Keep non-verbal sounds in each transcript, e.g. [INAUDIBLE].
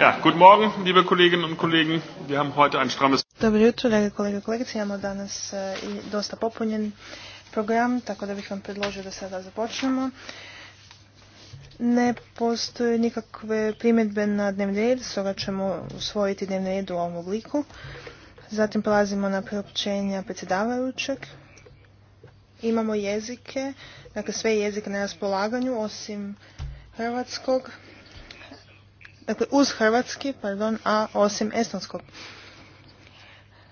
Ja, guten Morgen, liebe Kolleginnen und Kollegen. Wir haben Dobro jutro, kolege i kolegice. Imamo danas eh, i dosta popunjen program, tako da bih vam predložio da sada započnemo. Ne postoje nikakve primjedbe na dnevni red, stoga ćemo usvojiti dnevni red u ovom obliku. Zatim prelazimo na priopćenja predsjedavajućeg. Imamo jezike, dakle sve jezike na raspolaganju, osim hrvatskog, dakle uz hrvatski, pardon, a osim estonskog.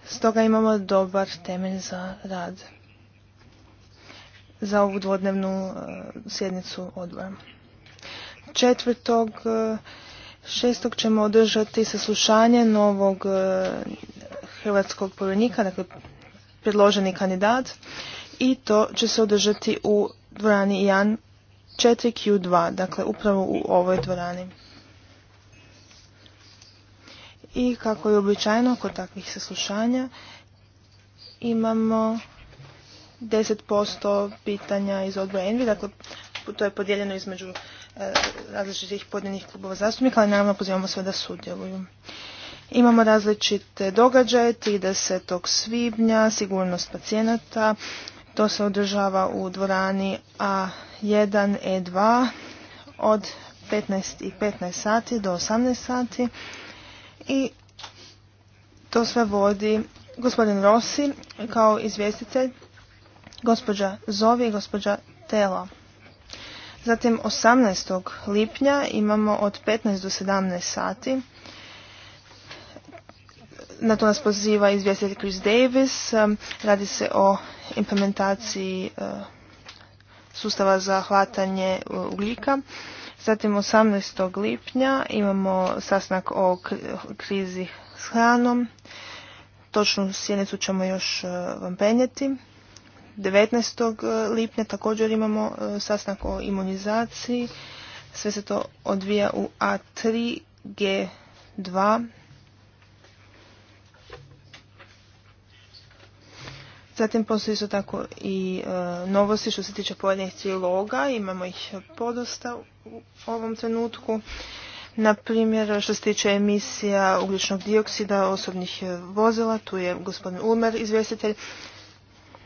Stoga imamo dobar temelj za rad za ovu dvodnevnu e, sjednicu odbora. Četvrtog e, šestog ćemo održati saslušanje novog e, hrvatskog povjerenika, dakle predloženi kandidat i to će se održati u dvorani Jan 4Q2, dakle upravo u ovoj dvorani. I kako je običajno kod takvih saslušanja imamo 10% pitanja iz odbora Envi, dakle to je podijeljeno između e, različitih pojedinih klubova zastupnika, ali naravno pozivamo sve da sudjeluju. Imamo različite događaje, 30. svibnja, sigurnost pacijenata, to se održava u dvorani A1, E2 od 15 i 15 sati do 18 sati i to sve vodi gospodin Rossi kao izvjestitelj, gospođa Zovi i gospođa Tela. Zatim 18. lipnja imamo od 15 do 17 sati. Na to nas poziva izvjestitelj Chris Davis. Um, radi se o implementaciji uh, sustava za hvatanje uh, ugljika. Zatim 18. lipnja imamo sasnak o krizi s hranom. Točnu sjednicu ćemo još e, vam penjeti. 19. E, lipnja također imamo e, sasnak o imunizaciji. Sve se to odvija u A3G2 Zatim postoji isto tako i e, novosti što se tiče pojednih triloga, imamo ih podosta u ovom trenutku. Na primjer, što se tiče emisija ugljičnog dioksida osobnih e, vozila, tu je gospodin Ulmer izvjestitelj.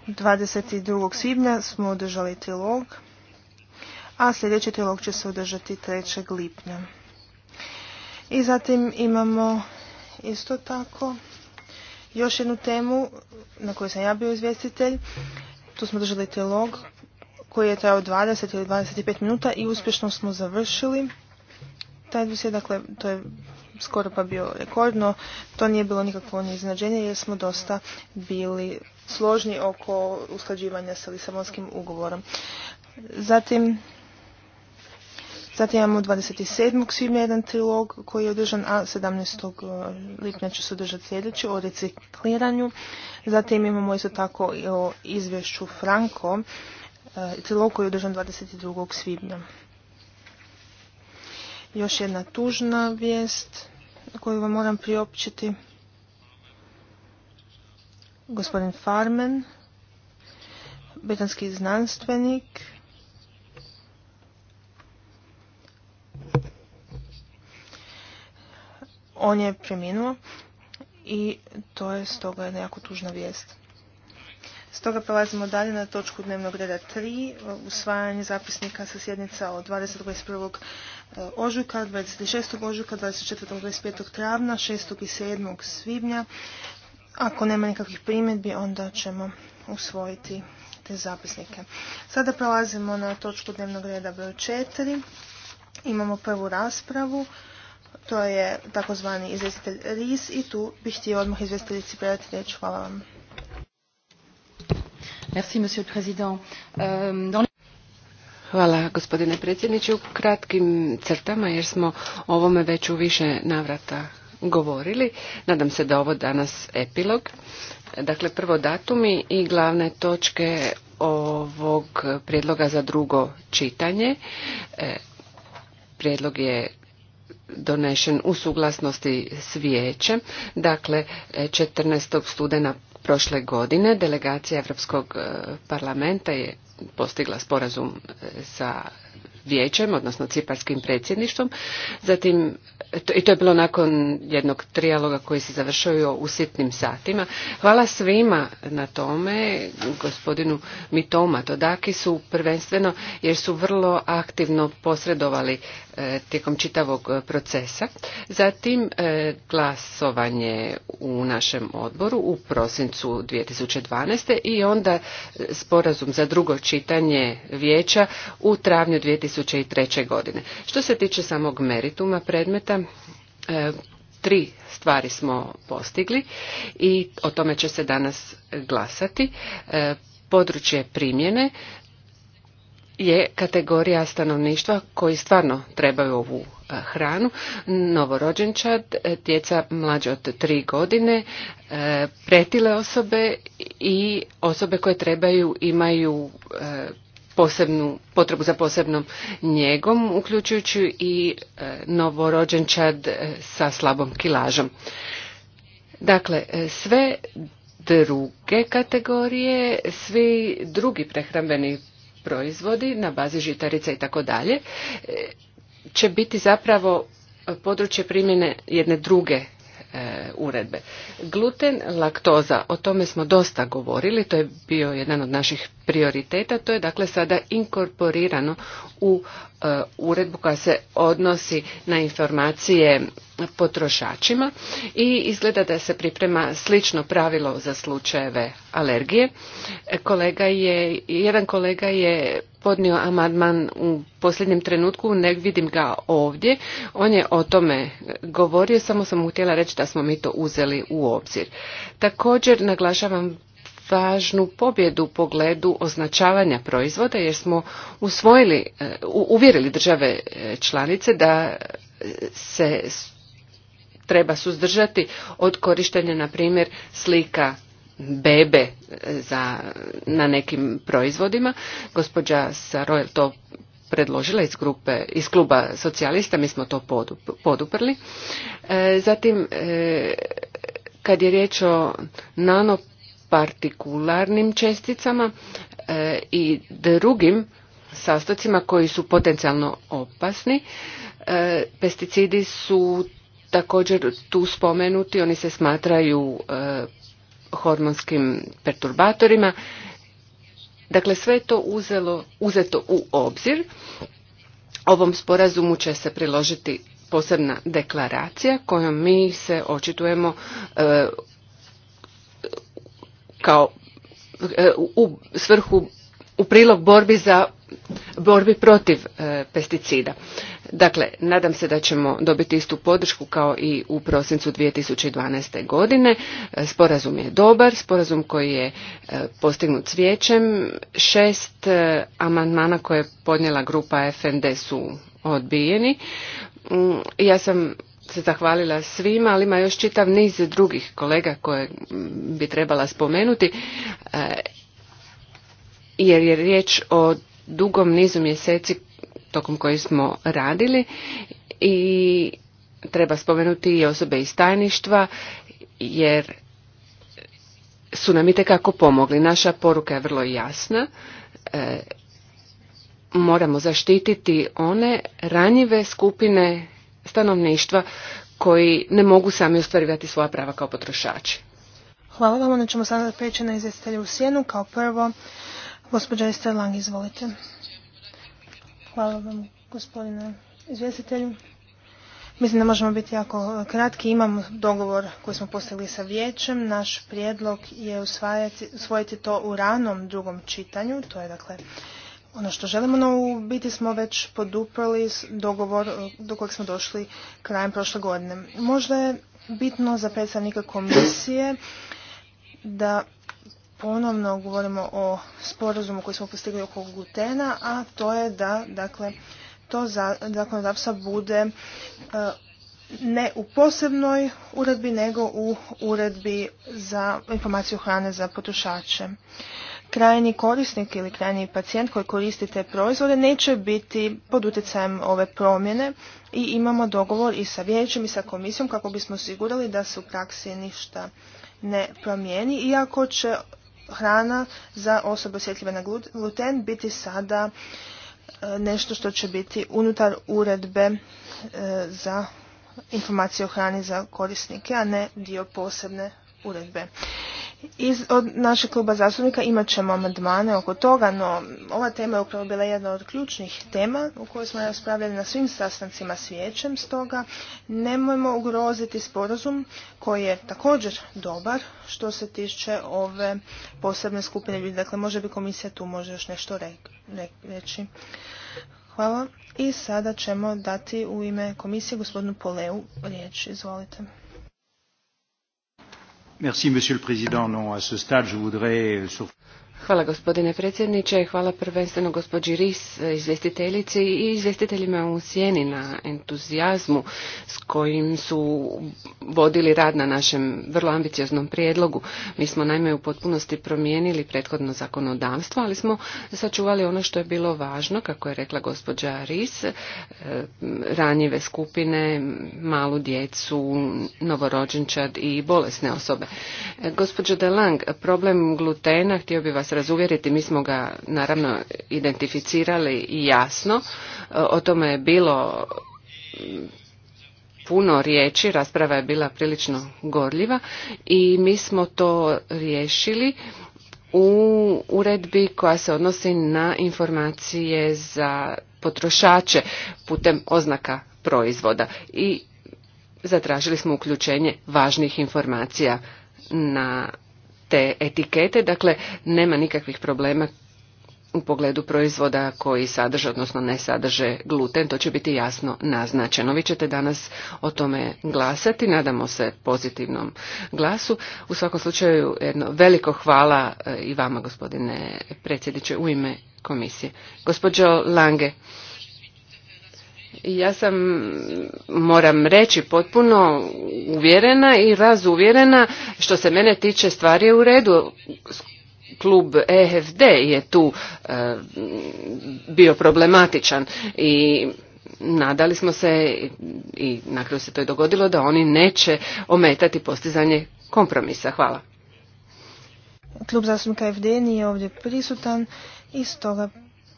22. svibnja smo održali trilog, a sljedeći trilog će se održati 3. lipnja. I zatim imamo isto tako još jednu temu na kojoj sam ja bio izvjestitelj. Tu smo držali telog koji je trajao 20 ili 25 minuta i uspješno smo završili taj dosje, dakle to je skoro pa bio rekordno. To nije bilo nikakvo ni iznenađenje jer smo dosta bili složni oko usklađivanja sa Lisabonskim ugovorom. Zatim Zatim imamo 27. svibnja jedan trilog koji je održan, a 17. E, lipnja će se održati sljedeći o recikliranju. Zatim imamo isto tako i o izvješću Franko, e, trilog koji je održan 22. svibnja. Još jedna tužna vijest koju vam moram priopćiti. Gospodin Farmen, britanski znanstvenik, On je preminuo i to je stoga jedna jako tužna vijest. Stoga prelazimo dalje na točku dnevnog reda 3, usvajanje zapisnika sa sjednica od dvadeset 21. Eh, ožujka, 26. ožujka, 24. 25. travna, 6. i 7. svibnja. Ako nema nikakvih primjedbi, onda ćemo usvojiti te zapisnike. Sada prelazimo na točku dnevnog reda broj 4. Imamo prvu raspravu to je takozvani izvjestitelj RIS i tu bih htio odmah izvjestiteljici predati riječ. Hvala vam. Merci, monsieur le président. Euh, Hvala gospodine predsjedniče. U kratkim crtama jer smo o ovome već u više navrata govorili. Nadam se da ovo danas epilog. Dakle, prvo datumi i glavne točke ovog prijedloga za drugo čitanje. E, prijedlog je donešen u suglasnosti s vijećem. Dakle, 14. studena prošle godine delegacija Europskog eh, parlamenta je postigla sporazum eh, sa vijećem, odnosno ciparskim predsjedništvom. Zatim, i to je bilo nakon jednog trijaloga koji se završio u sitnim satima. Hvala svima na tome, gospodinu Mitoma Todaki su prvenstveno jer su vrlo aktivno posredovali e, tijekom čitavog e, procesa. Zatim e, glasovanje u našem odboru u prosincu 2012. i onda sporazum za drugo čitanje vijeća u travnju 2003. godine. Što se tiče samog merituma predmeta, e, tri stvari smo postigli i o tome će se danas glasati. E, područje primjene je kategorija stanovništva koji stvarno trebaju ovu e, hranu. Novorođenčad, djeca mlađe od tri godine, pretile osobe i osobe koje trebaju imaju posebnu, potrebu za posebnom njegom, uključujući i e, novorođenčad e, sa slabom kilažom. Dakle, e, sve druge kategorije, svi drugi prehrambeni proizvodi na bazi žitarica i tako dalje će biti zapravo područje primjene jedne druge E, uredbe. Gluten, laktoza, o tome smo dosta govorili, to je bio jedan od naših prioriteta, to je dakle sada inkorporirano u e, uredbu koja se odnosi na informacije potrošačima i izgleda da se priprema slično pravilo za slučajeve alergije. Kolega je, jedan kolega je podnio amandman u posljednjem trenutku, ne vidim ga ovdje. On je o tome govorio, samo sam mu htjela reći da smo mi to uzeli u obzir. Također naglašavam važnu pobjedu u pogledu označavanja proizvoda jer smo usvojili, e, uvjerili države e, članice da se treba suzdržati od korištenja, na primjer, slika bebe e, za, na nekim proizvodima. Gospođa je to predložila iz, grupe, iz kluba socijalista, mi smo to poduprli. E, zatim, e, kad je riječ o nanopartikularnim česticama i drugim sastojcima koji su potencijalno opasni, pesticidi su također tu spomenuti, oni se smatraju e, hormonskim perturbatorima. Dakle, sve je to uzelo, uzeto u obzir. Ovom sporazumu će se priložiti posebna deklaracija kojom mi se očitujemo e, kao e, u svrhu u prilog borbi za borbi protiv pesticida. Dakle, nadam se da ćemo dobiti istu podršku kao i u prosincu 2012. godine. E, sporazum je dobar, sporazum koji je e, postignut s Šest e, amandmana koje je podnijela grupa FND su odbijeni. Mm, ja sam se zahvalila svima, ali ima još čitav niz drugih kolega koje bi trebala spomenuti, jer je riječ o dugom nizu mjeseci tokom koje smo radili i treba spomenuti i osobe iz tajništva jer su nam tekako pomogli. Naša poruka je vrlo jasna. E, moramo zaštititi one ranjive skupine stanovništva koji ne mogu sami ostvarivati svoja prava kao potrošači. Hvala vam, onda ćemo sada preći na izvjestitelju u sjenu. Kao prvo, gospođa Ester Lang, izvolite. Hvala vam, gospodine izvjestitelju. Mislim da možemo biti jako e, kratki. Imam dogovor koji smo postavili sa vijećem. Naš prijedlog je usvojiti to u ranom drugom čitanju. To je dakle ono što želimo, no u biti smo već poduprali dogovor e, do kojeg smo došli krajem prošle godine. Možda je bitno za predstavnika komisije da ponovno govorimo o sporazumu koji smo postigli oko glutena, a to je da dakle, to zakonodavstva bude e, ne u posebnoj uredbi, nego u uredbi za informaciju hrane za potrošače. Krajni korisnik ili krajni pacijent koji koristi te proizvode neće biti pod utjecajem ove promjene i imamo dogovor i sa vijećem i sa komisijom kako bismo osigurali da se u praksi ništa ne promijeni, iako će hrana za osobe osjetljive na gluten biti sada e, nešto što će biti unutar uredbe e, za informacije o hrani za korisnike, a ne dio posebne uredbe. Iz, od našeg kluba zastupnika imat ćemo amandmane oko toga, no ova tema je upravo bila jedna od ključnih tema u kojoj smo raspravljali na svim sastancima s vijećem, stoga nemojmo ugroziti sporazum koji je također dobar što se tiče ove posebne skupine ljudi. Dakle, može bi komisija tu može još nešto re, reći. Hvala. I sada ćemo dati u ime komisije gospodinu Poleu riječ. Izvolite. Merci, Monsieur le Président. Non, à ce stade, je voudrais... Euh, Hvala gospodine predsjedniče, hvala prvenstveno gospođi Ris, izvjestiteljici i izvjestiteljima u sjeni na entuzijazmu s kojim su vodili rad na našem vrlo ambicioznom prijedlogu. Mi smo naime u potpunosti promijenili prethodno zakonodavstvo, ali smo sačuvali ono što je bilo važno, kako je rekla gospođa Ris, e, ranjive skupine, malu djecu, novorođenčad i bolesne osobe. E, gospođo Delang, problem glutena htio bi vas razuvjeriti, mi smo ga naravno identificirali jasno, e, o tome je bilo puno riječi, rasprava je bila prilično gorljiva i mi smo to riješili u uredbi koja se odnosi na informacije za potrošače putem oznaka proizvoda i zatražili smo uključenje važnih informacija na te etikete, dakle nema nikakvih problema u pogledu proizvoda koji sadrže, odnosno ne sadrže gluten, to će biti jasno naznačeno. Vi ćete danas o tome glasati, nadamo se pozitivnom glasu. U svakom slučaju jedno veliko hvala e, i vama gospodine predsjedniče u ime komisije. Gospođo Lange, ja sam, moram reći, potpuno uvjerena i razuvjerena što se mene tiče stvari je u redu. Klub EFD je tu e, bio problematičan i nadali smo se i na kraju se to je dogodilo da oni neće ometati postizanje kompromisa. Hvala. Klub zastupnika e FD nije ovdje prisutan i stoga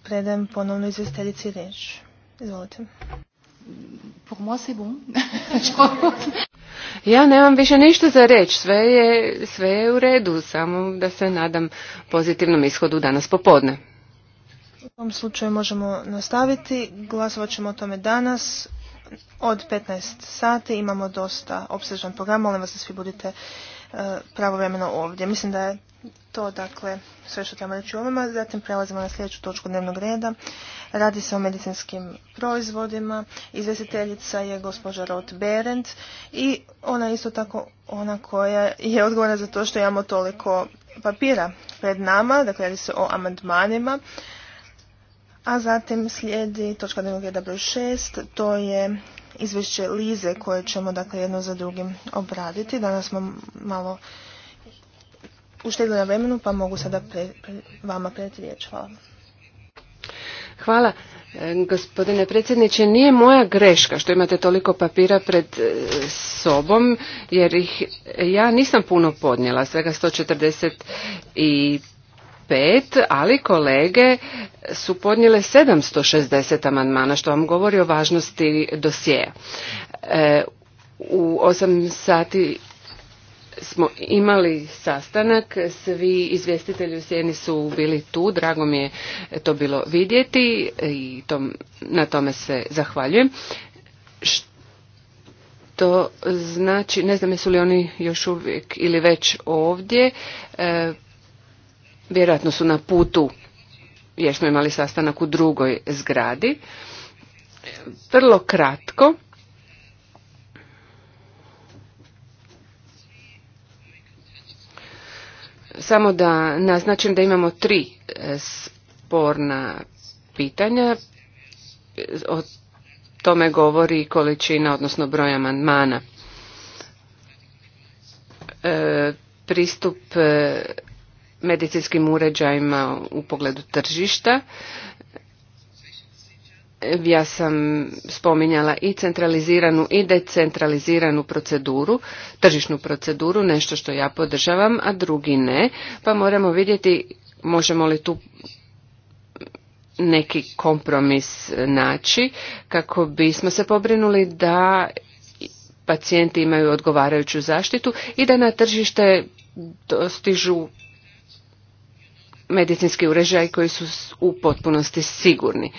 predajem ponovno izvjestiteljici riječ. Izvolite. Pour moi c'est bon. [LAUGHS] ja nemam više ništa za reći, sve je, sve je u redu, samo da se nadam pozitivnom ishodu danas popodne. U tom slučaju možemo nastaviti, glasovat ćemo o tome danas od 15 sati, imamo dosta obsežan program, molim vas da svi budete e, pravovremeno ovdje. Mislim da je to dakle sve što trebamo reći o Zatim prelazimo na sljedeću točku dnevnog reda. Radi se o medicinskim proizvodima. Izvjestiteljica je gospođa Roth Berend i ona je isto tako ona koja je odgovorna za to što imamo toliko papira pred nama. Dakle, radi se o amandmanima. A zatim slijedi točka dnevnog reda broj 6. To je izvješće Lize koje ćemo dakle jedno za drugim obraditi. Danas smo malo uštedili na vremenu, pa mogu sada vama predati riječ. Hvala. Hvala. E, gospodine predsjedniče, nije moja greška što imate toliko papira pred e, sobom, jer ih e, ja nisam puno podnijela, svega 145, ali kolege su podnijele 760 amandmana, što vam govori o važnosti dosjeja. U 8 sati smo imali sastanak, svi izvjestitelji u sjeni su bili tu, drago mi je to bilo vidjeti i tom, na tome se zahvaljujem. To znači, ne znam jesu li oni još uvijek ili već ovdje, e, vjerojatno su na putu jer smo imali sastanak u drugoj zgradi. Vrlo kratko, Samo da naznačim da imamo tri e, sporna pitanja. O tome govori količina, odnosno broj amandmana. E, pristup e, medicinskim uređajima u pogledu tržišta, ja sam spominjala i centraliziranu i decentraliziranu proceduru, tržišnu proceduru, nešto što ja podržavam, a drugi ne, pa moramo vidjeti možemo li tu neki kompromis naći kako bismo se pobrinuli da pacijenti imaju odgovarajuću zaštitu i da na tržište dostižu medicinski uređaj koji su u potpunosti sigurni.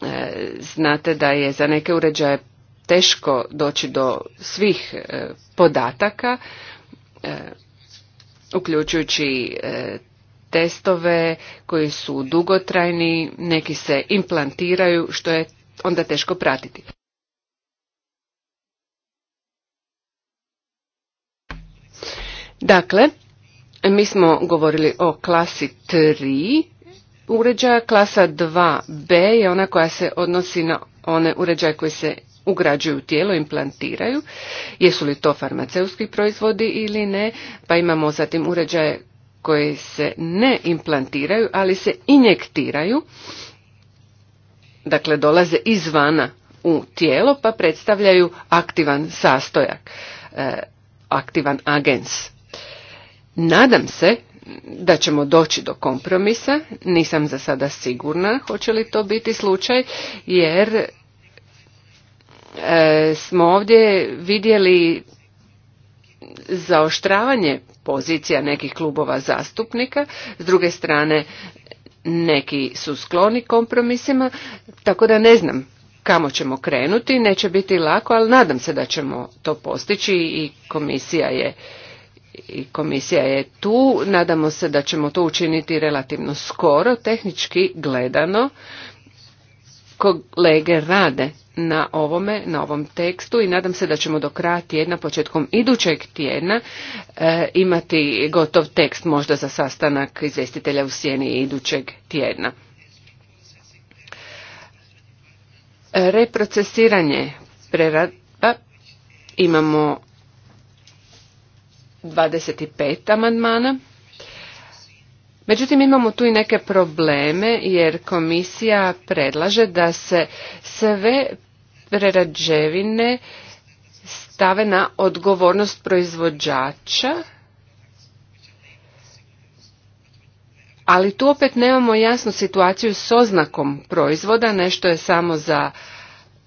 E, znate da je za neke uređaje teško doći do svih e, podataka, e, uključujući testove koji su dugotrajni, neki se implantiraju, što je onda teško pratiti. Dakle, mi smo govorili o klasi Uređaja klasa 2B je ona koja se odnosi na one uređaje koji se ugrađuju u tijelo, implantiraju, jesu li to farmaceutski proizvodi ili ne, pa imamo zatim uređaje koji se ne implantiraju, ali se injektiraju, dakle dolaze izvana u tijelo pa predstavljaju aktivan sastojak, e, aktivan agens. Nadam se da ćemo doći do kompromisa. Nisam za sada sigurna hoće li to biti slučaj jer e, smo ovdje vidjeli zaoštravanje pozicija nekih klubova zastupnika, s druge strane neki su skloni kompromisima, tako da ne znam kamo ćemo krenuti, neće biti lako, ali nadam se da ćemo to postići i komisija je i komisija je tu. Nadamo se da ćemo to učiniti relativno skoro, tehnički gledano. Kolege rade na ovome, na ovom tekstu i nadam se da ćemo do kraja tjedna, početkom idućeg tjedna e, imati gotov tekst možda za sastanak izvjestitelja u sjeni idućeg tjedna. Reprocesiranje prerada imamo 25 amandmana. Međutim, imamo tu i neke probleme jer komisija predlaže da se sve prerađevine stave na odgovornost proizvođača, ali tu opet nemamo jasnu situaciju s oznakom proizvoda, nešto je samo za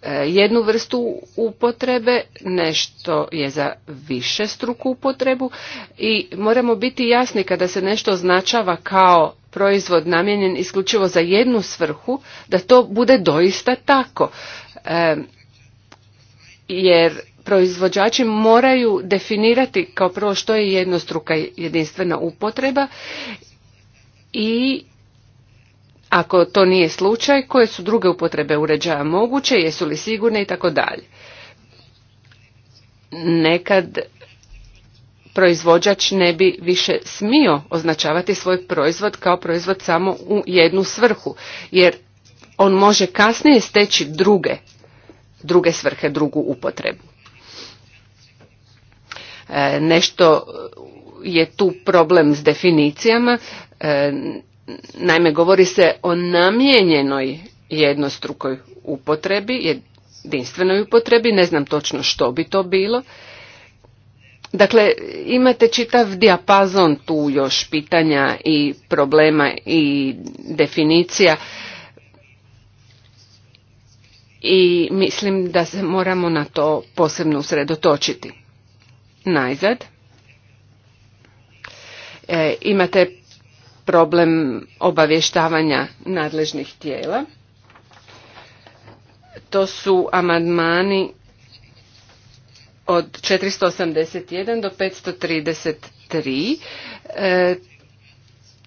E, jednu vrstu upotrebe, nešto je za više struku upotrebu i moramo biti jasni kada se nešto označava kao proizvod namijenjen isključivo za jednu svrhu, da to bude doista tako. E, jer proizvođači moraju definirati kao prvo što je jednostruka jedinstvena upotreba i ako to nije slučaj, koje su druge upotrebe uređaja moguće, jesu li sigurne i tako dalje. Nekad proizvođač ne bi više smio označavati svoj proizvod kao proizvod samo u jednu svrhu, jer on može kasnije steći druge, druge svrhe, drugu upotrebu. E, nešto je tu problem s definicijama, e, Naime, govori se o namijenjenoj jednostrukoj upotrebi, jedinstvenoj upotrebi, ne znam točno što bi to bilo. Dakle, imate čitav dijapazon tu još pitanja i problema i definicija i mislim da se moramo na to posebno usredotočiti. Najzad, e, imate problem obavještavanja nadležnih tijela. To su amandmani od 481 do 533. E,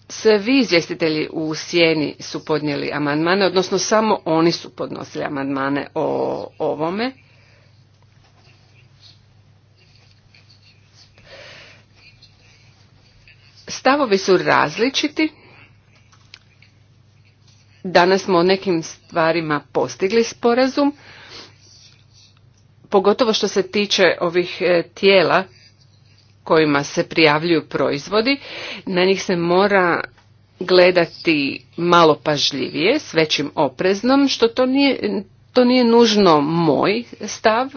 svi izvjestitelji u sjeni su podnijeli amandmane, odnosno samo oni su podnosili amandmane o ovome. Stavovi su različiti. Danas smo o nekim stvarima postigli sporazum, pogotovo što se tiče ovih e, tijela kojima se prijavljuju proizvodi, na njih se mora gledati malo pažljivije, s većim opreznom, što to nije, to nije nužno moj stav,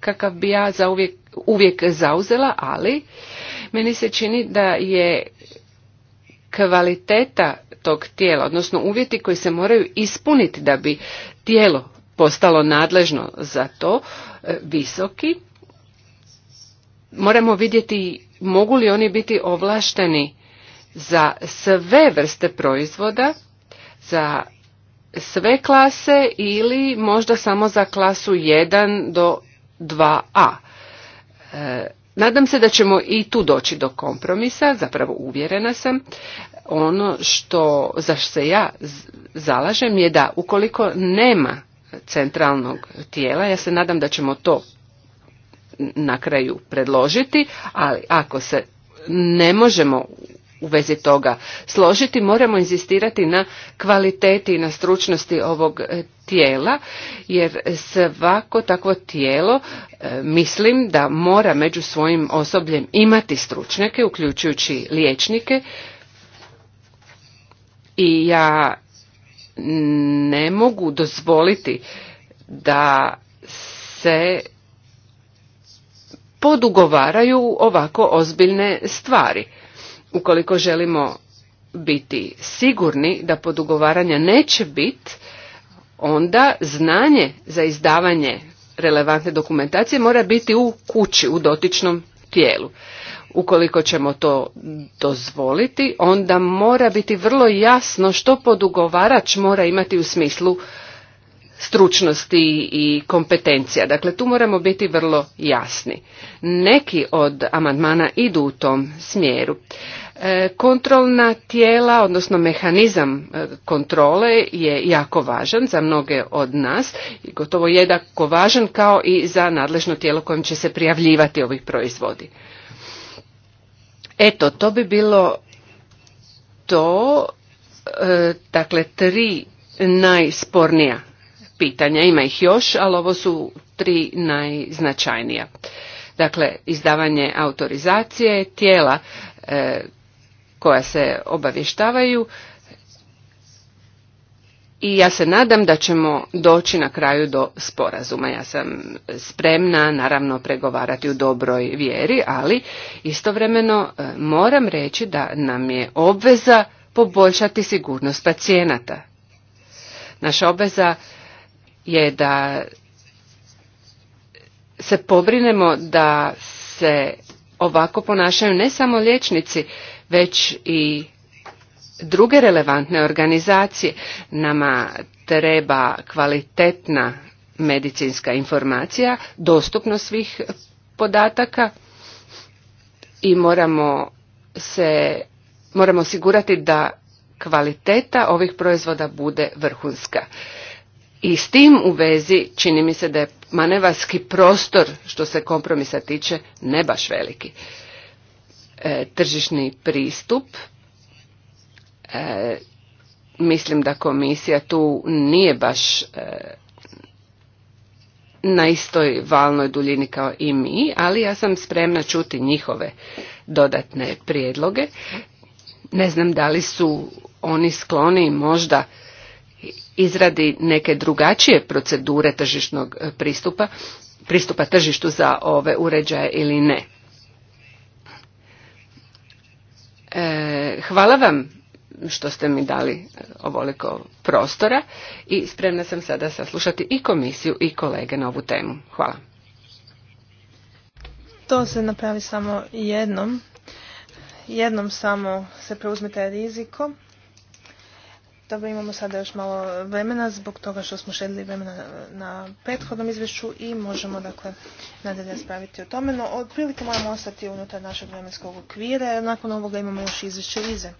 kakav bi ja uvijek zauzela, ali meni se čini da je kvaliteta tog tijela, odnosno uvjeti koji se moraju ispuniti da bi tijelo postalo nadležno za to, e, visoki. Moramo vidjeti mogu li oni biti ovlašteni za sve vrste proizvoda, za sve klase ili možda samo za klasu 1 do 2a. E, nadam se da ćemo i tu doći do kompromisa, zapravo uvjerena sam. Ono što za što se ja zalažem je da ukoliko nema centralnog tijela, ja se nadam da ćemo to na kraju predložiti, ali ako se ne možemo u vezi toga složiti, moramo inzistirati na kvaliteti i na stručnosti ovog e, tijela, jer svako takvo tijelo e, mislim da mora među svojim osobljem imati stručnjake, uključujući liječnike. I ja ne mogu dozvoliti da se podugovaraju ovako ozbiljne stvari ukoliko želimo biti sigurni da podugovaranja neće biti, onda znanje za izdavanje relevantne dokumentacije mora biti u kući, u dotičnom tijelu. Ukoliko ćemo to dozvoliti, onda mora biti vrlo jasno što podugovarač mora imati u smislu stručnosti i kompetencija. Dakle, tu moramo biti vrlo jasni. Neki od amandmana idu u tom smjeru. E, kontrolna tijela, odnosno mehanizam e, kontrole je jako važan za mnoge od nas i gotovo jednako važan kao i za nadležno tijelo kojem će se prijavljivati ovih proizvodi. Eto, to bi bilo to, e, dakle, tri najspornija pitanja. Ima ih još, ali ovo su tri najznačajnija. Dakle, izdavanje autorizacije, tijela e, koja se obavještavaju i ja se nadam da ćemo doći na kraju do sporazuma. Ja sam spremna naravno pregovarati u dobroj vjeri, ali istovremeno e, moram reći da nam je obveza poboljšati sigurnost pacijenata. Naša obveza je da se pobrinemo da se ovako ponašaju ne samo liječnici, već i druge relevantne organizacije. Nama treba kvalitetna medicinska informacija, dostupno svih podataka i moramo se moramo osigurati da kvaliteta ovih proizvoda bude vrhunska. I s tim u vezi čini mi se da je manevarski prostor što se kompromisa tiče ne baš veliki. E, tržišni pristup, e, mislim da komisija tu nije baš e, na istoj valnoj duljini kao i mi, ali ja sam spremna čuti njihove dodatne prijedloge. Ne znam da li su oni skloni možda izradi neke drugačije procedure tržišnog e, pristupa, pristupa tržištu za ove uređaje ili ne. E, hvala vam što ste mi dali e, ovoliko prostora i spremna sam sada saslušati i komisiju i kolege na ovu temu. Hvala. To se napravi samo jednom. Jednom samo se preuzmete rizikom dobro, imamo sada još malo vremena zbog toga što smo šedili vremena na prethodnom izvješću i možemo dakle nadalje spraviti o tome. No, otprilike moramo ostati unutar našeg vremenskog okvira jer nakon ovoga imamo još izvješće vize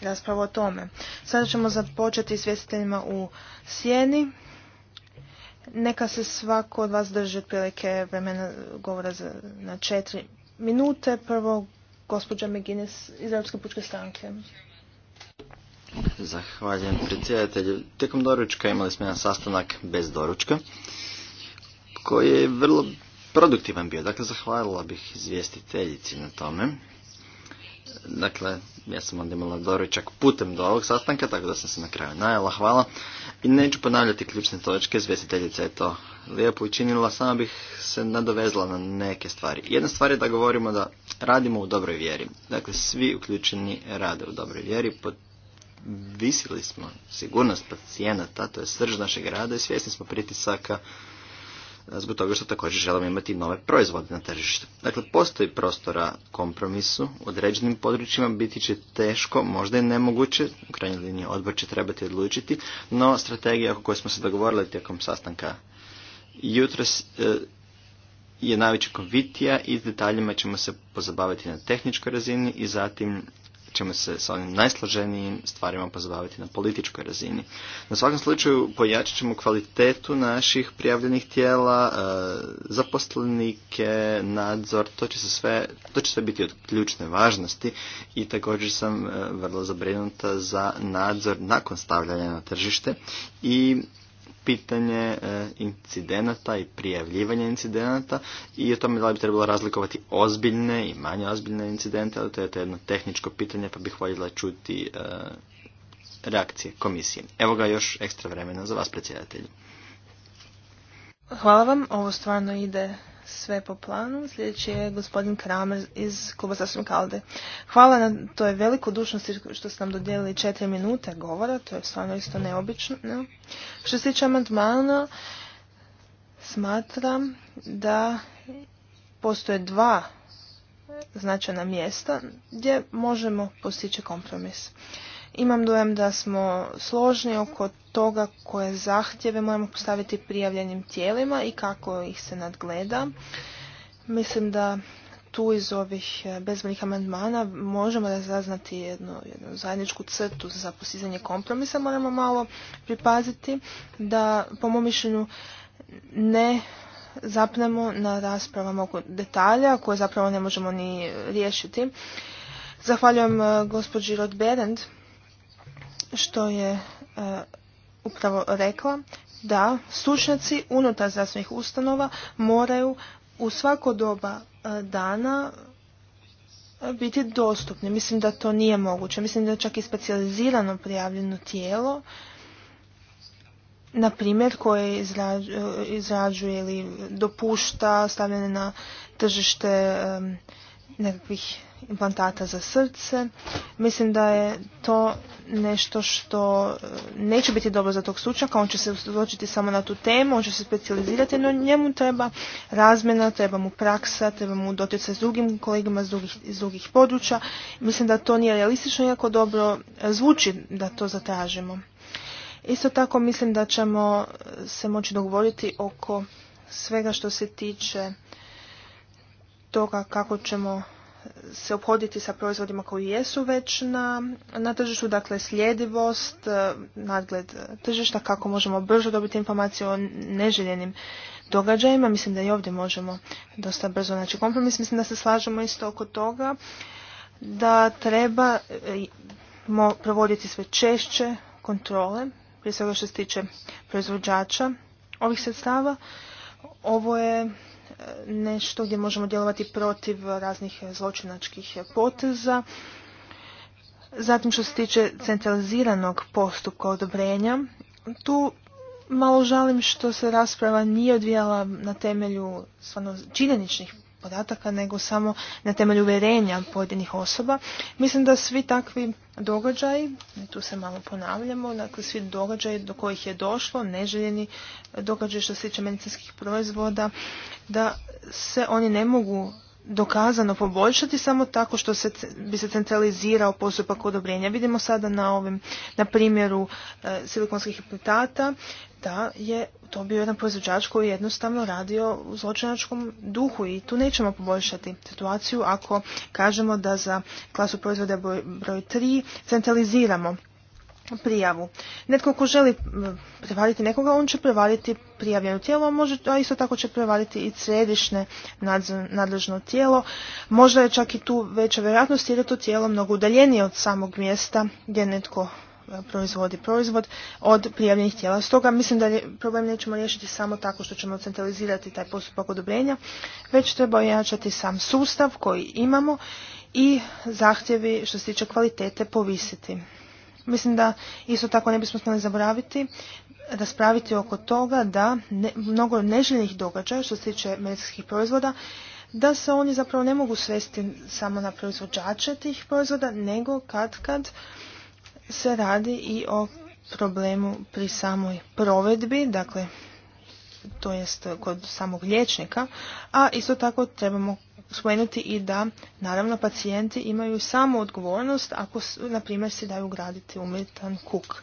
i raspravo o tome. Sada ćemo započeti s vjestiteljima u sjeni. Neka se svako od vas drži otprilike vremena govora na četiri minute. Prvo, gospođa McGuinness iz Europske pučke stranke. Zahvaljujem predsjedatelju. Tijekom doručka imali smo jedan sastanak bez doručka koji je vrlo produktivan bio. Dakle, zahvalila bih izvjestiteljici na tome. Dakle, ja sam onda imala doručak putem do ovog sastanka, tako da sam se na kraju najela. Hvala. I neću ponavljati ključne točke, izvjestiteljica je to lijepo učinila, samo bih se nadovezla na neke stvari. Jedna stvar je da govorimo da radimo u dobroj vjeri. Dakle, svi uključeni rade u dobroj vjeri pod visili smo sigurnost pacijenata, to je srž našeg rada i svjesni smo pritisaka e, zbog toga što također želimo imati nove proizvode na tržištu. Dakle, postoji prostora kompromisu, u određenim područjima biti će teško, možda i nemoguće, u krajnjoj liniji odbor će trebati odlučiti, no strategija oko koje smo se dogovorili tijekom sastanka jutros e, je najveće konvitija i s detaljima ćemo se pozabaviti na tehničkoj razini i zatim ćemo se sa ovim najsloženijim stvarima pozabaviti na političkoj razini. Na svakom slučaju pojačat ćemo kvalitetu naših prijavljenih tijela, e, zaposlenike, nadzor, to će, se sve, to će sve biti od ključne važnosti i također sam e, vrlo zabrinuta za nadzor nakon stavljanja na tržište i pitanje e, incidenata i prijavljivanja incidenata i o tome da bi trebalo razlikovati ozbiljne i manje ozbiljne incidente, ali to je to jedno tehničko pitanje pa bih voljela čuti e, reakcije komisije. Evo ga još ekstra vremena za vas predsjedatelji. Hvala vam, ovo stvarno ide sve po planu. Sljedeći je gospodin Kramer iz kluba Sasvim Kalde. Hvala na toj veliko dušnosti što ste nam dodijelili četiri minute govora, to je stvarno isto neobično. Što se tiče amandmana, smatram da postoje dva značajna mjesta gdje možemo postići kompromis. Imam dojem da smo složni oko toga koje zahtjeve moramo postaviti prijavljenim tijelima i kako ih se nadgleda. Mislim da tu iz ovih eh, bezbrojnih amandmana možemo razaznati jednu, jednu zajedničku crtu za postizanje kompromisa. Moramo malo pripaziti da, po mom mišljenju, ne zapnemo na raspravama oko detalja koje zapravo ne možemo ni riješiti. Zahvaljujem eh, gospođi Rod što je e, upravo rekla da stručnjaci unutar zdravstvenih ustanova moraju u svako doba e, dana e, biti dostupni. Mislim da to nije moguće. Mislim da čak i specijalizirano prijavljeno tijelo, na primjer koje izrađuje ili dopušta stavljanje na tržište nekakvih implantata za srce. Mislim da je to nešto što e, neće biti dobro za tog stručnjaka, on će se usredočiti samo na tu temu, on će se specijalizirati, no njemu treba razmjena, treba mu praksa, treba mu doticaj s drugim kolegama iz drugih, iz drugih područja. Mislim da to nije realistično, iako dobro e, zvuči da to zatražimo. Isto tako mislim da ćemo e, se moći dogovoriti oko svega što se tiče toga kako ćemo se obhoditi sa proizvodima koji jesu već na, na tržištu, dakle sljedivost, e, nadgled tržišta, kako možemo brzo dobiti informaciju o neželjenim događajima. Mislim da i ovdje možemo dosta brzo naći kompromis. Mislim da se slažemo isto oko toga da treba e, provoditi sve češće kontrole, prije svega što se tiče proizvođača ovih sredstava. Ovo je nešto gdje možemo djelovati protiv raznih zločinačkih poteza. Zatim što se tiče centraliziranog postupka odobrenja, tu malo žalim što se rasprava nije odvijala na temelju činjeničnih podataka, nego samo na temelju uvjerenja pojedinih osoba. Mislim da svi takvi događaji, tu se malo ponavljamo, dakle svi događaji do kojih je došlo, neželjeni događaji što se tiče medicinskih proizvoda, da se oni ne mogu dokazano poboljšati samo tako što se, bi se centralizirao postupak odobrenja. Vidimo sada na ovim, na primjeru e, silikonskih hipotata da je to bio jedan proizvođač koji je jednostavno radio u zločinačkom duhu i tu nećemo poboljšati situaciju ako kažemo da za klasu proizvoda broj 3 centraliziramo prijavu. Netko ko želi prevariti nekoga, on će prevariti prijavljeno tijelo, a, isto tako će prevariti i središnje nadležno tijelo. Možda je čak i tu veća vjerojatnost jer je to tijelo mnogo udaljenije od samog mjesta gdje netko e, proizvodi proizvod od prijavljenih tijela. Stoga mislim da problem nećemo riješiti samo tako što ćemo centralizirati taj postupak odobrenja, već treba ojačati sam sustav koji imamo i zahtjevi što se tiče kvalitete povisiti. Mislim da isto tako ne bismo smjeli zaboraviti raspraviti oko toga da mnogo neželjenih događaja što se tiče medicinskih proizvoda da se oni zapravo ne mogu svesti samo na proizvođače tih proizvoda, nego kad kad se radi i o problemu pri samoj provedbi, dakle to jest kod samog liječnika, a isto tako trebamo spomenuti i da naravno pacijenti imaju samo odgovornost ako na primjer si daju graditi umjetan kuk.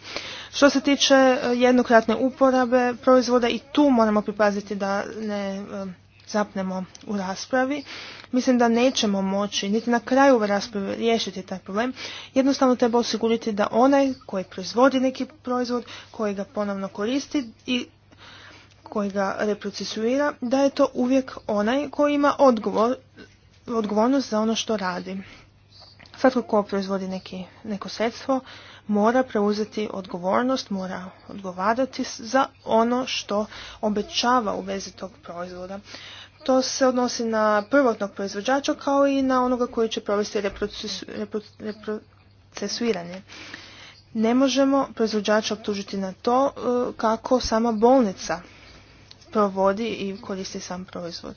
Što se tiče e, jednokratne uporabe proizvoda i tu moramo pripaziti da ne e, zapnemo u raspravi. Mislim da nećemo moći niti na kraju ove rasprave riješiti taj problem. Jednostavno treba osigurati da onaj koji proizvodi neki proizvod, koji ga ponovno koristi i koji ga reprocesuira, da je to uvijek onaj koji ima odgovor odgovornost za ono što radi. Svatko ko proizvodi neki, neko sredstvo mora preuzeti odgovornost, mora odgovarati za ono što obećava u vezi tog proizvoda. To se odnosi na prvotnog proizvođača kao i na onoga koji će provesti reprocesuiranje. Ne možemo proizvođača optužiti na to e, kako sama bolnica provodi i koristi sam proizvod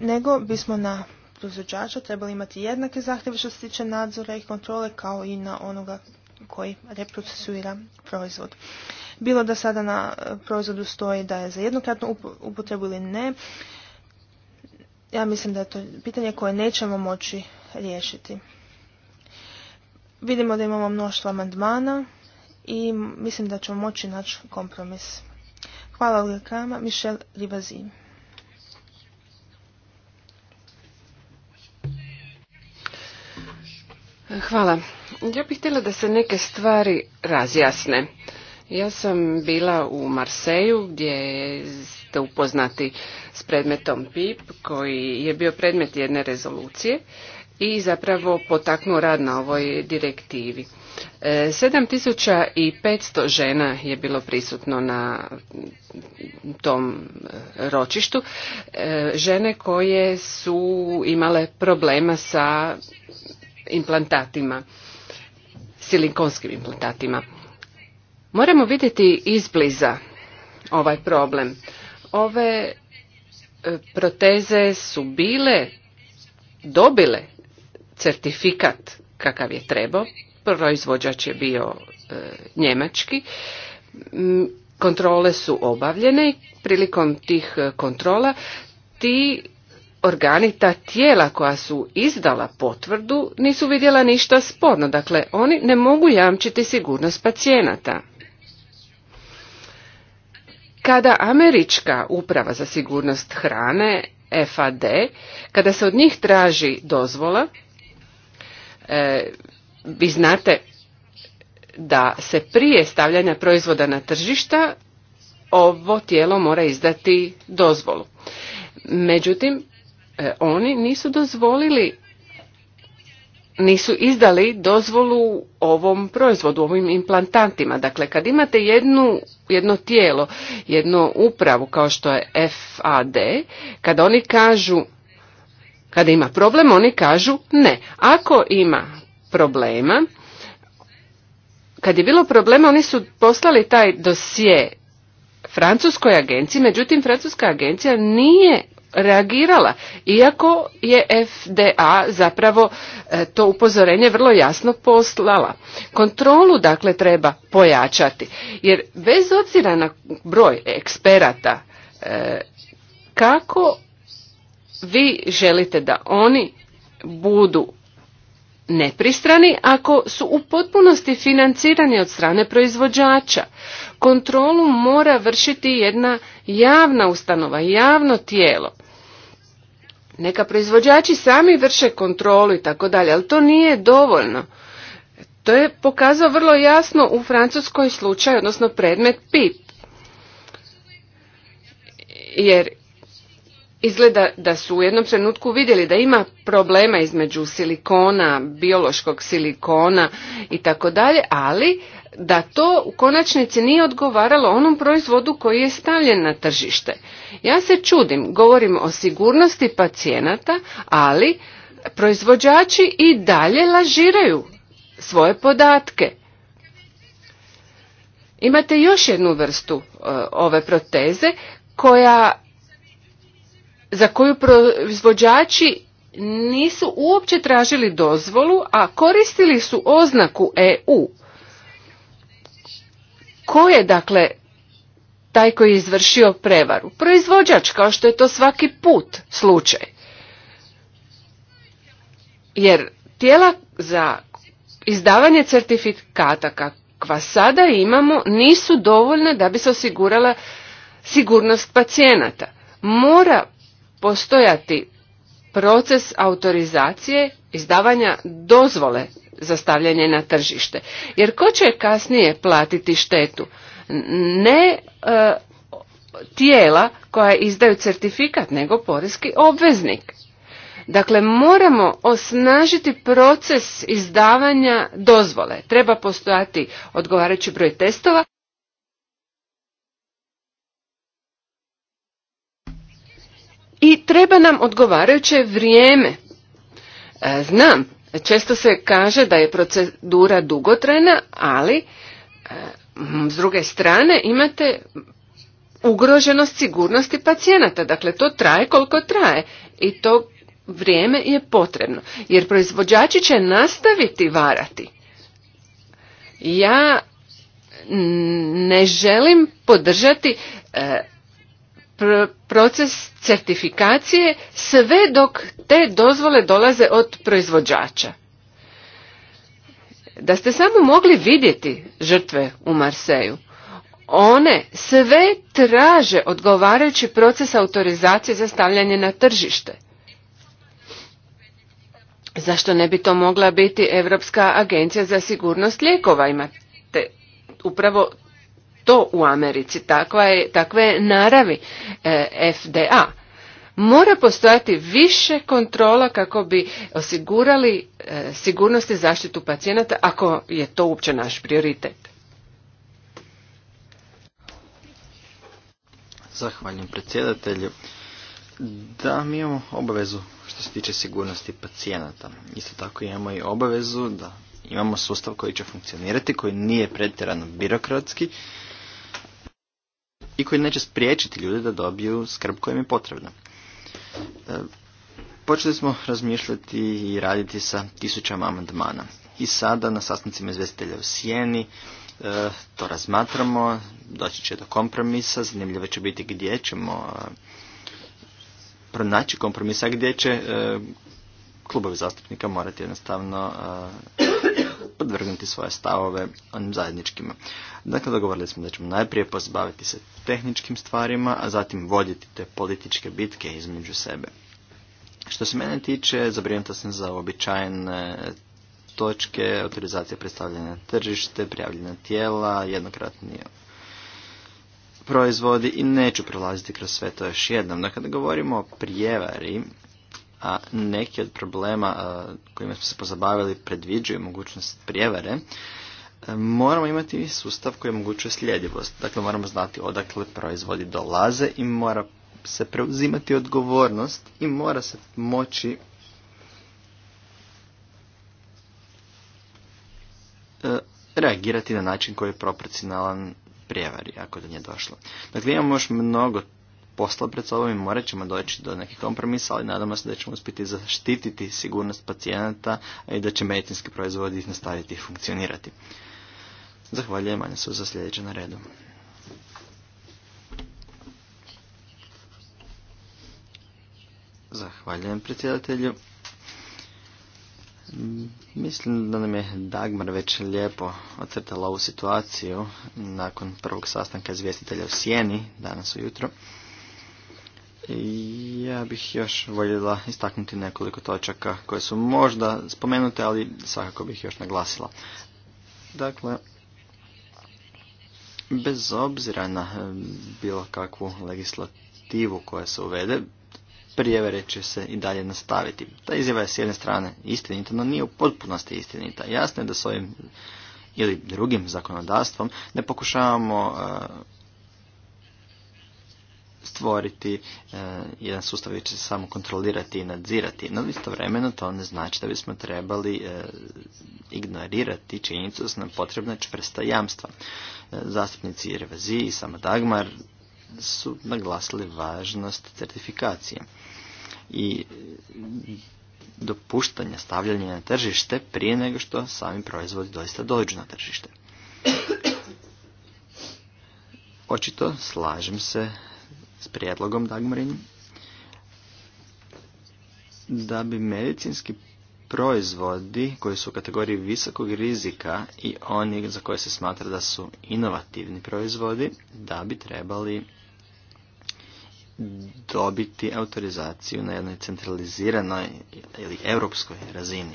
nego bismo na proizvođača trebali imati jednake zahtjeve što se tiče nadzora i kontrole kao i na onoga koji reprocesuira proizvod. Bilo da sada na e, proizvodu stoji da je za jednokratnu upotrebu ili ne, ja mislim da je to pitanje koje nećemo moći riješiti. Vidimo da imamo mnoštvo amandmana i mislim da ćemo moći naći kompromis. Hvala Olga Mišel Michel Rivazin. Hvala. Ja bih htjela da se neke stvari razjasne. Ja sam bila u Marseju gdje ste upoznati s predmetom PIP koji je bio predmet jedne rezolucije i zapravo potaknuo rad na ovoj direktivi. 7500 e, žena je bilo prisutno na tom e, ročištu, e, žene koje su imale problema sa implantatima, silikonskim implantatima. Moramo vidjeti izbliza ovaj problem. Ove e, proteze su bile, dobile certifikat kakav je trebao, proizvođač je bio e, njemački, kontrole su obavljene, prilikom tih e, kontrola ti organi ta tijela koja su izdala potvrdu nisu vidjela ništa sporno, dakle oni ne mogu jamčiti sigurnost pacijenata. Kada američka uprava za sigurnost hrane, FAD, kada se od njih traži dozvola, e, vi znate da se prije stavljanja proizvoda na tržišta ovo tijelo mora izdati dozvolu. Međutim, E, oni nisu dozvolili nisu izdali dozvolu ovom proizvodu, ovim implantantima. Dakle, kad imate jednu, jedno tijelo, jednu upravu kao što je FAD, kada oni kažu, kada ima problem, oni kažu ne. Ako ima problema, kad je bilo problema, oni su poslali taj dosje Francuskoj agenciji, međutim, Francuska agencija nije reagirala, iako je FDA zapravo e, to upozorenje vrlo jasno poslala. Kontrolu dakle treba pojačati, jer bez obzira na broj eksperata, e, kako vi želite da oni budu nepristrani ako su u potpunosti financirani od strane proizvođača. Kontrolu mora vršiti jedna javna ustanova, javno tijelo. Neka proizvođači sami vrše kontrolu i tako dalje, ali to nije dovoljno. To je pokazao vrlo jasno u francuskoj slučaju, odnosno predmet PIP. Jer izgleda da su u jednom trenutku vidjeli da ima problema između silikona, biološkog silikona i tako dalje, ali da to u konačnici nije odgovaralo onom proizvodu koji je stavljen na tržište. Ja se čudim, govorim o sigurnosti pacijenata, ali proizvođači i dalje lažiraju svoje podatke. Imate još jednu vrstu e, ove proteze koja za koju proizvođači nisu uopće tražili dozvolu, a koristili su oznaku EU Ko je dakle taj koji je izvršio prevaru? Proizvođač, kao što je to svaki put slučaj. Jer tijela za izdavanje certifikata kakva sada imamo nisu dovoljne da bi se osigurala sigurnost pacijenata. Mora postojati proces autorizacije izdavanja dozvole za stavljanje na tržište. Jer ko će kasnije platiti štetu? Ne e, tijela koja izdaju certifikat, nego porezki obveznik. Dakle, moramo osnažiti proces izdavanja dozvole. Treba postojati odgovarajući broj testova. I treba nam odgovarajuće vrijeme. E, znam Često se kaže da je procedura dugotrajna, ali e, s druge strane imate ugroženost sigurnosti pacijenata. Dakle, to traje koliko traje i to vrijeme je potrebno. Jer proizvođači će nastaviti varati. Ja ne želim podržati e, proces certifikacije sve dok te dozvole dolaze od proizvođača. Da ste samo mogli vidjeti žrtve u Marseju, one sve traže odgovarajući proces autorizacije za stavljanje na tržište. Zašto ne bi to mogla biti Europska agencija za sigurnost lijekova? Imate upravo to u Americi, takva je, takve je naravi e, FDA. Mora postojati više kontrola kako bi osigurali e, sigurnost i zaštitu pacijenata ako je to uopće naš prioritet. Zahvaljujem predsjedatelju. Da, mi imamo obavezu što se tiče sigurnosti pacijenata. Isto tako imamo i obavezu da imamo sustav koji će funkcionirati, koji nije pretjerano birokratski i koji neće spriječiti ljude da dobiju skrb koja im je potrebna. E, počeli smo razmišljati i raditi sa tisućama amandmana. I sada na sastancima izvestitelja u Sijeni e, to razmatramo, doći će do kompromisa, zanimljivo će biti gdje ćemo e, pronaći kompromisa, gdje će klubovi zastupnika morati jednostavno podvrgnuti svoje stavove onim zajedničkima. Dakle, dogovorili smo da ćemo najprije pozbaviti se tehničkim stvarima, a zatim voditi te političke bitke između sebe. Što se mene tiče, zabrinuta sam za običajne točke, autorizacije predstavljanja tržište, prijavljena tijela, jednokratni proizvodi i neću prolaziti kroz sve to još jednom. Dakle, kada govorimo o prijevari, a neki od problema kojima smo se pozabavili predviđaju mogućnost prijevare, e, moramo imati sustav koji omogućuje sljedivost. Dakle, moramo znati odakle proizvodi dolaze i mora se preuzimati odgovornost i mora se moći e, reagirati na način koji je proporcionalan prijevari ako do nje došlo. Dakle, imamo još mnogo posla pred sobom i morat ćemo doći do nekih kompromisa, ali nadamo se da ćemo uspjeti zaštititi sigurnost pacijenata i da će medicinski proizvodi nastaviti funkcionirati. Zahvaljujem, Anja su za sljedeće na redu. Zahvaljujem predsjedatelju. Mislim da nam je Dagmar već lijepo ocrtala ovu situaciju nakon prvog sastanka izvjestitelja u Sijeni danas ujutro. Ja bih još voljela istaknuti nekoliko točaka koje su možda spomenute, ali svakako bih još naglasila. Dakle, bez obzira na e, bilo kakvu legislativu koja se uvede, prijevere će se i dalje nastaviti. Ta izjava je s jedne strane istinita, no nije u potpunosti istinita. Jasno je da s ovim ili drugim zakonodavstvom ne pokušavamo e, stvoriti e, jedan sustav koji će se samo kontrolirati i nadzirati. No istovremeno to ne znači da bismo trebali e, ignorirati činjenicu da su nam potrebna čvrsta jamstva. E, zastupnici Revazi i sama Dagmar su naglasili važnost certifikacije i dopuštanja stavljanja na tržište prije nego što sami proizvodi doista dođu na tržište. Očito slažem se s prijedlogom Dagmarin da bi medicinski proizvodi koji su u kategoriji visokog rizika i oni za koje se smatra da su inovativni proizvodi, da bi trebali dobiti autorizaciju na jednoj centraliziranoj ili europskoj razini.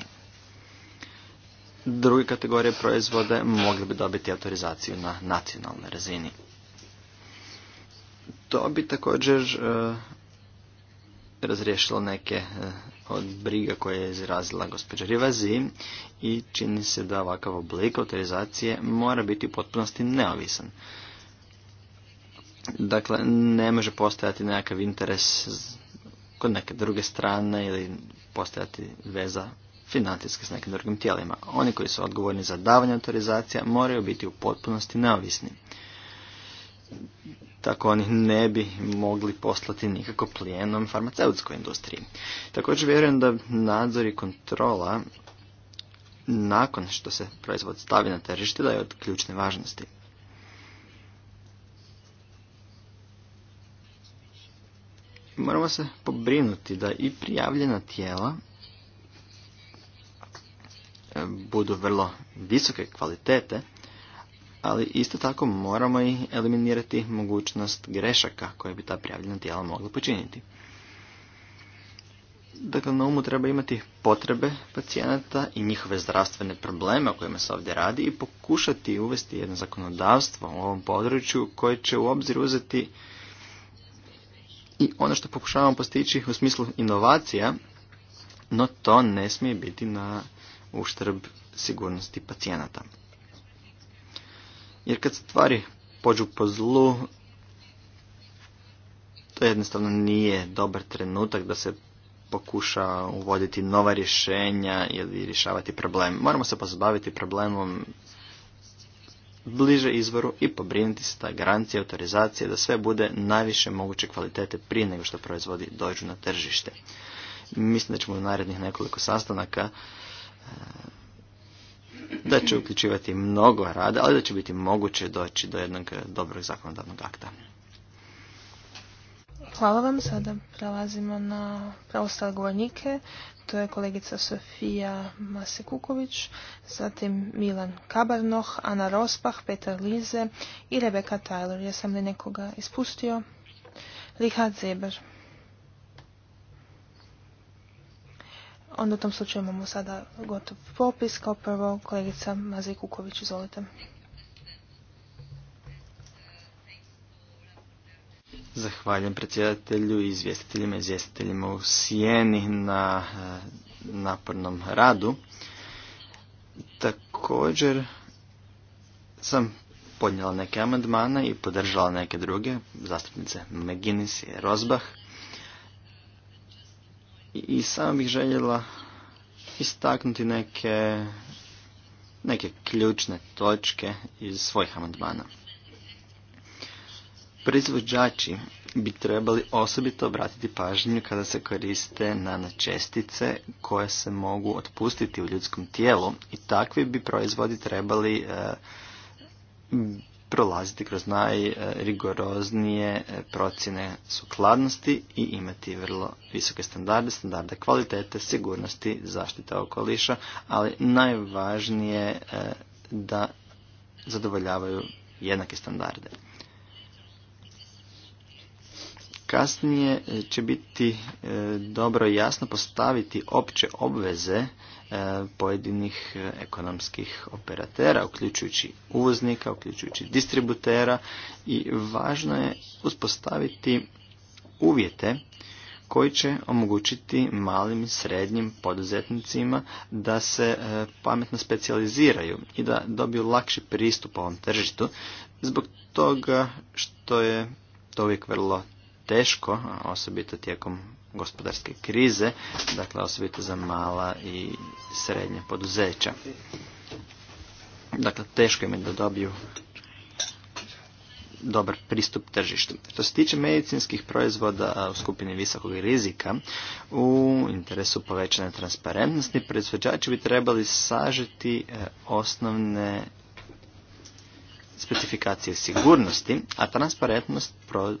Druge kategorije proizvode mogli bi dobiti autorizaciju na nacionalnoj razini. To bi također e, razriješilo neke e, od briga koje je izrazila gospođa Rivazi i čini se da ovakav oblik autorizacije mora biti u potpunosti neovisan. Dakle, ne može postojati nekakav interes kod neke druge strane ili postojati veza financijska s nekim drugim tijelima. Oni koji su odgovorni za davanje autorizacija moraju biti u potpunosti neovisni tako oni ne bi mogli poslati nikako plijenom farmaceutskoj industriji. Također vjerujem da nadzor i kontrola nakon što se proizvod stavi na tržište da je od ključne važnosti. Moramo se pobrinuti da i prijavljena tijela budu vrlo visoke kvalitete ali isto tako moramo i eliminirati mogućnost grešaka koje bi ta prijavljena tijela mogla počiniti. Dakle, na umu treba imati potrebe pacijenata i njihove zdravstvene probleme o kojima se ovdje radi i pokušati uvesti jedno zakonodavstvo u ovom području koje će u obzir uzeti i ono što pokušavamo postići u smislu inovacija, no to ne smije biti na uštrb sigurnosti pacijenata. Jer kad stvari pođu po zlu, to jednostavno nije dobar trenutak da se pokuša uvoditi nova rješenja ili rješavati problem. Moramo se pozabaviti problemom bliže izvoru i pobrinuti se da garancija autorizacije da sve bude najviše moguće kvalitete prije nego što proizvodi dođu na tržište. Mislim da ćemo u narednih nekoliko sastanaka da će uključivati mnogo rada, ali da će biti moguće doći do jednog dobrog zakonodavnog akta. Hvala vam. Sada prelazimo na preostale govornike. To je kolegica Sofija Masekuković, zatim Milan Kabarnoh, Ana Rospah, Petar Lize i Rebeka Tyler. Jesam li nekoga ispustio? Richard Zeber. Onda u tom slučaju imamo sada gotov popis. Kao prvo kolegica Mazej Kuković, izvolite. Zahvaljujem predsjedatelju i izvjestiteljima i izvjestiteljima u Sijeni na eh, napornom radu. Također sam podnijela neke amandmane i podržala neke druge, zastupnice Meginis i Rozbah. I sam bih željela istaknuti neke, neke ključne točke iz svojih amandmana. Proizvođači bi trebali osobito obratiti pažnju kada se koriste na čestice koje se mogu otpustiti u ljudskom tijelu i takvi bi proizvodi trebali e, prolaziti kroz najrigoroznije e, procjene sukladnosti i imati vrlo visoke standarde, standarde kvalitete, sigurnosti, zaštite okoliša, ali najvažnije e, da zadovoljavaju jednake standarde. Kasnije e, će biti dobro jasno postaviti opće obveze E, pojedinih e, ekonomskih operatera, uključujući uvoznika, uključujući distributera i važno je uspostaviti uvjete koji će omogućiti malim i srednjim poduzetnicima da se e, pametno specijaliziraju i da dobiju lakši pristup ovom tržištu zbog toga što je to uvijek vrlo teško, osobito tijekom gospodarske krize, dakle osobito za mala i srednja poduzeća. Dakle, teško im je da dobiju dobar pristup tržištu. Što se tiče medicinskih proizvoda u skupini visokog rizika, u interesu povećane transparentnosti, proizvođači bi trebali sažeti e, osnovne specifikacije sigurnosti, a transparentnost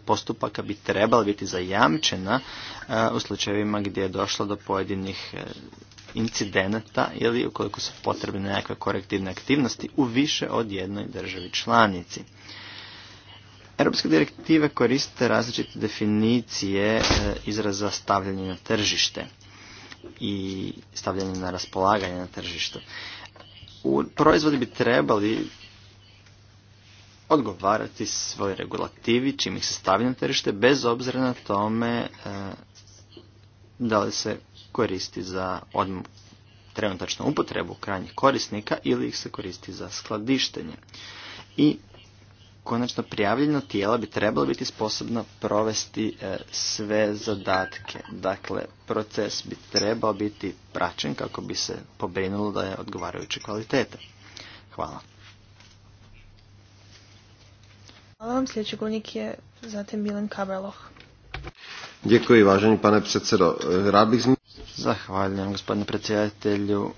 postupaka bi trebala biti zajamčena e, u slučajevima gdje je došlo do pojedinih e, incidenata ili ukoliko su potrebne nekakve korektivne aktivnosti u više od jednoj državi članici. Europske direktive koriste različite definicije e, izraza stavljanja na tržište i stavljanje na raspolaganje na tržištu. U proizvodi bi trebali odgovarati svoj regulativi čim ih se stavlja na tržište bez obzira na tome e, da li se koristi za trenutačno trenutačnu upotrebu krajnjih korisnika ili ih se koristi za skladištenje. I konačno prijavljeno tijela bi trebalo biti sposobno provesti e, sve zadatke. Dakle, proces bi trebao biti praćen kako bi se pobrinulo da je odgovarajuće kvalitete. Hvala. Hvala vam, sljedeći govornik je zatim Milan Kabeloh. Děkuji, vážený pane předsedo. Rád bych Zahvaljujem, gospodine predsjedatelju.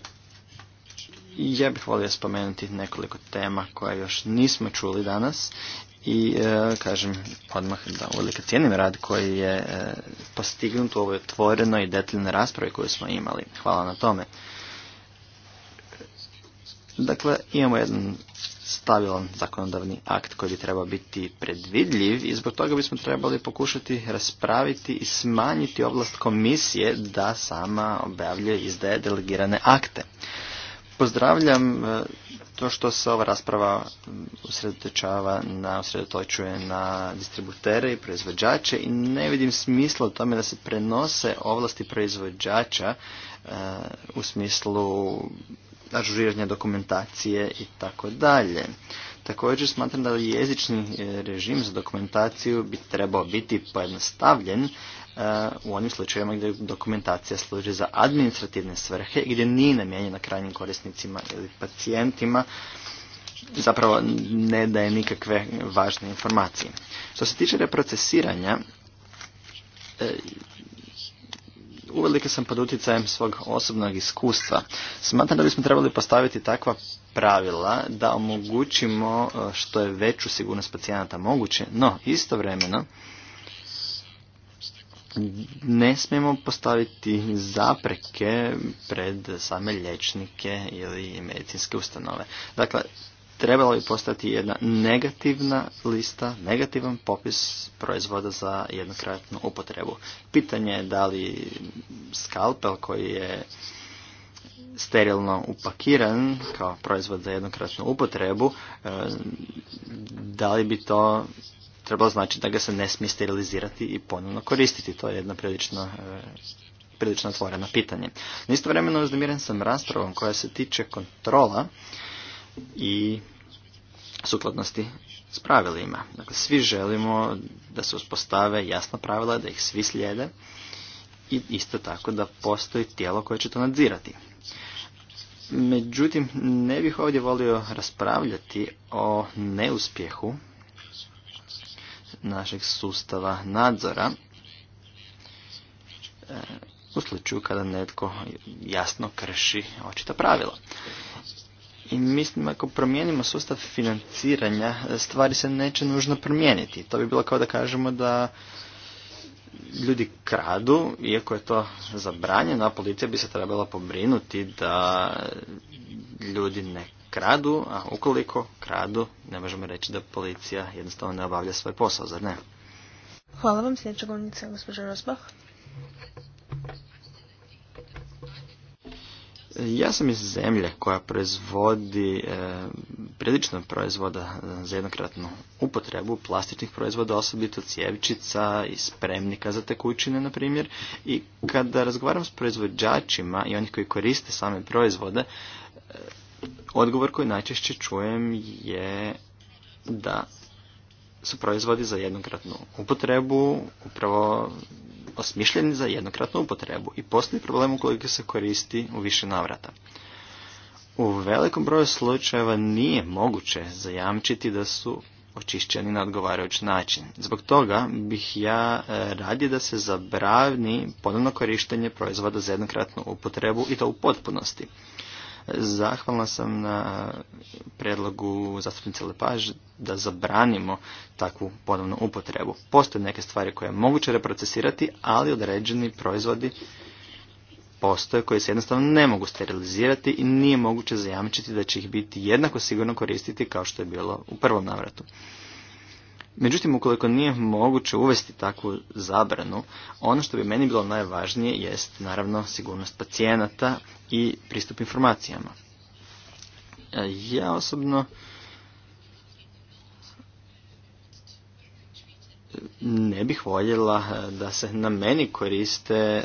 Ja bih volio spomenuti nekoliko tema koje još nismo čuli danas i e, kažem odmah da uvijek cijenim rad koji je e, postignut u ovoj otvorenoj i detaljnoj raspravi koju smo imali. Hvala na tome. Dakle, imamo jedan stabilan zakonodavni akt koji bi trebao biti predvidljiv i zbog toga bismo trebali pokušati raspraviti i smanjiti oblast komisije da sama objavljuje i izdaje delegirane akte. Pozdravljam e, to što se ova rasprava mm, usredotočava na, usredotočuje na distributere i proizvođače i ne vidim smisla u tome da se prenose ovlasti proizvođača e, u smislu ažuriranja dokumentacije i tako dalje. Također smatram da jezični e, režim za dokumentaciju bi trebao biti pojednostavljen e, u onim slučajevima gdje dokumentacija služi za administrativne svrhe i gdje nije namijenjena krajnjim korisnicima ili pacijentima, zapravo ne daje nikakve važne informacije. Što se tiče reprocesiranja, e, uvelike sam pod utjecajem svog osobnog iskustva. Smatram da bismo trebali postaviti takva pravila da omogućimo e, što je veću sigurnost pacijenata moguće, no istovremeno ne smijemo postaviti zapreke pred same liječnike ili medicinske ustanove. Dakle, trebala bi postati jedna negativna lista, negativan popis proizvoda za jednokratnu upotrebu. Pitanje je da li skalpel koji je sterilno upakiran kao proizvod za jednokratnu upotrebu, e, da li bi to trebalo znači da ga se ne smije sterilizirati i ponovno koristiti. To je jedno prilično e, prilično otvoreno pitanje. Istovremeno uznemiren sam raspravom koja se tiče kontrola i sukladnosti s pravilima. Dakle, svi želimo da se uspostave jasna pravila, da ih svi slijede i isto tako da postoji tijelo koje će to nadzirati. Međutim, ne bih ovdje volio raspravljati o neuspjehu našeg sustava nadzora e, u slučaju kada netko jasno krši očita pravila. I mislim ako promijenimo sustav financiranja, stvari se neće nužno promijeniti. To bi bilo kao da kažemo da ljudi kradu, iako je to zabranjeno, a policija bi se trebala pobrinuti da ljudi ne kradu, a ukoliko kradu, ne možemo reći da policija jednostavno ne obavlja svoj posao, zar ne? Hvala vam, sljedeća govornica, gospođa Rosbach. Ja sam iz zemlje koja proizvodi e, prilično proizvoda za jednokratnu upotrebu plastičnih proizvoda, osobito cjevčica i spremnika za tekućine, na primjer. I kada razgovaram s proizvođačima i onih koji koriste same proizvode, e, odgovor koji najčešće čujem je da su proizvodi za jednokratnu upotrebu upravo osmišljeni za jednokratnu upotrebu i postoji problem ukoliko se koristi u više navrata. U velikom broju slučajeva nije moguće zajamčiti da su očišćeni na odgovarajući način. Zbog toga bih ja e, radije da se zabrani ponovno korištenje proizvoda za jednokratnu upotrebu i to u potpunosti. Zahvalna sam na predlogu zastupnice Lepaž da zabranimo takvu ponovnu upotrebu. Postoje neke stvari koje je moguće reprocesirati, ali određeni proizvodi postoje koji se jednostavno ne mogu sterilizirati i nije moguće zajamčiti da će ih biti jednako sigurno koristiti kao što je bilo u prvom navratu. Međutim, ukoliko nije moguće uvesti takvu zabranu, ono što bi meni bilo najvažnije jest, naravno, sigurnost pacijenata i pristup informacijama. E, ja osobno e, ne bih voljela e, da se na meni koriste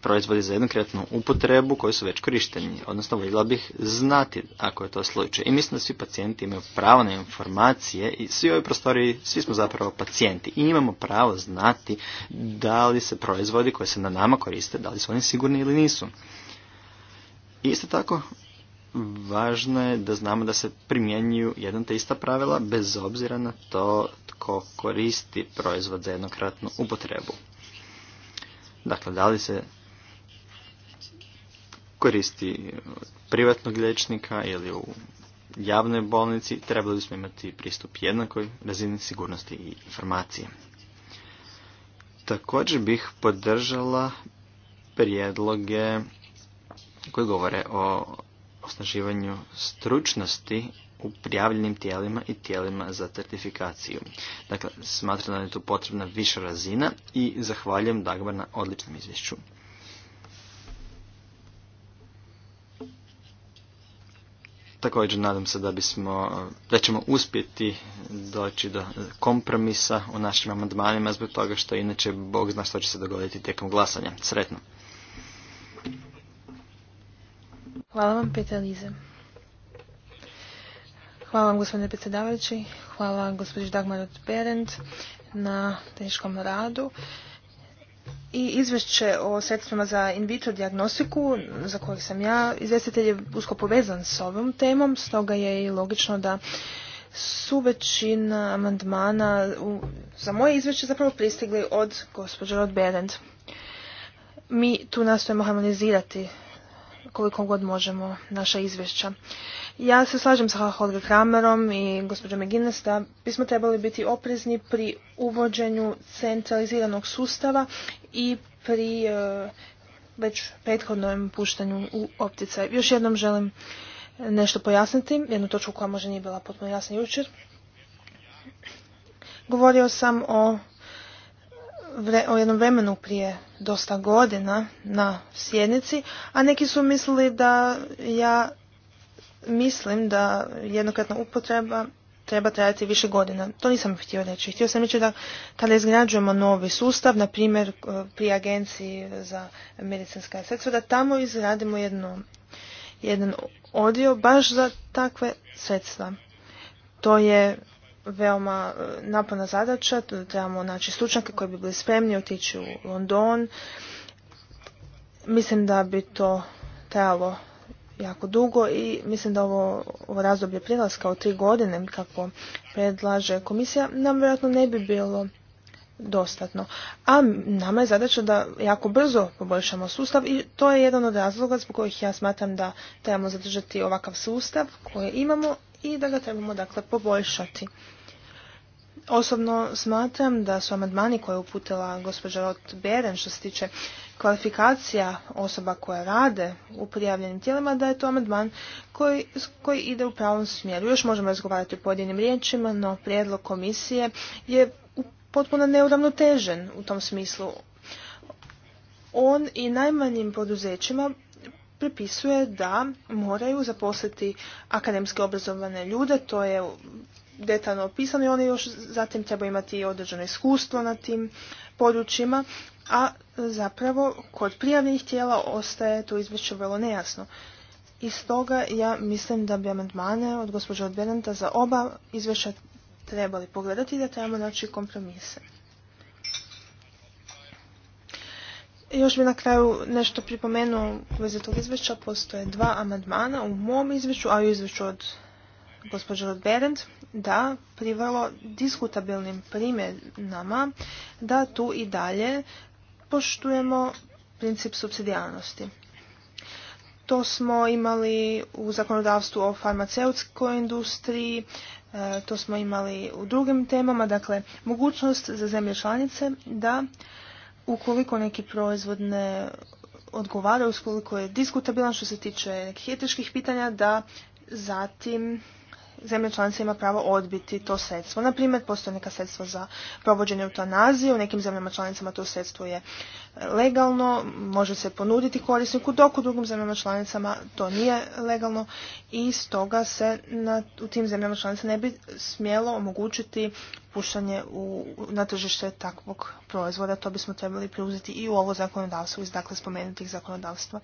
proizvodi za jednokratnu upotrebu koji su već korišteni, odnosno voljela bih znati ako je to slučaj. I mislim da svi pacijenti imaju pravo na informacije i svi ovi prostori prostoriji, svi smo zapravo pacijenti i imamo pravo znati da li se proizvodi koji se na nama koriste, da li su oni sigurni ili nisu. Isto tako, važno je da znamo da se primjenjuju jedna te ista pravila bez obzira na to tko koristi proizvod za jednokratnu upotrebu. Dakle, da li se koristi privatnog liječnika ili u javnoj bolnici, trebali bismo imati pristup jednakoj razini sigurnosti i informacije. Također bih podržala prijedloge koji govore o osnaživanju stručnosti u prijavljenim tijelima i tijelima za certifikaciju. Dakle, smatram da je tu potrebna viša razina i zahvaljujem Dagmar na odličnom izvješću. Također nadam se da bismo, da ćemo uspjeti doći do kompromisa u našim amandmanima zbog toga što inače Bog zna što će se dogoditi tijekom glasanja. Sretno. Hvala vam, Hvala vam, gospodine predsjedavajući. Hvala gospođi Dagmar Berend na teškom radu i izvješće o sredstvima za in vitro diagnostiku, za koje sam ja, izvjestitelj je usko povezan s ovom temom, stoga je i logično da su većina amandmana za moje izvješće zapravo pristigli od gospođe Rod Berend. Mi tu nastojimo harmonizirati koliko god možemo naša izvješća. Ja se slažem sa Holger Kramerom i gospođom McGuinness da bismo trebali biti oprezni pri uvođenju centraliziranog sustava i pri e, već prethodnom puštanju u opticaj. Još jednom želim nešto pojasniti, jednu točku koja možda nije bila potpuno jasna jučer. Govorio sam o o jednom vremenu prije dosta godina na sjednici, a neki su mislili da ja mislim da jednokratna upotreba treba trajati više godina. To nisam htio reći. Htio sam reći da kada izgrađujemo novi sustav, na primjer e, pri agenciji za medicinska sredstva, da tamo izradimo jedno, jedan odio baš za takve sredstva. To je veoma e, napona zadaća, trebamo naći stručnjake koji bi bili spremni otići u London. Mislim da bi to trebalo jako dugo i mislim da ovo, ovo razdoblje prilaska od tri godine kako predlaže komisija nam vjerojatno ne bi bilo dostatno. A nama je zadaća da jako brzo poboljšamo sustav i to je jedan od razloga zbog kojih ja smatram da trebamo zadržati ovakav sustav koji imamo i da ga trebamo dakle poboljšati. Osobno smatram da su amandmani koje je uputila gospođa Rot Beren što se tiče kvalifikacija osoba koje rade u prijavljenim tijelima, da je to amandman koji, koji ide u pravom smjeru. Još možemo razgovarati o pojedinim riječima, no prijedlog komisije je potpuno neuravnotežen u tom smislu. On i najmanjim poduzećima pripisuje da moraju zaposliti akademski obrazovane ljude, to je detaljno opisani, oni još zatim treba imati i određeno iskustvo na tim područjima, a zapravo kod prijavljenih tijela ostaje to izvješće vrlo nejasno. I stoga ja mislim da bi amandmane od gospođe Odberenta za oba izvješća trebali pogledati i da trebamo naći kompromise. Još bi na kraju nešto pripomenuo u vezi tog izvješća. Postoje dva amandmana u mom izvješću, a i u izvješću od gospođo Berend, da pri vrlo diskutabilnim primjenama da tu i dalje poštujemo princip supsidijarnosti. To smo imali u zakonodavstvu o farmaceutskoj industriji, e, to smo imali u drugim temama, dakle mogućnost za zemlje članice da ukoliko neki proizvod ne odgovara, ukoliko je diskutabilan što se tiče nekih etičkih pitanja, da zatim zemlja članica ima pravo odbiti to sredstvo. Na primjer, postoje neka sredstva za provođenje eutanazije, u nekim zemljama članicama to sredstvo je e, legalno, može se ponuditi korisniku, dok u drugim zemljama članicama to nije legalno i stoga se na, u tim zemljama članica ne bi smjelo omogućiti puštanje u, na tržište takvog proizvoda. To bismo trebali preuzeti i u ovo zakonodavstvo iz dakle spomenutih zakonodavstva.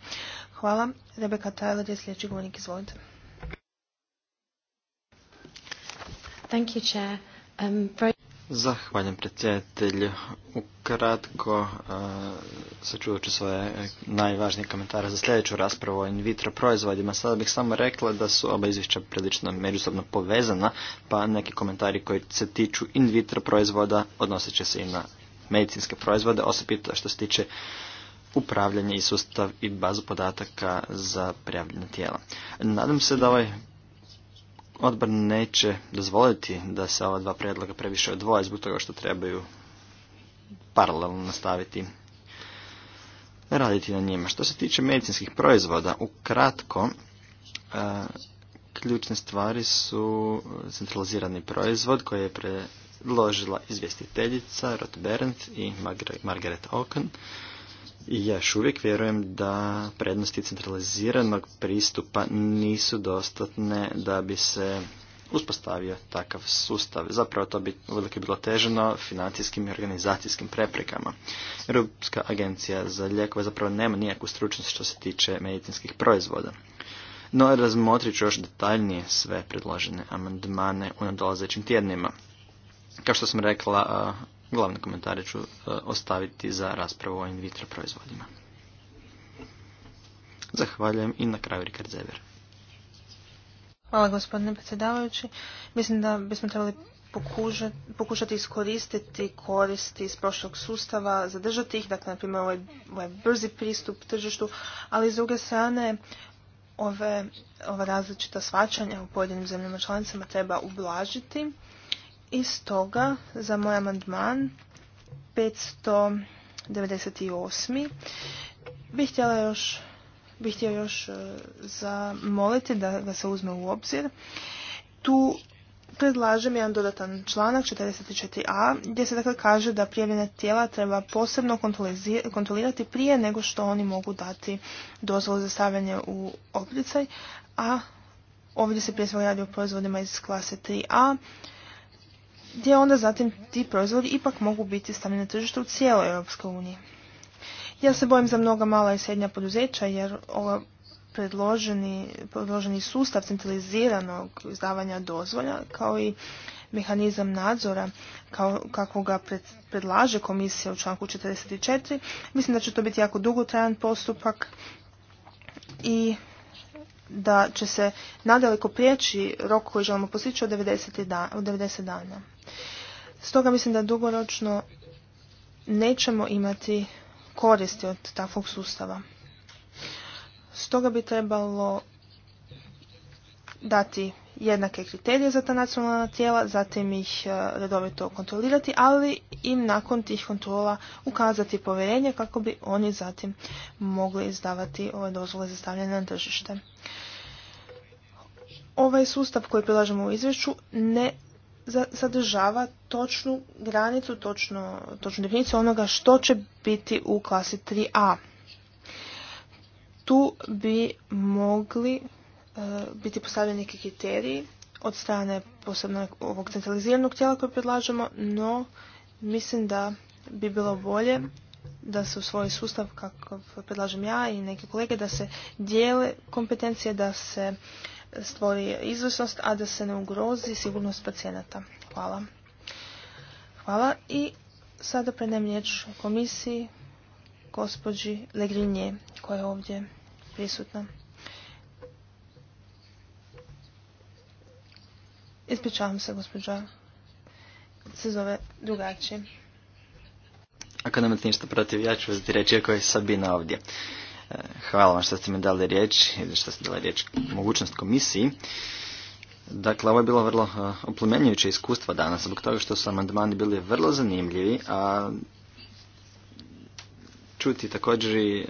Hvala. Rebeka Tyler je sljedeći govornik. Izvolite. Thank um, Zahvaljujem predsjedatelju. Ukratko uh, sačuvat ću svoje eh, najvažnije komentare za sljedeću raspravu o in vitro proizvodima. Sada bih samo rekla da su oba izvješća prilično međusobno povezana, pa neki komentari koji se tiču in vitro proizvoda odnosit će se i na medicinske proizvode, osobito što se tiče upravljanje i sustav i bazu podataka za prijavljena tijela. Nadam se da ovaj Odbor neće dozvoliti da se ova dva predloga previše odvoje zbog toga što trebaju paralelno nastaviti raditi na njima. Što se tiče medicinskih proizvoda, ukratko, e, ključne stvari su centralizirani proizvod koji je predložila izvjestiteljica Rot Berendt i Margaret Oken ja još uvijek vjerujem da prednosti centraliziranog pristupa nisu dostatne da bi se uspostavio takav sustav. Zapravo to bi uvijek bilo teženo financijskim i organizacijskim preprekama. Europska agencija za lijekove zapravo nema nijakvu stručnost što se tiče medicinskih proizvoda. No razmotrit ću još detaljnije sve predložene amandmane u nadolazećim tjednima. Kao što sam rekla, Glavne komentare ću e, ostaviti za raspravu o in vitro proizvodima. Zahvaljujem i na kraju Rikard Zeber. Hvala gospodine predsjedavajući. Mislim da bismo trebali pokušati, iskoristiti koristi iz prošlog sustava, zadržati ih, dakle, na primjer, ovaj, ovaj brzi pristup tržištu, ali s druge strane, ove, ova različita svačanja u pojedinim zemljama članicama treba ublažiti i toga, za moj amandman 598. bih htjela još bih htio još e, zamoliti da se uzme u obzir. Tu predlažem jedan dodatan članak 44a gdje se dakle kaže da prijavljena tijela treba posebno kontrolirati prije nego što oni mogu dati dozvolu za stavljanje u oblicaj, a ovdje se prije svega radi o proizvodima iz klase 3a gdje onda zatim ti proizvodi ipak mogu biti stavljeni na tržište u cijeloj Europskoj uniji. Ja se bojim za mnoga mala i srednja poduzeća jer ova predloženi, predloženi sustav centraliziranog izdavanja dozvolja kao i mehanizam nadzora kao, kako ga predlaže komisija u članku 44. Mislim da će to biti jako dugotrajan postupak i da će se nadaleko prijeći rok koji želimo postići od 90, 90 dana. Stoga mislim da dugoročno nećemo imati koristi od takvog sustava. Stoga bi trebalo dati jednake kriterije za ta nacionalna tijela, zatim ih e, redovito kontrolirati, ali im nakon tih kontrola ukazati povjerenje kako bi oni zatim mogli izdavati ove dozvole za stavljanje na tržište. Ovaj sustav koji prilažemo u izvješću ne sadržava točnu granicu, točno, točnu definiciju onoga što će biti u klasi 3a. Tu bi mogli e, biti postavljeni neki kriteriji od strane posebno ovog centraliziranog tijela koje predlažemo, no mislim da bi bilo bolje da se u svoj sustav, kako predlažem ja i neke kolege, da se dijele kompetencije, da se stvori izvrsnost, a da se ne ugrozi sigurnost pacijenata. Hvala. Hvala i sada predajem riječ komisiji gospođi Legrinje koja je ovdje prisutna. Ispričavam se, gospođa. Se zove drugačije. Ako nemate ništa protiv, ja ću vas reći ako je Sabina ovdje. Hvala vam što ste mi dali riječ ili što ste dali riječ mogućnost komisiji. Dakle, ovo je bilo vrlo e, oplemenjujuće iskustvo danas, zbog toga što su amandmani bili vrlo zanimljivi, a čuti također i e,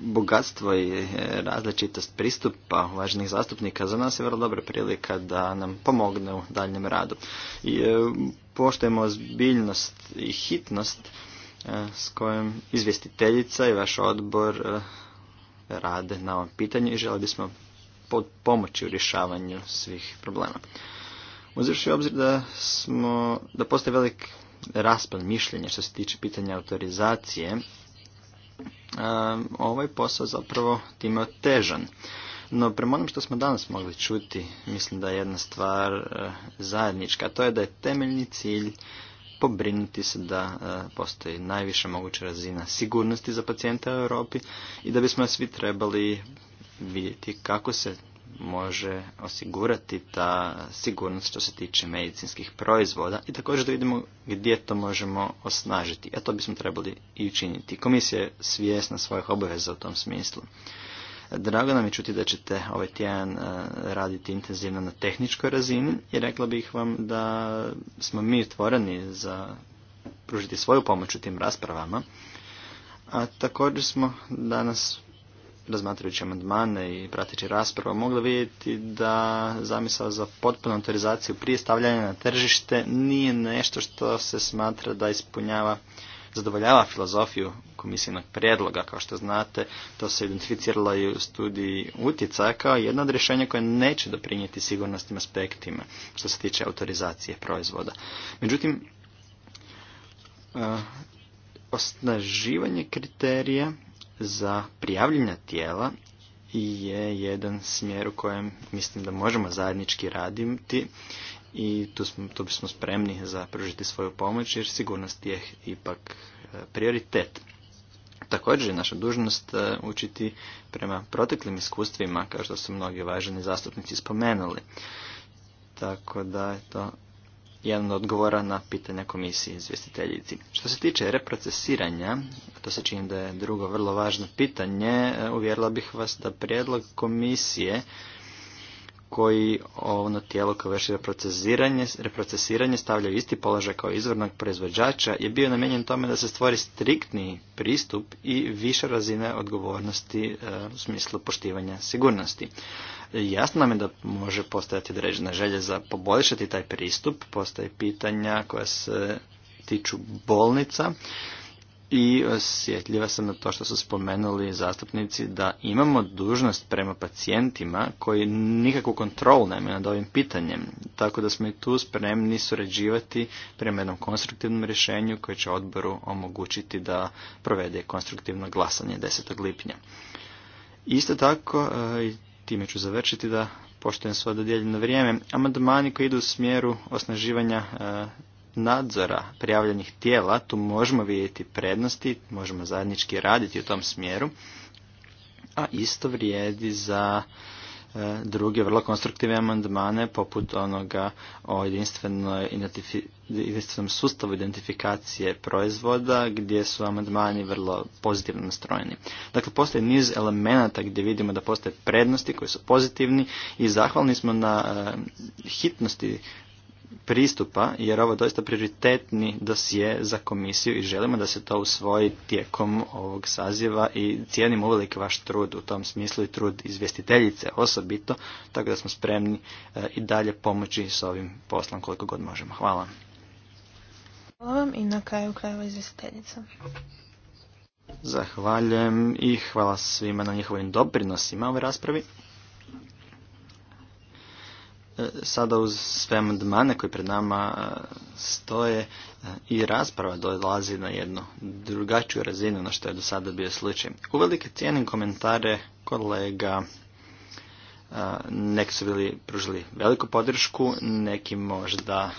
bogatstvo i e, različitost pristupa važnih zastupnika za nas je vrlo dobra prilika da nam pomogne u daljnjem radu. I poštujemo zbiljnost i hitnost E, s kojom izvjestiteljica i vaš odbor e, rade na ovom pitanju i želi bismo pomoći u rješavanju svih problema. u obzir da, smo, da postoji velik raspad mišljenja što se tiče pitanja autorizacije, e, ovaj posao zapravo time otežan. No, prema onom što smo danas mogli čuti, mislim da je jedna stvar zajednička, a to je da je temeljni cilj pobrinuti se da e, postoji najviša moguća razina sigurnosti za pacijenta u Europi i da bismo svi trebali vidjeti kako se može osigurati ta sigurnost što se tiče medicinskih proizvoda i također da vidimo gdje to možemo osnažiti, a to bismo trebali i učiniti. Komisija je svjesna svojih obaveza u tom smislu. Drago nam je čuti da ćete ovaj tjedan e, raditi intenzivno na tehničkoj razini i rekla bih vam da smo mi otvoreni za pružiti svoju pomoć u tim raspravama. A također smo danas razmatrajući amandmane i prateći raspravu mogli vidjeti da zamisao za potpunu autorizaciju prije stavljanja na tržište nije nešto što se smatra da ispunjava zadovoljava filozofiju komisijnog predloga, Kao što znate, to se identificiralo i u studiji utjecaja kao jedno od rješenja koje neće doprinijeti sigurnosnim aspektima što se tiče autorizacije proizvoda. Međutim, e, osnaživanje kriterija za prijavljena tijela je jedan smjer u kojem mislim da možemo zajednički raditi i tu, smo, bismo spremni za pružiti svoju pomoć jer sigurnost je ipak e, prioritet. Također je naša dužnost e, učiti prema proteklim iskustvima, kao što su mnogi važni zastupnici spomenuli. Tako da je to jedan odgovora na pitanja komisije izvjestiteljici. Što se tiče reprocesiranja, to se čini da je drugo vrlo važno pitanje, e, uvjerila bih vas da prijedlog komisije koji ono tijelo koje vrši reprocesiranje, reprocesiranje stavljaju isti položaj kao izvornog proizvođača je bio namijenjen tome da se stvori striktni pristup i više razine odgovornosti e, u smislu poštivanja sigurnosti. Jasno nam je da može postojati određena želja za poboljšati taj pristup, postoje pitanja koja se tiču bolnica i osjetljiva e, sam na to što su spomenuli zastupnici da imamo dužnost prema pacijentima koji nikakvu kontrolu nema nad ovim pitanjem. Tako da smo i tu spremni surađivati prema jednom konstruktivnom rješenju koje će odboru omogućiti da provede konstruktivno glasanje 10. lipnja. Isto tako, e, i time ću završiti da poštujem svoje dodijeljeno vrijeme, amandmani koji idu u smjeru osnaživanja e, nadzora prijavljenih tijela, tu možemo vidjeti prednosti, možemo zajednički raditi u tom smjeru, a isto vrijedi za e, druge vrlo konstruktive amandmane poput onoga o jedinstvenom sustavu identifikacije proizvoda gdje su amandmani vrlo pozitivno nastrojeni. Dakle, postoji niz elemenata gdje vidimo da postoje prednosti koji su pozitivni i zahvalni smo na e, hitnosti pristupa jer ovo je doista prioritetni dosije za komisiju i želimo da se to usvoji tijekom ovog saziva i cijenim uvijek vaš trud u tom smislu i trud izvjestiteljice osobito, tako da smo spremni eh, i dalje pomoći s ovim poslom koliko god možemo. Hvala. Hvala vam i na kraju krajeva izvjestiteljica. Zahvaljujem i hvala svima na njihovim doprinosima u raspravi. E, sada uz sve amandmane koji pred nama e, stoje e, i rasprava dolazi na jednu drugačiju razinu na što je do sada bio slučaj. Uvelike cijenim komentare kolega neki su bili pružili veliku podršku, neki možda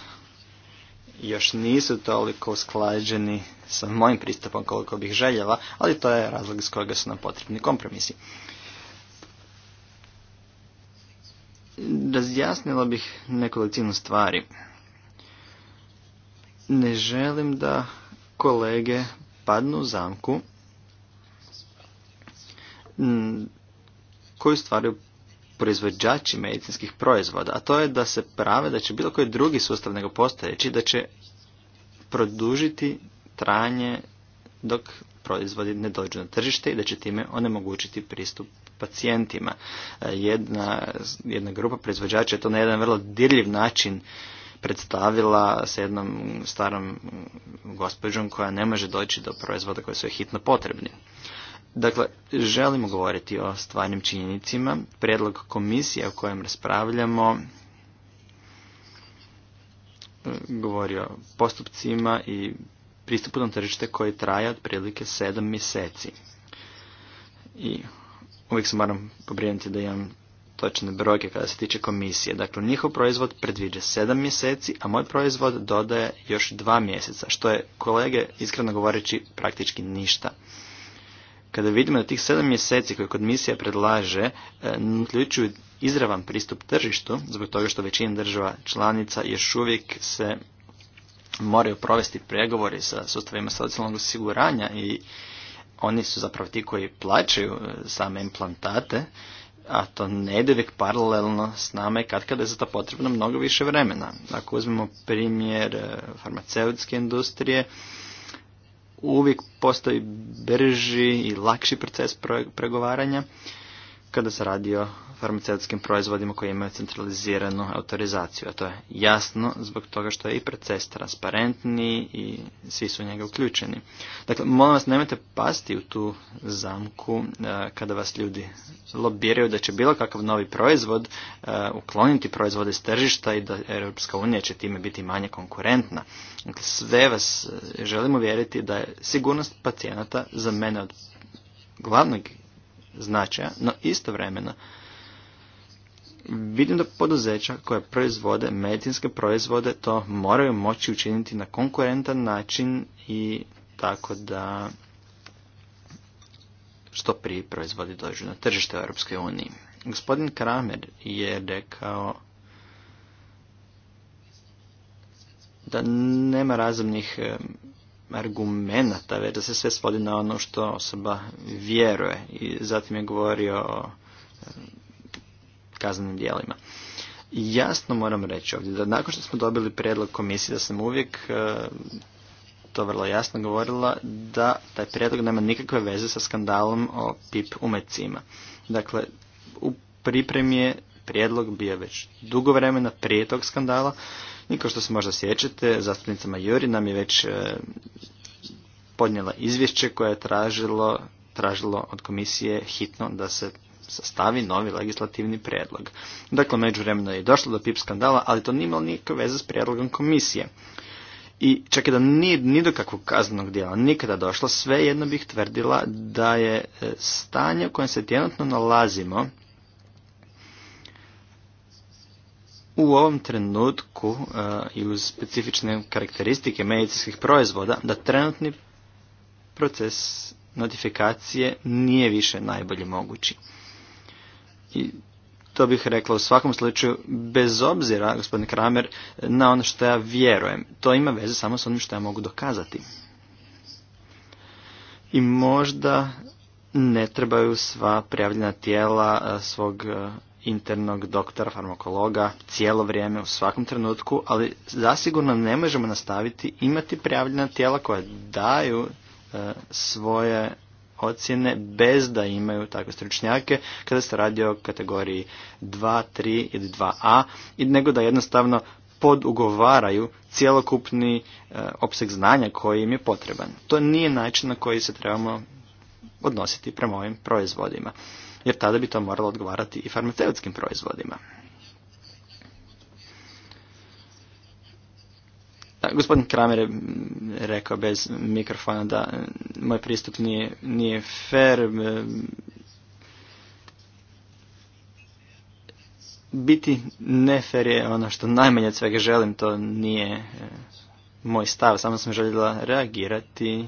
još nisu toliko usklađeni sa mojim pristupom koliko bih željela, ali to je razlog iz kojega su nam potrebni kompromisi. Razjasnila bih nekolicinu stvari. Ne želim da kolege padnu u zamku koju stvaraju proizvođači medicinskih proizvoda, a to je da se prave da će bilo koji drugi sustav nego postojeći, da će produžiti trajanje dok proizvodi ne dođu na tržište i da će time onemogućiti pristup pacijentima. E, jedna, jedna grupa proizvođača je to na jedan vrlo dirljiv način predstavila sa jednom starom gospođom koja ne može doći do proizvoda koji su je hitno potrebni. Dakle, želimo govoriti o stvarnim činjenicima. Predlog komisije o kojem raspravljamo e, govori o postupcima i pristupu na tržište koji traje otprilike sedam mjeseci. I uvijek se moram pobrinuti da imam točne brojke kada se tiče komisije. Dakle, njihov proizvod predviđa 7 mjeseci, a moj proizvod dodaje još dva mjeseca, što je, kolege, iskreno govoreći, praktički ništa. Kada vidimo da tih sedam mjeseci koje komisija predlaže e, uključuju izravan pristup tržištu, zbog toga što većina država članica još uvijek se moraju provesti pregovori sa sustavima socijalnog osiguranja i oni su zapravo ti koji plaćaju e, same implantate, a to ne ide uvijek paralelno s nama i kad kada je za to potrebno mnogo više vremena. Ako uzmemo primjer e, farmaceutske industrije, uvijek postoji brži i lakši proces pregovaranja, kada se radi o farmaceutskim proizvodima koji imaju centraliziranu autorizaciju. A to je jasno zbog toga što je i proces transparentni i svi su u njega uključeni. Dakle, molim vas, nemojte pasti u tu zamku e, kada vas ljudi lobiraju da će bilo kakav novi proizvod e, ukloniti proizvode s tržišta i da Europska unija će time biti manje konkurentna. Dakle, sve vas e, želimo vjeriti da je sigurnost pacijenata za mene od glavnog značaja, no istovremeno vidim da poduzeća koje proizvode medicinske proizvode to moraju moći učiniti na konkurentan način i tako da što prije proizvodi dođu na tržište u Europskoj uniji. Gospodin Kramer je rekao da nema razumnih argumenata, već da se sve svodi na ono što osoba vjeruje. I zatim je govorio o e, kaznenim dijelima. Jasno moram reći ovdje da nakon što smo dobili prijedlog komisije da sam uvijek e, to vrlo jasno govorila da taj prijedlog nema nikakve veze sa skandalom o pip umecima. Dakle, u pripremi je prijedlog bio već dugo vremena prije tog skandala i kao što se možda sjećate, zastupnica Majori nam je već e, podnijela izvješće koje je tražilo, tražilo od komisije hitno da se sastavi novi legislativni prijedlog. Dakle, međuvremeno je došlo do PIP skandala, ali to nije imalo nikakve veze s prijedlogom komisije. I čak i da nije ni do kakvog kaznenog djela nikada došlo, svejedno bih tvrdila da je e, stanje u kojem se trenutno nalazimo u ovom trenutku e, i uz specifične karakteristike medicinskih proizvoda da trenutni proces notifikacije nije više najbolji mogući. I to bih rekla u svakom slučaju, bez obzira, gospodine Kramer, na ono što ja vjerujem. To ima veze samo s onim što ja mogu dokazati. I možda ne trebaju sva prijavljena tijela e, svog e, internog doktora, farmakologa cijelo vrijeme u svakom trenutku, ali zasigurno ne možemo nastaviti imati prijavljena tijela koja daju e, svoje ocjene bez da imaju takve stručnjake kada se radi o kategoriji 2, 3 ili 2a i nego da jednostavno podugovaraju cjelokupni e, opseg znanja koji im je potreban. To nije način na koji se trebamo odnositi prema ovim proizvodima jer tada bi to moralo odgovarati i farmaceutskim proizvodima. gospodin Kramer je rekao bez mikrofona da moj pristup nije, fer. fair. Biti fair je ono što najmanje od svega želim, to nije eh, moj stav, samo sam željela reagirati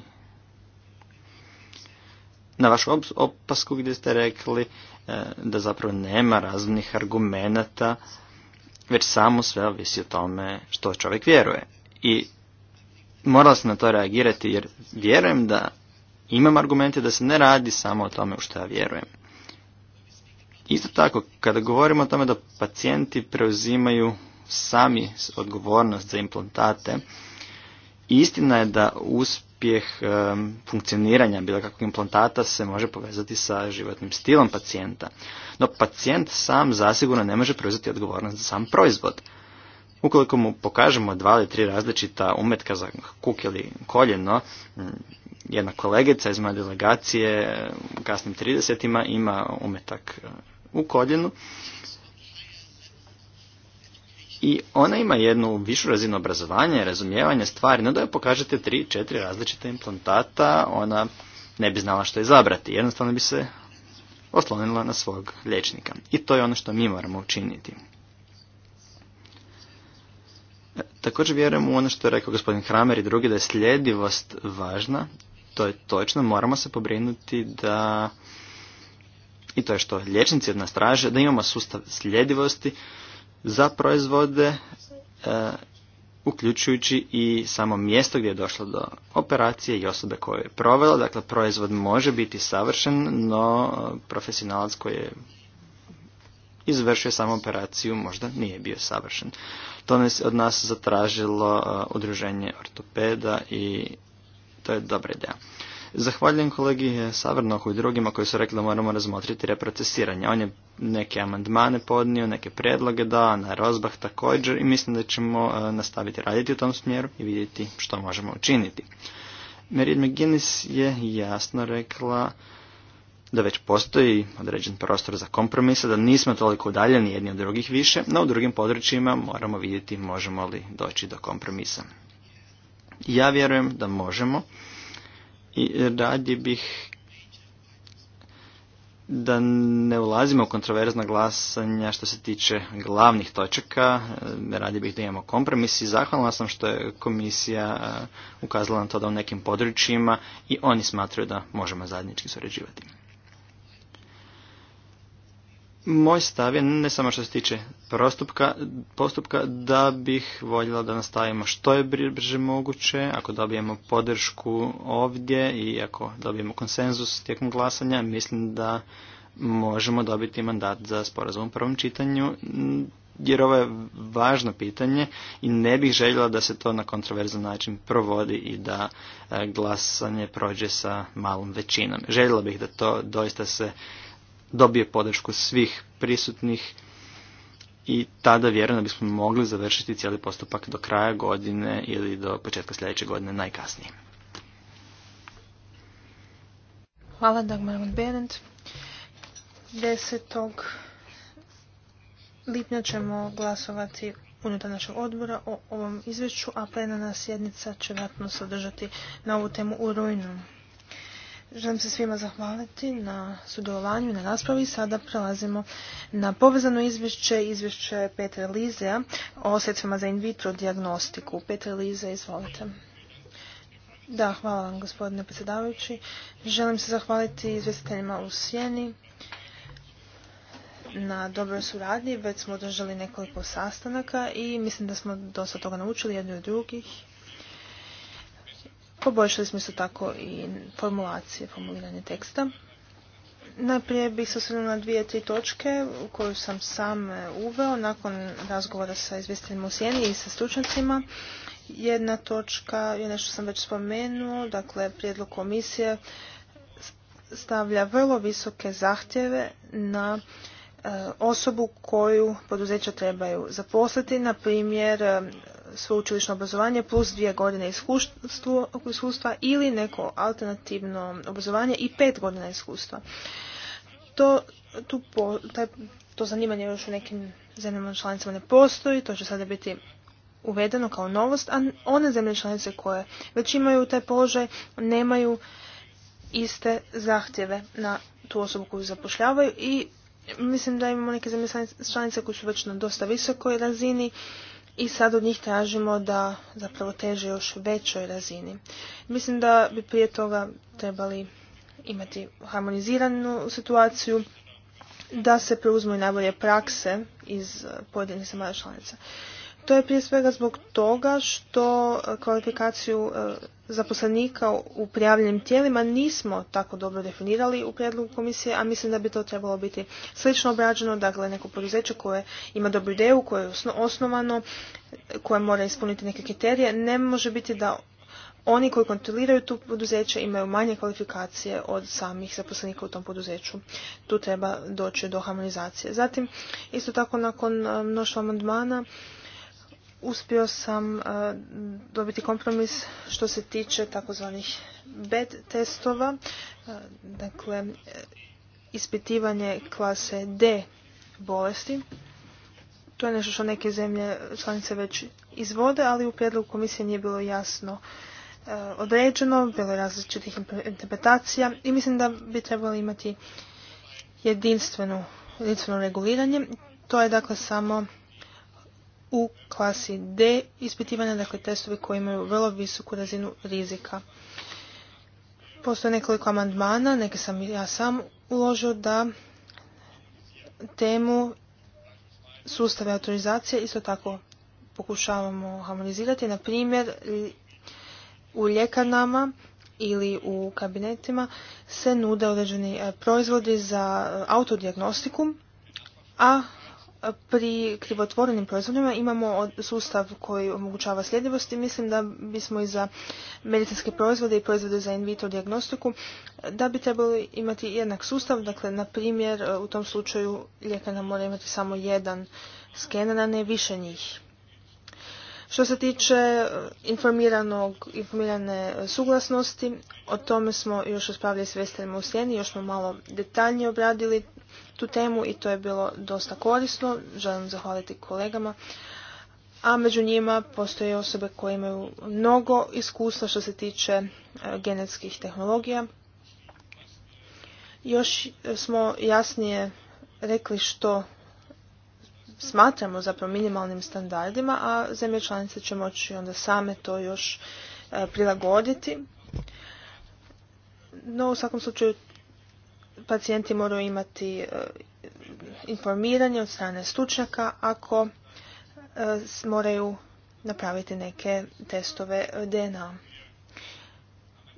na vašu opasku gdje ste rekli e, da zapravo nema raznih argumenata, već samo sve ovisi o tome što čovjek vjeruje. I morala sam na to reagirati jer vjerujem da imam argumente da se ne radi samo o tome u što ja vjerujem. Isto tako, kada govorimo o tome da pacijenti preuzimaju sami odgovornost za implantate, istina je da uspjeh uspjeh funkcioniranja bilo kakvog implantata se može povezati sa životnim stilom pacijenta. No pacijent sam zasigurno ne može preuzeti odgovornost za sam proizvod. Ukoliko mu pokažemo dva ili tri različita umetka za kuk ili koljeno, jedna kolegica iz moje delegacije u kasnim 30 ima umetak e, u koljenu i ona ima jednu višu razinu obrazovanja i razumijevanja stvari, no da joj pokažete tri, četiri različite implantata, ona ne bi znala što izabrati. Jednostavno bi se oslonila na svog liječnika. I to je ono što mi moramo učiniti. E, također vjerujem u ono što je rekao gospodin Kramer i drugi, da je sljedivost važna. To je točno, moramo se pobrinuti da, i to je što liječnici od nas traže, da imamo sustav sljedivosti za proizvode, e, uključujući i samo mjesto gdje je došlo do operacije i osobe koje je provela. Dakle, proizvod može biti savršen, no profesionalac koji je izvršio samo operaciju možda nije bio savršen. To nas, od nas zatražilo e, udruženje ortopeda i to je dobra ideja. Zahvaljujem kolegi Savrnohu i drugima koji su rekli da moramo razmotriti reprocesiranje. On je neke amandmane podnio, neke predloge da, na Rozbah također i mislim da ćemo e, nastaviti raditi u tom smjeru i vidjeti što možemo učiniti. Merit McGinnis je jasno rekla da već postoji određen prostor za kompromise, da nismo toliko udaljeni jedni od drugih više, no u drugim područjima moramo vidjeti možemo li doći do kompromisa. Ja vjerujem da možemo i radio bih da ne ulazimo u kontroverzna glasanja što se tiče glavnih točaka. Radi bih da imamo kompromis i zahvalna sam što je komisija e, ukazala na to da u nekim područjima i oni smatraju da možemo zajednički surađivati. Moj stav je, ne samo što se tiče postupka, da bih voljela da nastavimo što je brže moguće, ako dobijemo podršku ovdje i ako dobijemo konsenzus tijekom glasanja, mislim da možemo dobiti mandat za sporazum u prvom čitanju, jer ovo je važno pitanje i ne bih željela da se to na kontroverzan način provodi i da e, glasanje prođe sa malom većinom. Željela bih da to doista se dobije podršku svih prisutnih i tada vjerujem da bismo mogli završiti cijeli postupak do kraja godine ili do početka sljedeće godine najkasnije. Hvala Dagmar Berend. 10. lipnja ćemo glasovati unutar našeg odbora o ovom izvješću, a plenarna sjednica će vjerojatno sadržati na ovu temu u rujnu. Želim se svima zahvaliti na sudjelovanju i na raspravi. Sada prelazimo na povezano izvješće, izvješće Petra Lizea o sredstvima za in vitro diagnostiku. Petra Lize, izvolite. Da, hvala vam gospodine predsjedavajući. Želim se zahvaliti izvjestiteljima u Sjeni na dobroj suradnji. Već smo održali nekoliko sastanaka i mislim da smo dosta toga naučili jedni od drugih Poboljšali smo isto tako i formulacije, formuliranje teksta. Najprije bih se osvrnula na dvije, tri točke koju sam sam e, uveo nakon razgovora sa izvjestiteljima u Sjeni i sa stručnjacima. Jedna točka je nešto sam već spomenuo, dakle prijedlog komisije stavlja vrlo visoke zahtjeve na e, osobu koju poduzeća trebaju zaposliti, na primjer e, sveučilišno obrazovanje plus dvije godine iskustva ili neko alternativno obrazovanje i pet godina iskustva. To, tu taj, to zanimanje još u nekim zemljama članicama ne postoji, to će sada biti uvedeno kao novost, a one zemlje članice koje već imaju taj položaj nemaju iste zahtjeve na tu osobu koju zapošljavaju i mislim da imamo neke zemlje članice koje su već na dosta visokoj razini i sad od njih tražimo da zapravo teže još većoj razini. Mislim da bi prije toga trebali imati harmoniziranu situaciju, da se preuzmu i najbolje prakse iz pojedinih zemalja članica. To je prije svega zbog toga što e, kvalifikaciju e, zaposlenika u prijavljenim tijelima nismo tako dobro definirali u prijedlogu komisije, a mislim da bi to trebalo biti slično obrađeno, dakle neko poduzeće koje ima dobru ideju, koje je osnovano, koje mora ispuniti neke kriterije, ne može biti da oni koji kontroliraju tu poduzeće imaju manje kvalifikacije od samih zaposlenika u tom poduzeću. Tu treba doći do harmonizacije. Zatim, isto tako nakon e, mnoštva amandmana, uspio sam e, dobiti kompromis što se tiče takozvanih bed testova, e, dakle ispitivanje klase D bolesti. To je nešto što neke zemlje članice već izvode, ali u prijedlogu komisije nije bilo jasno e, određeno, bilo je različitih interpretacija i mislim da bi trebali imati jedinstveno, jedinstveno reguliranje. To je dakle samo u klasi D ispitivanja, dakle testovi koji imaju vrlo visoku razinu rizika. Postoje nekoliko amandmana, neke sam ja sam uložio da temu sustave autorizacije isto tako pokušavamo harmonizirati. Na primjer, u ljekarnama ili u kabinetima se nude određeni e, proizvodi za e, autodiagnostiku, a pri krivotvorenim proizvodima imamo sustav koji omogućava sljedivost i mislim da bismo i za medicinske proizvode i proizvode za in vitro diagnostiku da bi trebali imati jednak sustav, dakle na primjer e, u tom slučaju ljekarna mora imati samo jedan skener, a ne više njih. Što se tiče e, informiranog, informirane e, suglasnosti, o tome smo još raspravljali s Vesterima u Sjeni, još smo malo detaljnije obradili tu temu i to je bilo dosta korisno. Želim zahvaliti kolegama. A među njima postoje osobe koje imaju mnogo iskustva što se tiče e, genetskih tehnologija. Još e, smo jasnije rekli što smatramo zapravo minimalnim standardima, a zemlje članice će moći onda same to još e, prilagoditi. No u svakom slučaju pacijenti moraju imati e, informiranje od strane stručnjaka ako e, moraju napraviti neke testove DNA.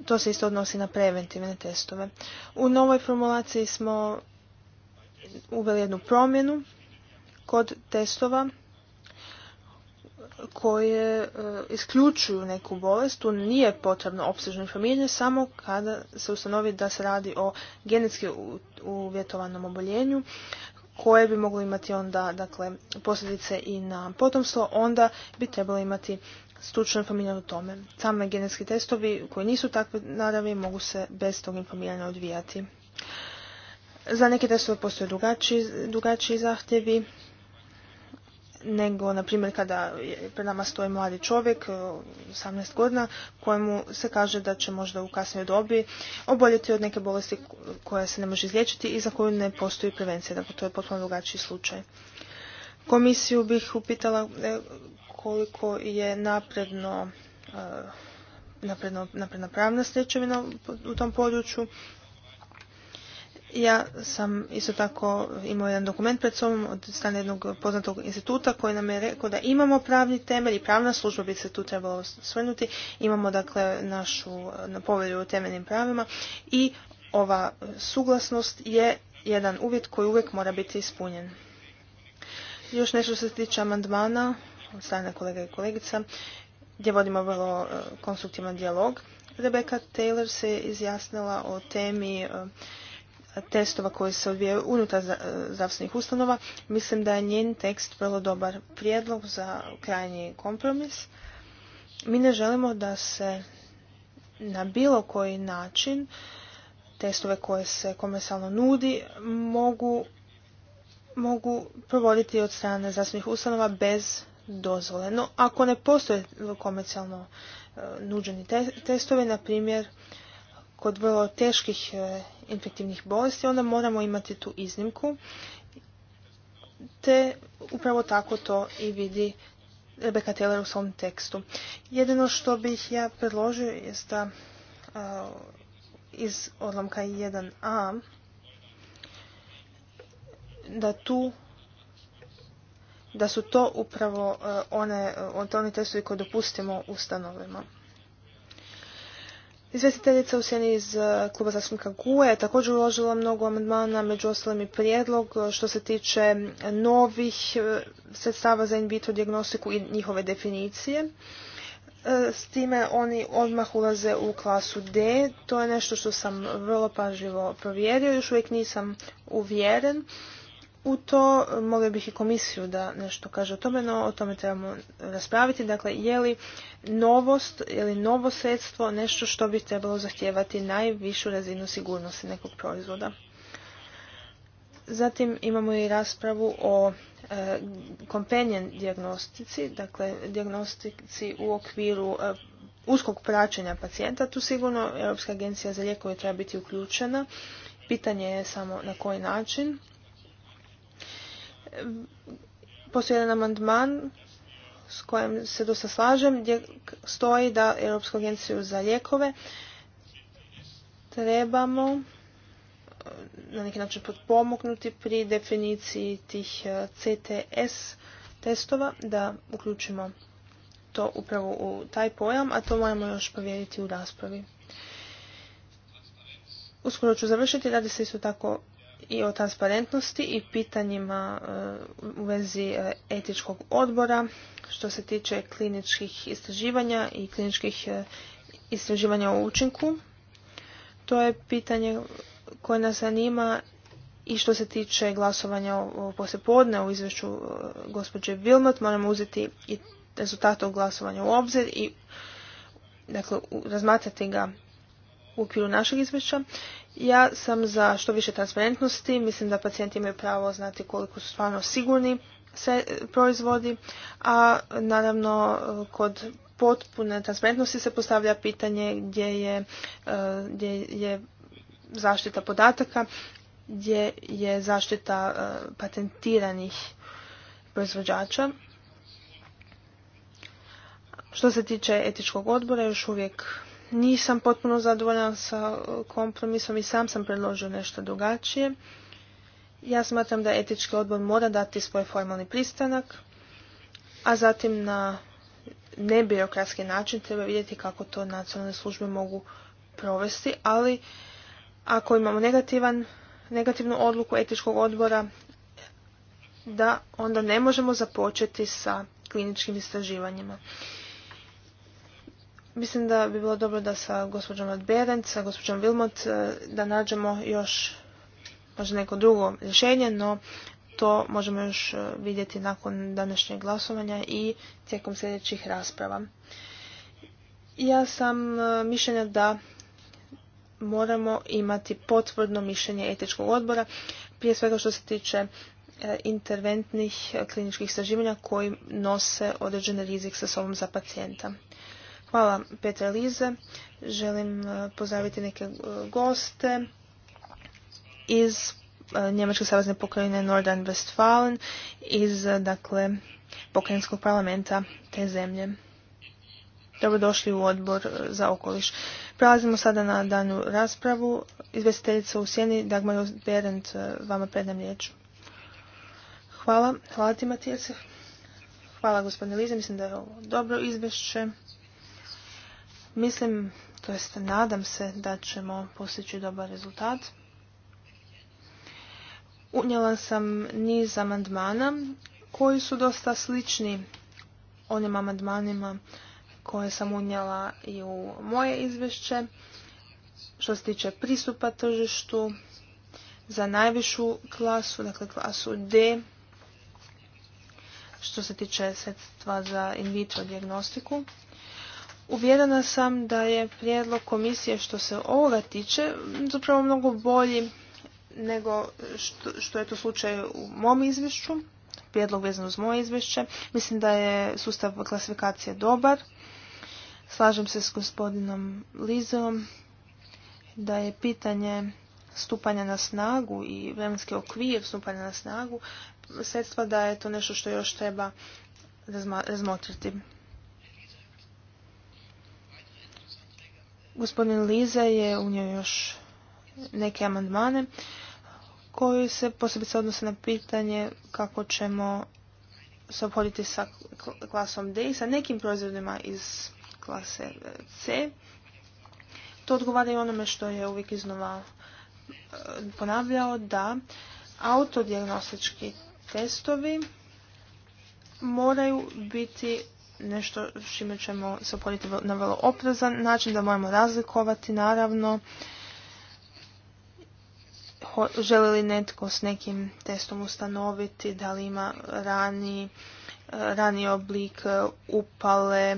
To se isto odnosi na preventivne testove. U novoj formulaciji smo uveli jednu promjenu kod testova koje e, isključuju neku bolest, tu nije potrebno opsežno informiranje samo kada se ustanovi da se radi o genetski uvjetovanom oboljenju koje bi moglo imati onda dakle, posljedice i na potomstvo, onda bi trebalo imati stručno informiranje o tome. Same genetski testovi koji nisu takve naravi mogu se bez tog informiranja odvijati. Za neke testove postoje drugačiji zahtjevi, nego, na primjer, kada pred nama stoji mladi čovjek, 18 e, godina, kojemu se kaže da će možda u kasnijoj dobi oboljeti od neke bolesti koja se ne može izliječiti i za koju ne postoji prevencija. Dakle, to je potpuno drugačiji slučaj. Komisiju bih upitala e, koliko je napredno e, napredno, napredna pravna stečevina u tom području ja sam isto tako imao jedan dokument pred sobom od strane jednog poznatog instituta koji nam je rekao da imamo pravni temelj i pravna služba bi se tu trebala osvrnuti. Imamo dakle našu na povelju o temeljnim pravima i ova suglasnost je jedan uvjet koji uvijek mora biti ispunjen. Još nešto se tiče amandmana od strane kolega i kolegica gdje vodimo vrlo e, konstruktivan dijalog. Rebecca Taylor se izjasnila o temi e, testova koji se odvijaju unutar zdravstvenih ustanova. Mislim da je njen tekst vrlo dobar prijedlog za krajnji kompromis. Mi ne želimo da se na bilo koji način testove koje se komercijalno nudi mogu, mogu provoditi od strane zdravstvenih ustanova bez dozvole. No, ako ne postoje komercijalno e, nuđeni testovi, na primjer, kod vrlo teških e, infektivnih bolesti, onda moramo imati tu iznimku. Te upravo tako to i vidi Rebecca Taylor u svom tekstu. Jedino što bih ja predložio je da e, iz odlomka 1a da tu da su to upravo e, one, one testovi koje dopustimo ustanovima. Izvjestiteljica u sjeni iz e, kluba zastupnika GUE je također uložila mnogo amandmana, među ostalim i prijedlog e, što se tiče e, novih sredstava za in vitro diagnostiku i njihove definicije. S time oni odmah ulaze u klasu D. To je nešto što sam vrlo pažljivo provjerio. Još uvijek nisam uvjeren u to, e, molio bih i komisiju da nešto kaže o tome, no o tome trebamo raspraviti. Dakle, je li novost je li novo sredstvo nešto što bi trebalo zahtijevati najvišu razinu sigurnosti nekog proizvoda? Zatim imamo i raspravu o e, companion diagnostici, dakle diagnostici u okviru e, uskog praćenja pacijenta. Tu sigurno Europska agencija za lijekove treba biti uključena. Pitanje je samo na koji način postoji jedan amandman s kojim se dosta slažem gdje stoji da Europsku agenciju za lijekove trebamo eh, na neki način potpomognuti pri definiciji tih eh, CTS testova da uključimo to upravo u taj pojam, a to moramo još povjeriti u raspravi. Uskoro ću završiti, radi se isto tako i o transparentnosti i pitanjima e, u vezi e, etičkog odbora što se tiče kliničkih istraživanja i kliničkih e, istraživanja o učinku. To je pitanje koje nas zanima i što se tiče glasovanja poslijepodne u izvješću gospođe bilmot moramo uzeti i tog glasovanja u obzir i dakle, razmatrati ga u okviru našeg izvješća. Ja sam za što više transparentnosti, mislim da pacijenti imaju pravo znati koliko su stvarno sigurni se e, proizvodi, a naravno e, kod potpune transparentnosti se postavlja pitanje gdje je, e, gdje je zaštita podataka, gdje je zaštita patentiranih proizvođača. Što se tiče etičkog odbora, još uvijek nisam potpuno zadovoljan sa kompromisom i sam sam predložio nešto drugačije. Ja smatram da etički odbor mora dati svoj formalni pristanak, a zatim na nebirokratski način treba vidjeti kako to nacionalne službe mogu provesti, ali ako imamo negativan, negativnu odluku etičkog odbora, da onda ne možemo započeti sa kliničkim istraživanjima. Mislim da bi bilo dobro da sa gospođom Adberent, sa gospođom Vilmot, e, da nađemo još možda neko drugo rješenje, no to možemo još e, vidjeti nakon današnjeg glasovanja i tijekom sljedećih rasprava. Ja sam e, mišljenja da moramo imati potvrdno mišljenje etičkog odbora, prije svega što se tiče interventnih kliničkih istraživanja koji nose određen rizik sa sobom za pacijenta. Hvala Petra Lize. Želim e, pozdraviti neke e, goste iz e, Njemačke savezne pokrajine Nordrhein Westfalen iz dakle pokrajinskog parlamenta te zemlje. Dobrodošli u odbor za okoliš. Prelazimo sada na danu raspravu. Izvestiteljica u sjeni Dagmar Berend vama predam riječ. Hvala. Hvala ti Matijese. Hvala gospodine Lize. Mislim da je ovo dobro izvješće. Mislim, to jest nadam se da ćemo postići dobar rezultat. Unijela sam niz amandmana koji su dosta slični onim amandmanima koje sam unijela i u moje izvješće što se tiče pristupa tržištu za najvišu klasu, dakle klasu D, što se tiče sredstva za in vitro diagnostiku. Uvjerena sam da je prijedlog komisije što se ovoga tiče zapravo mnogo bolji nego što, je to slučaj u mom izvješću, prijedlog vezan uz moje izvješće. Mislim da je sustav klasifikacije dobar. Slažem se s gospodinom Lizeom da je pitanje stupanja na snagu i vremenski okvir stupanja na snagu sredstva da je to nešto što još treba razmotriti. Gospodin Liza je unio još neke amandmane koji se posebice odnose na pitanje kako ćemo se obhoditi sa klasom D i sa nekim proizvodima iz klase C. To odgovara i onome što je uvijek iznova e, ponavljao da autodiagnostički testovi moraju biti nešto s čime ćemo se oporiti na vrlo oprezan način, da moramo razlikovati naravno želi li netko s nekim testom ustanoviti da li ima rani, rani oblik e, upale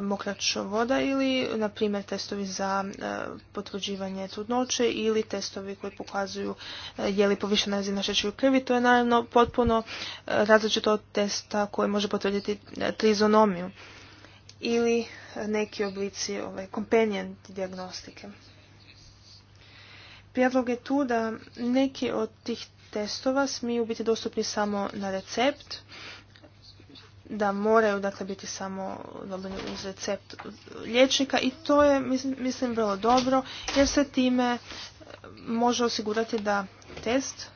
mokrač voda ili, na primjer, testovi za e, potvrđivanje trudnoće ili testovi koji pokazuju e, je li povišena razina šećer u krvi. To je naravno potpuno e, različito od testa koji može potvrditi trizonomiju ili neki oblici ovaj, companion diagnostike. Prijedlog je tu da neki od tih testova smiju biti dostupni samo na recept da moraju dakle biti samo dobili uz recept liječnika i to je mislim, bilo vrlo dobro jer se time e, može osigurati da test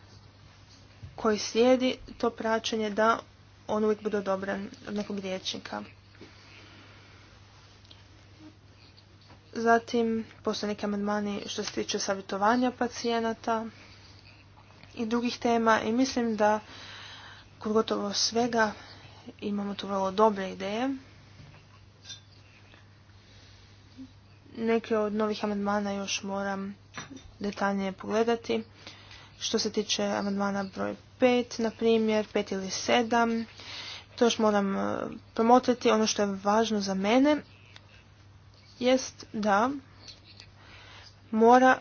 koji slijedi to praćenje da on uvijek bude odobren od nekog liječnika. Zatim postoje neki amandmani što se tiče savjetovanja pacijenata i drugih tema i mislim da kod gotovo svega imamo tu vrlo dobre ideje. Neke od novih amandmana još moram detaljnije pogledati. Što se tiče amandmana broj 5, na primjer, 5 ili 7, to još moram e, promotriti. Ono što je važno za mene jest da mora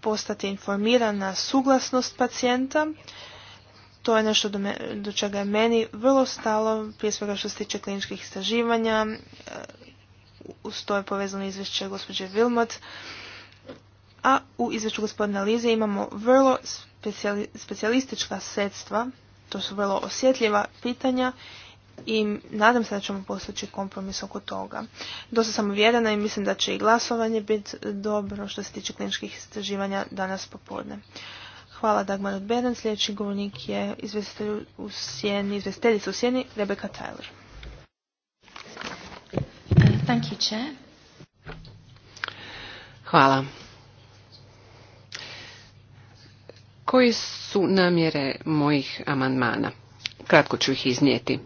postati informirana suglasnost pacijenta to je nešto do, do čega je meni vrlo stalo, prije svega što se tiče kliničkih istraživanja, e, uz to je povezano izvješće gospođe Wilmot, a u izvješću gospodina Lize imamo vrlo specijalistička sredstva, to su vrlo osjetljiva pitanja i nadam se da ćemo postići kompromis oko toga. Dosta sam uvjerena i mislim da će i glasovanje biti dobro što se tiče kliničkih istraživanja danas popodne. Hvala Dagmar Odberan. Sljedeći govornik je u sjeni, izvesteljica u sjeni Rebecca Tyler. Thank Hvala. Koji su namjere mojih amandmana? Kratko ću ih iznijeti.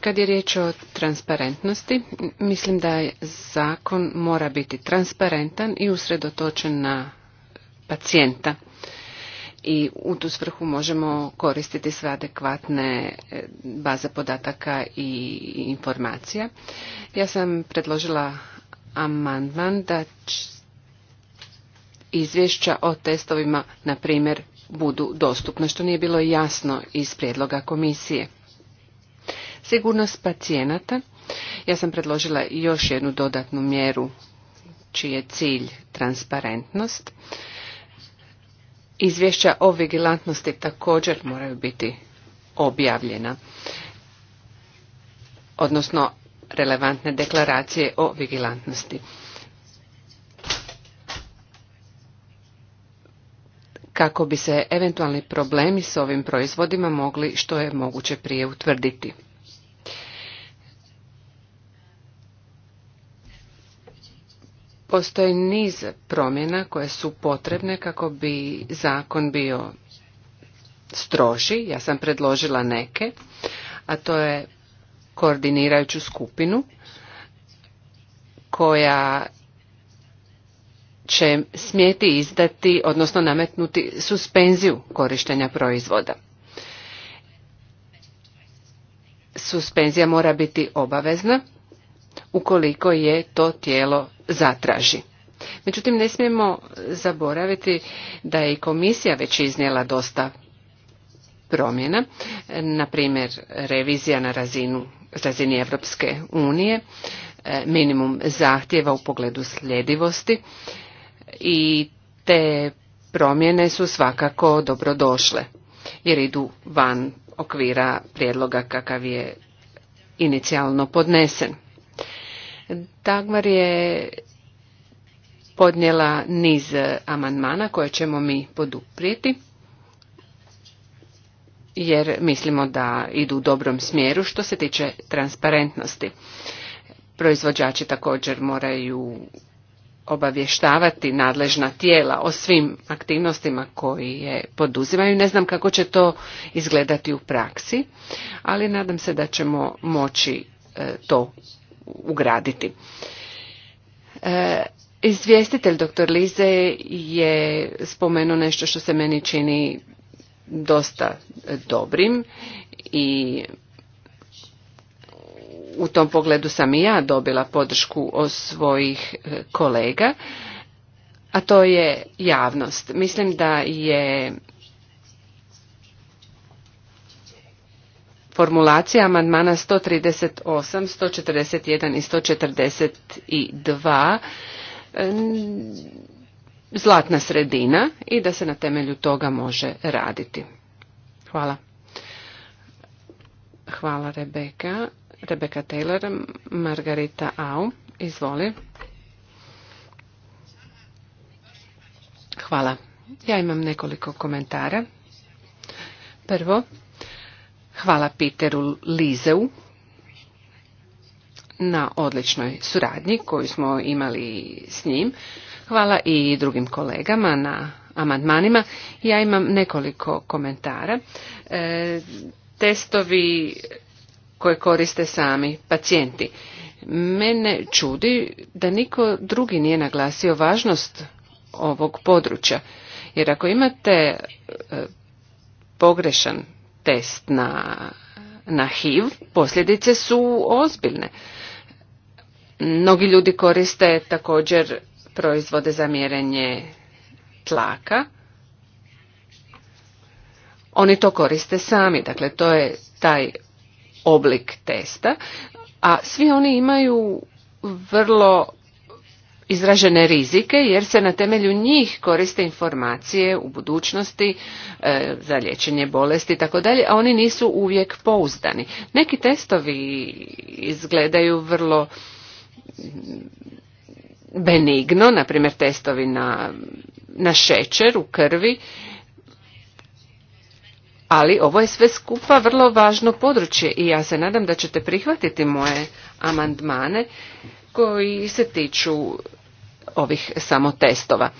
Kad je riječ o transparentnosti, mislim da je zakon mora biti transparentan i usredotočen na pacijenta i u tu svrhu možemo koristiti sve adekvatne e, baze podataka i informacija. Ja sam predložila amandman da izvješća o testovima, na primjer, budu dostupna, što nije bilo jasno iz prijedloga komisije. Sigurnost pacijenata. Ja sam predložila još jednu dodatnu mjeru čiji je cilj transparentnost. Izvješća o vigilantnosti također moraju biti objavljena, odnosno relevantne deklaracije o vigilantnosti. kako bi se eventualni problemi s ovim proizvodima mogli što je moguće prije utvrditi. Postoji niz promjena koje su potrebne kako bi zakon bio stroži. Ja sam predložila neke, a to je koordinirajuću skupinu koja će smjeti izdati, odnosno nametnuti suspenziju korištenja proizvoda. Suspenzija mora biti obavezna ukoliko je to tijelo zatraži. Međutim, ne smijemo zaboraviti da je i komisija već iznijela dosta promjena, na primjer revizija na razinu, razini Europske unije, e, minimum zahtjeva u pogledu sljedivosti i te promjene su svakako dobrodošle jer idu van okvira prijedloga kakav je inicijalno podnesen. Dagmar je podnijela niz amandmana koje ćemo mi poduprijeti jer mislimo da idu u dobrom smjeru što se tiče transparentnosti. Proizvođači također moraju obavještavati nadležna tijela o svim aktivnostima koji je poduzimaju. Ne znam kako će to izgledati u praksi, ali nadam se da ćemo moći e, to ugraditi. E, izvjestitelj dr. Lize je spomenuo nešto što se meni čini dosta dobrim i u tom pogledu sam i ja dobila podršku od svojih e, kolega, a to je javnost. Mislim da je formulacija amandmana 138, 141 i 142 zlatna sredina i da se na temelju toga može raditi. Hvala. Hvala Rebeka. Rebeka Taylor, Margarita Au, izvoli. Hvala. Ja imam nekoliko komentara. Prvo, Hvala Peteru Lizeu na odličnoj suradnji koju smo imali s njim. Hvala i drugim kolegama na amandmanima. Ja imam nekoliko komentara. E, testovi koje koriste sami pacijenti. Mene čudi da niko drugi nije naglasio važnost ovog područja. Jer ako imate e, pogrešan test na, na HIV, posljedice su ozbiljne. Mnogi ljudi koriste također proizvode za mjerenje tlaka. Oni to koriste sami, dakle to je taj oblik testa, a svi oni imaju vrlo izražene rizike jer se na temelju njih koriste informacije u budućnosti e, za liječenje bolesti i tako dalje, a oni nisu uvijek pouzdani. Neki testovi izgledaju vrlo benigno, na primjer testovi na, na šećer u krvi, ali ovo je sve skupa vrlo važno područje i ja se nadam da ćete prihvatiti moje amandmane koji se tiču ovih samotestova.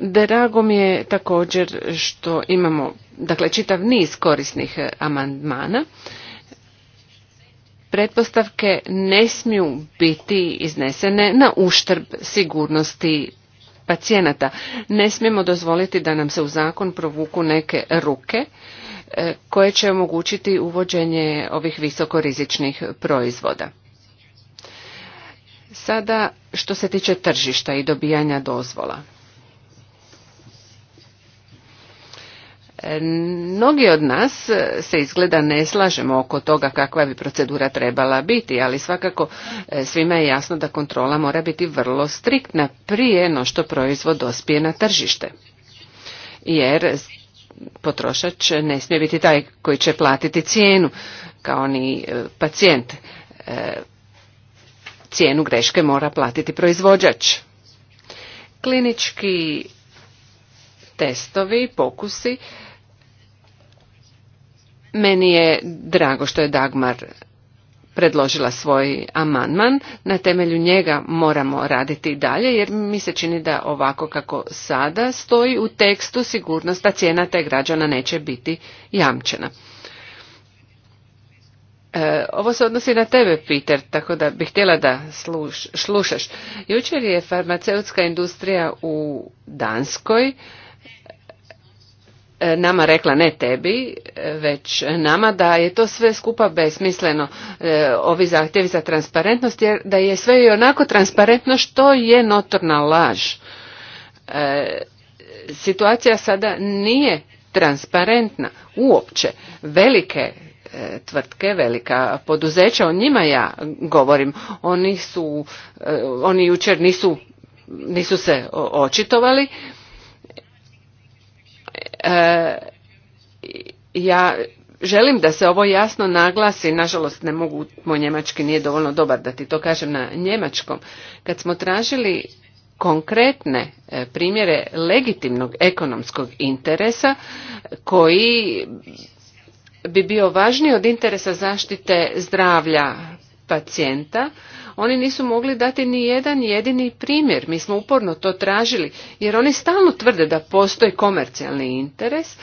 Drago mi je također što imamo dakle, čitav niz korisnih amandmana. Pretpostavke ne smiju biti iznesene na uštrb sigurnosti pacijenata. Ne smijemo dozvoliti da nam se u zakon provuku neke ruke e, koje će omogućiti uvođenje ovih visokorizičnih proizvoda. Sada što se tiče tržišta i dobijanja dozvola. E, mnogi od nas se izgleda ne slažemo oko toga kakva bi procedura trebala biti, ali svakako e, svima je jasno da kontrola mora biti vrlo striktna prije no što proizvod dospije na tržište. Jer potrošač ne smije biti taj koji će platiti cijenu kao ni e, pacijent cijenu greške mora platiti proizvođač. Klinički testovi, pokusi. Meni je drago što je Dagmar predložila svoj amandman. Na temelju njega moramo raditi dalje jer mi se čini da ovako kako sada stoji u tekstu sigurnost da cijena te građana neće biti jamčena. E, ovo se odnosi na tebe, Peter, tako da bih htjela da sluš, slušaš. Jučer je farmaceutska industrija u Danskoj e, nama rekla, ne tebi, već nama, da je to sve skupa besmisleno, e, ovi zahtjevi za transparentnost, jer da je sve i onako transparentno što je notorna laž. Situacija sada nije transparentna uopće. Velike E, tvrtke, velika poduzeća, o njima ja govorim. Oni su, e, oni jučer nisu, nisu se očitovali. E, ja želim da se ovo jasno naglasi, nažalost ne mogu, moj njemački nije dovoljno dobar da ti to kažem na njemačkom. Kad smo tražili konkretne primjere legitimnog ekonomskog interesa koji bi bio važniji od interesa zaštite zdravlja pacijenta, oni nisu mogli dati ni jedan jedini primjer. Mi smo uporno to tražili, jer oni stalno tvrde da postoji komercijalni interes, e,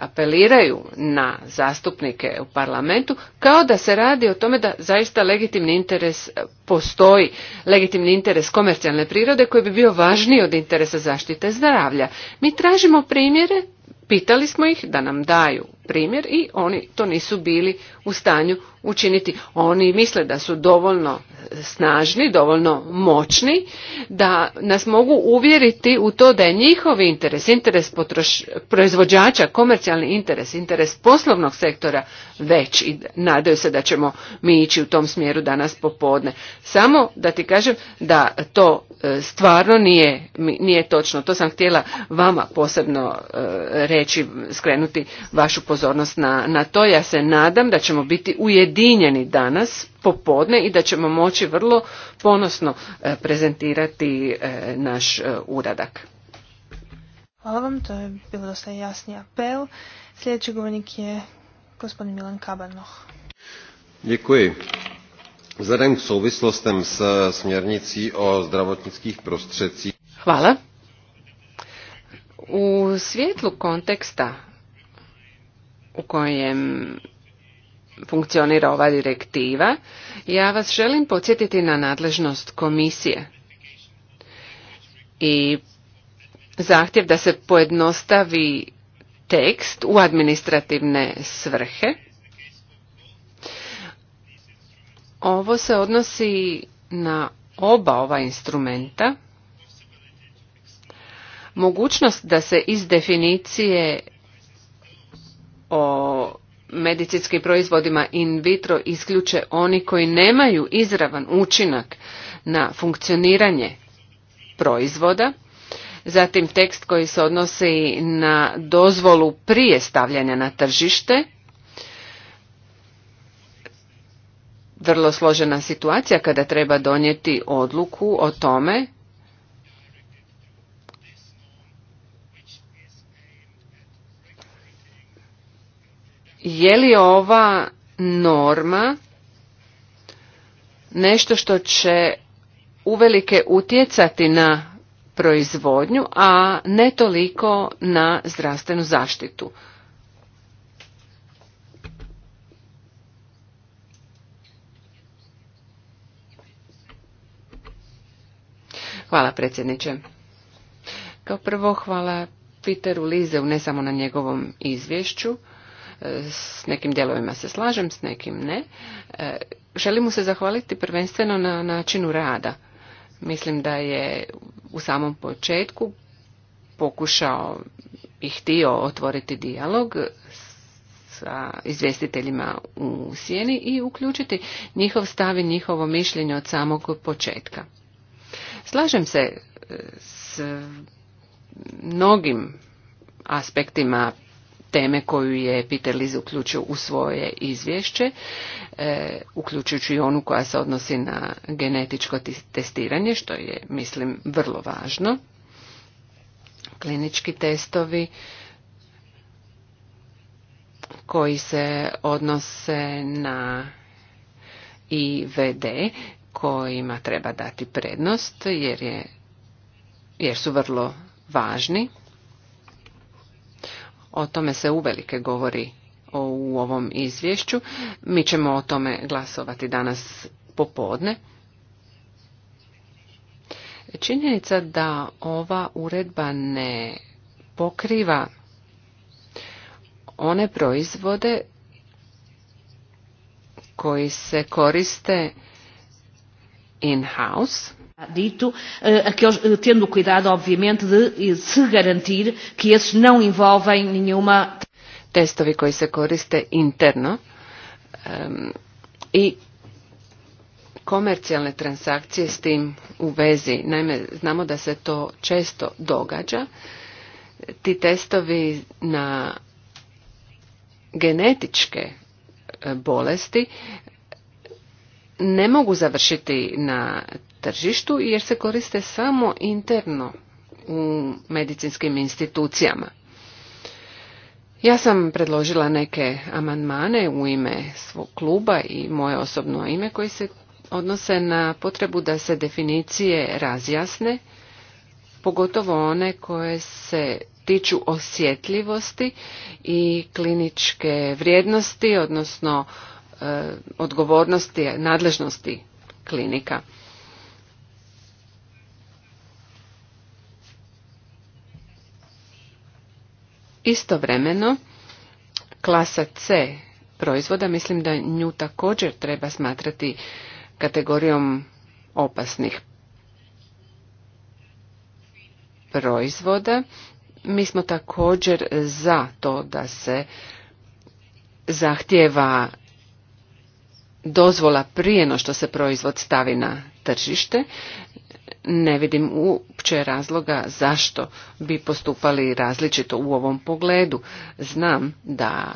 apeliraju na zastupnike u parlamentu kao da se radi o tome da zaista legitimni interes postoji, legitimni interes komercijalne prirode koji bi bio važniji od interesa zaštite zdravlja. Mi tražimo primjere, pitali smo ih da nam daju primjer i oni to nisu bili u stanju učiniti. Oni misle da su dovoljno snažni, dovoljno moćni, da nas mogu uvjeriti u to da je njihov interes, interes potroš, proizvođača, komercijalni interes, interes poslovnog sektora već i nadaju se da ćemo mi ići u tom smjeru danas popodne. Samo da ti kažem da to e, stvarno nije, nije točno. To sam htjela vama posebno e, reći, skrenuti vašu pozornost pozornost na, na to. Ja se nadam da ćemo biti ujedinjeni danas popodne i da ćemo moći vrlo ponosno e, prezentirati e, naš e, uradak. Hvala vam, to je bilo dosta jasni apel. Sljedeći govornik je gospodin Milan Kabanoh. Děkuji. Vzhledem k souvislostem s směrnicí o zdravotnických prostředcích. Hvala. U svjetlu konteksta u kojem funkcionira ova direktiva, ja vas želim podsjetiti na nadležnost komisije i zahtjev da se pojednostavi tekst u administrativne svrhe. Ovo se odnosi na oba ova instrumenta. Mogućnost da se iz definicije o medicinskim proizvodima in vitro isključe oni koji nemaju izravan učinak na funkcioniranje proizvoda, zatim tekst koji se odnosi na dozvolu prije stavljanja na tržište, vrlo složena situacija kada treba donijeti odluku o tome je li ova norma nešto što će uvelike utjecati na proizvodnju, a ne toliko na zdravstvenu zaštitu. Hvala predsjedniče. Kao prvo hvala Peteru Lizeu ne samo na njegovom izvješću, E, s nekim dijelovima se slažem, s nekim ne. E, želim mu se zahvaliti prvenstveno na načinu rada. Mislim da je u samom početku pokušao i htio otvoriti dijalog sa izvjestiteljima u sjeni i uključiti njihov stav i njihovo mišljenje od samog početka. Slažem se e, s mnogim aspektima teme koju je Peter Liz uključio u svoje izvješće, e, uključujući i onu koja se odnosi na genetičko testiranje, što je, mislim, vrlo važno. Klinički testovi koji se odnose na IVD, kojima treba dati prednost jer, je, jer su vrlo važni o tome se uvelike govori u ovom izvješću. Mi ćemo o tome glasovati danas popodne. Činjenica da ova uredba ne pokriva one proizvode koji se koriste in-house dito, eh, eh, tendo cuidado, obviamente, de eh, se garantir que esses não envolvem nenhuma... Testovi koji se koriste interno i komercijalne transakcije s tim u vezi. Naime, znamo da se to često događa. Ti testovi na genetičke bolesti ne mogu završiti na tržištu jer se koriste samo interno u medicinskim institucijama. Ja sam predložila neke amandmane u ime svog kluba i moje osobno ime koji se odnose na potrebu da se definicije razjasne, pogotovo one koje se tiču osjetljivosti i kliničke vrijednosti, odnosno odgovornosti e, odgovornosti, nadležnosti klinika. Istovremeno, klasa C proizvoda, mislim da nju također treba smatrati kategorijom opasnih proizvoda. Mi smo također za to da se zahtjeva dozvola prije no što se proizvod stavi na tržište. Ne vidim uopće razloga zašto bi postupali različito u ovom pogledu. Znam da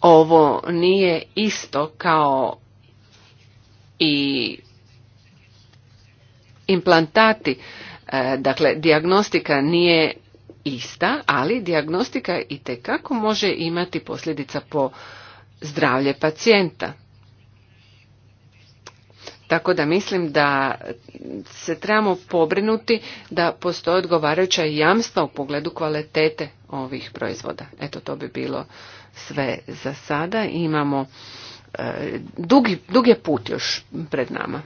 ovo nije isto kao i implantati. E, dakle, diagnostika nije ista, ali dijagnostika i kako može imati posljedica po zdravlje pacijenta. Tako da mislim da se trebamo pobrinuti da postoje odgovarajuća jamstva u pogledu kvalitete ovih proizvoda. Eto, to bi bilo sve za sada. Imamo e, dugi put još pred nama.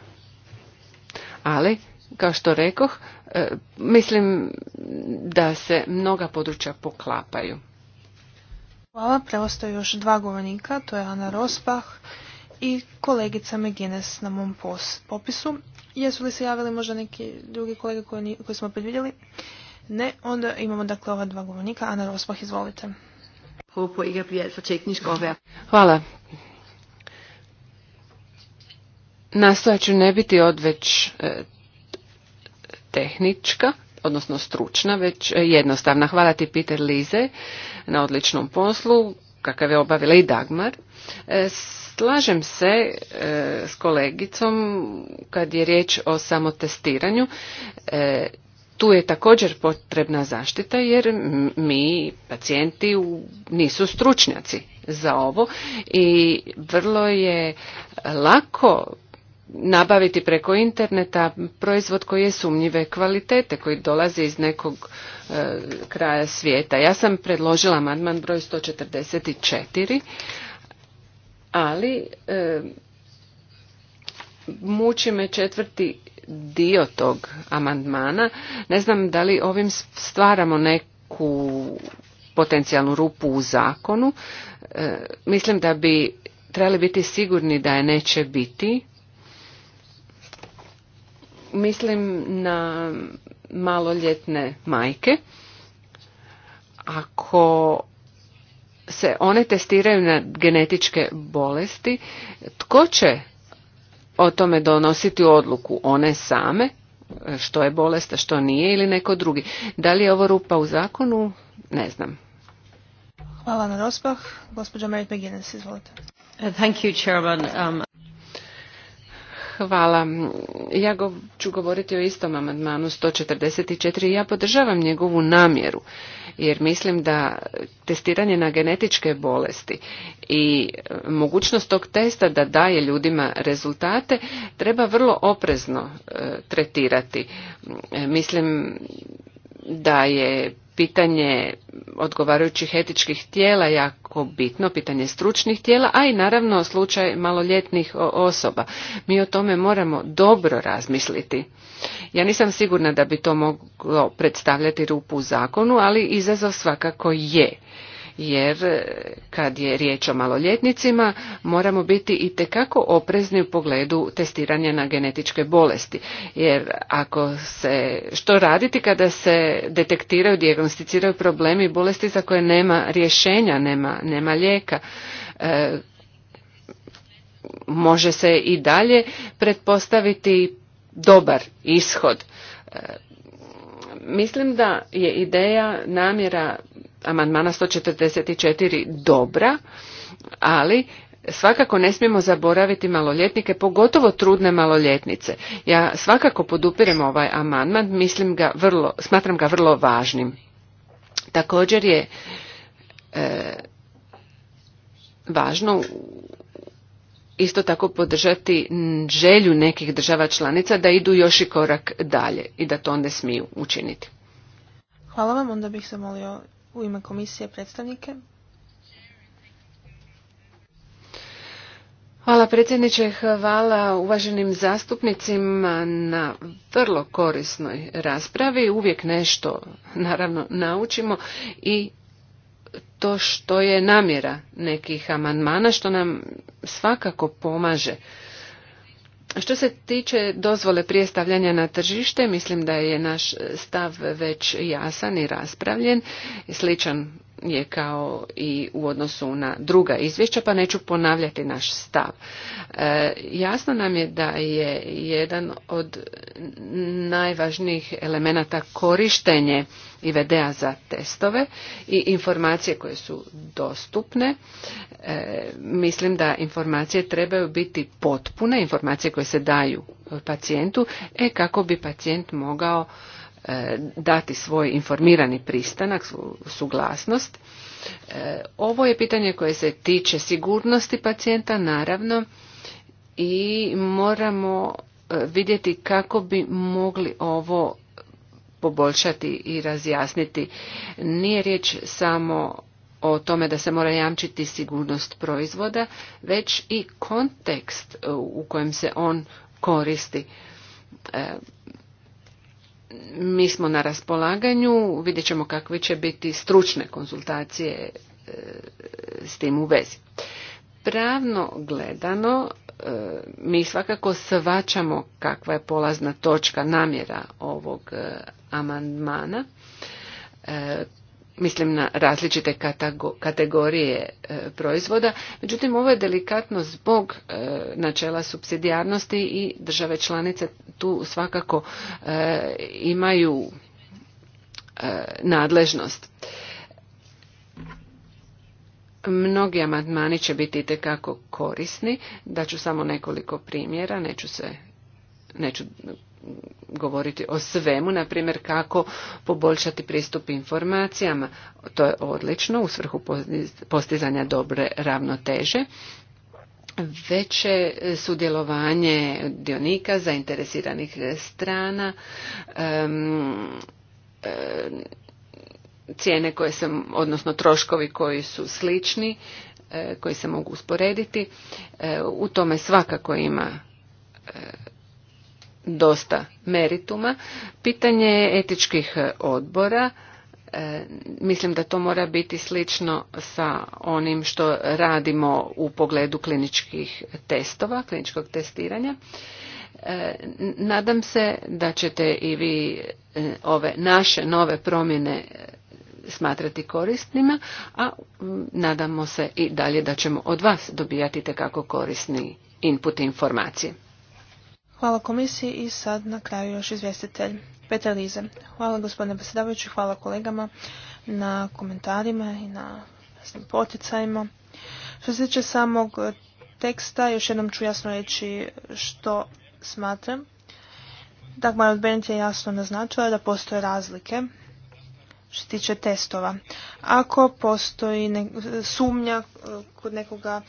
Ali kao što rekoh, e, mislim da se mnoga područja poklapaju. Hvala, preostaju još dva govornika, to je Ana Rosbach i kolegica Megines na mom popisu. Jesu li se javili možda neki drugi kolege koje smo predvidjeli? Ne, onda imamo dakle ova dva govornika. Ana Rosbach, izvolite. Hvala. Nastojat ne biti odveć e, tehnička, odnosno stručna, već jednostavna. Hvala ti Peter Lize na odličnom poslu, kakav je obavila i Dagmar. E, slažem se e, s kolegicom kad je riječ o samotestiranju. E, tu je također potrebna zaštita jer mi pacijenti nisu stručnjaci za ovo i vrlo je lako nabaviti preko interneta proizvod koji je sumnjive kvalitete, koji dolazi iz nekog e, kraja svijeta. Ja sam predložila amandman broj 144, ali e, muči me četvrti dio tog amandmana. Ne znam da li ovim stvaramo neku potencijalnu rupu u zakonu. E, mislim da bi trebali biti sigurni da je neće biti mislim na maloljetne majke. Ako se one testiraju na genetičke bolesti, tko će o tome donositi odluku? One same, što je bolest, a što nije ili neko drugi. Da li je ovo rupa u zakonu? Ne znam. Hvala na rozpah. Gospođa Merit izvolite. Um, Hvala. Ja ću govoriti o istom amandmanu 144 i ja podržavam njegovu namjeru jer mislim da testiranje na genetičke bolesti i e, mogućnost tog testa da daje ljudima rezultate treba vrlo oprezno e, tretirati. E, mislim da je pitanje odgovarajućih etičkih tijela jako bitno, pitanje stručnih tijela, a i naravno slučaj maloljetnih osoba. Mi o tome moramo dobro razmisliti. Ja nisam sigurna da bi to moglo predstavljati rupu u zakonu, ali izazov svakako je jer e, kad je riječ o maloljetnicima moramo biti i tekako oprezni u pogledu testiranja na genetičke bolesti. Jer ako se, što raditi kada se detektiraju, dijagnosticiraju problemi i bolesti za koje nema rješenja, nema, nema lijeka. E, može se i dalje pretpostaviti dobar ishod. E, mislim da je ideja namjera amandmana 144 dobra, ali svakako ne smijemo zaboraviti maloljetnike, pogotovo trudne maloljetnice. Ja svakako podupirem ovaj amandman, mislim smatram ga vrlo važnim. Također je e, važno isto tako podržati želju nekih država članica da idu još i korak dalje i da to onda smiju učiniti. Hvala vam, onda bih molio u ime komisije predstavnike. Hvala predsjedniče, hvala uvaženim zastupnicima na vrlo korisnoj raspravi. Uvijek nešto naravno naučimo i to što je namjera nekih amandmana što nam svakako pomaže što se tiče dozvole prije stavljanja na tržište, mislim da je naš stav već jasan i raspravljen, sličan je kao i u odnosu na druga izvješća, pa neću ponavljati naš stav. E, jasno nam je da je jedan od najvažnijih elemenata korištenje IVD-a za testove i informacije koje su dostupne. E, mislim da informacije trebaju biti potpune, informacije koje se daju pacijentu, e kako bi pacijent mogao E, dati svoj informirani pristanak, suglasnost. E, ovo je pitanje koje se tiče sigurnosti pacijenta, naravno, i moramo e, vidjeti kako bi mogli ovo poboljšati i razjasniti. Nije riječ samo o tome da se mora jamčiti sigurnost proizvoda, već i kontekst u kojem se on koristi mi smo na raspolaganju, vidjet ćemo kakve će biti stručne konzultacije e, s tim u vezi. Pravno gledano, e, mi svakako svačamo kakva je polazna točka namjera ovog e, amandmana mislim na različite kategorije e, proizvoda. Međutim, ovo je delikatno zbog e, načela subsidijarnosti i države članice tu svakako e, imaju nadležnost. Mnogi amandmani će biti itekako korisni. ću samo nekoliko primjera, neću se neću govoriti o svemu, na primjer kako poboljšati pristup informacijama. To je odlično u svrhu postizanja dobre ravnoteže. Veće sudjelovanje dionika, zainteresiranih strana, cijene koje se, odnosno troškovi koji su slični, e, koji se mogu usporediti. E, u tome svakako ima e, dosta merituma. Pitanje etičkih odbora, e, mislim da to mora biti slično sa onim što radimo u pogledu kliničkih testova, kliničkog testiranja. E, nadam se da ćete i vi e, ove naše nove promjene smatrati korisnima, a nadamo se i dalje da ćemo od vas dobijati tekako korisni input informacije. Hvala komisiji i sad na kraju još izvjestitelj. Petar Lize. Hvala gospodine predsjedavajući, hvala kolegama na komentarima i na jasnim poticajima. Što se tiče samog teksta, još jednom ću jasno reći što smatram. da Odbenit je jasno naznačila da postoje razlike što se tiče testova. Ako postoji sumnja eh, kod nekoga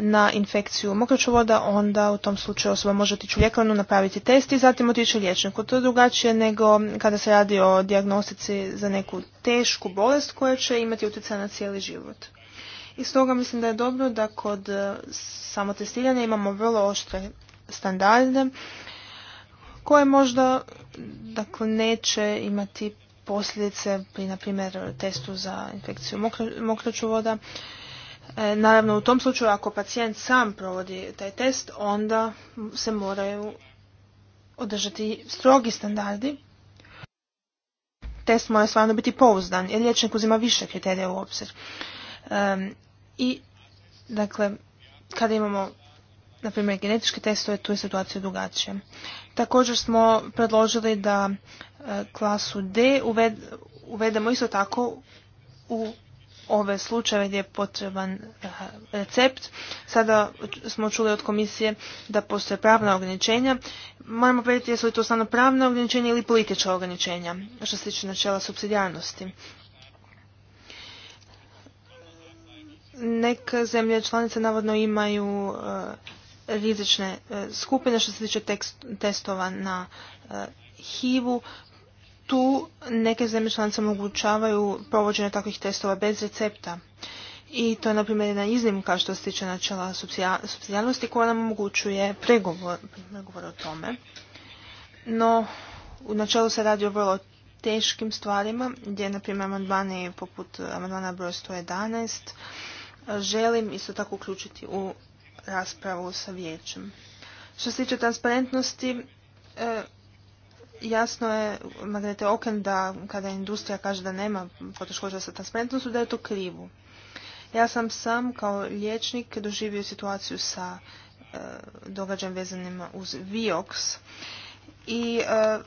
na infekciju mokračovoda, onda u tom slučaju osoba može otići u ljekarnu, napraviti test i zatim otići u liječniku. To je drugačije nego kada se radi o dijagnostici za neku tešku bolest koja će imati utjecaj na cijeli život. I stoga mislim da je dobro da kod e, samotestiranja imamo vrlo oštre standarde koje možda dakle, neće imati posljedice pri, na primjer, testu za infekciju mokraću voda E, naravno, u tom slučaju ako pacijent sam provodi taj test, onda se moraju održati strogi standardi. Test mora stvarno biti pouzdan, jer liječnik uzima više kriterija u obzir. E, I, dakle, kada imamo, na primjer, genetičke testove, tu je situacija drugačija. Također smo predložili da e, klasu D uvedemo isto tako u ove slučajeve gdje je potreban eh, recept. Sada smo čuli od komisije da postoje pravna ograničenja. Moramo prediti jesu li to stvarno pravna ograničenja ili politička ograničenja što se tiče načela subsidijarnosti. Neke zemlje članice navodno imaju eh, rizične eh, skupine što se tiče testova na HIV-u tu neke zemlje članice omogućavaju provođenje takvih testova bez recepta. I to je, na primjer, jedna iznimka što se tiče načela subsidijalnosti koja nam omogućuje pregovor, o tome. No, u načelu se radi o vrlo teškim stvarima, gdje, na primjer, amandmani poput amandmana broj 111 želim isto tako uključiti u raspravu sa vijećem. Što se tiče transparentnosti, e, jasno je, Magrete Oken, da kada industrija kaže da nema poteškoća sa transparentnostu, da je to krivo. Ja sam sam kao liječnik doživio situaciju sa e, događajem vezanim uz Viox i e,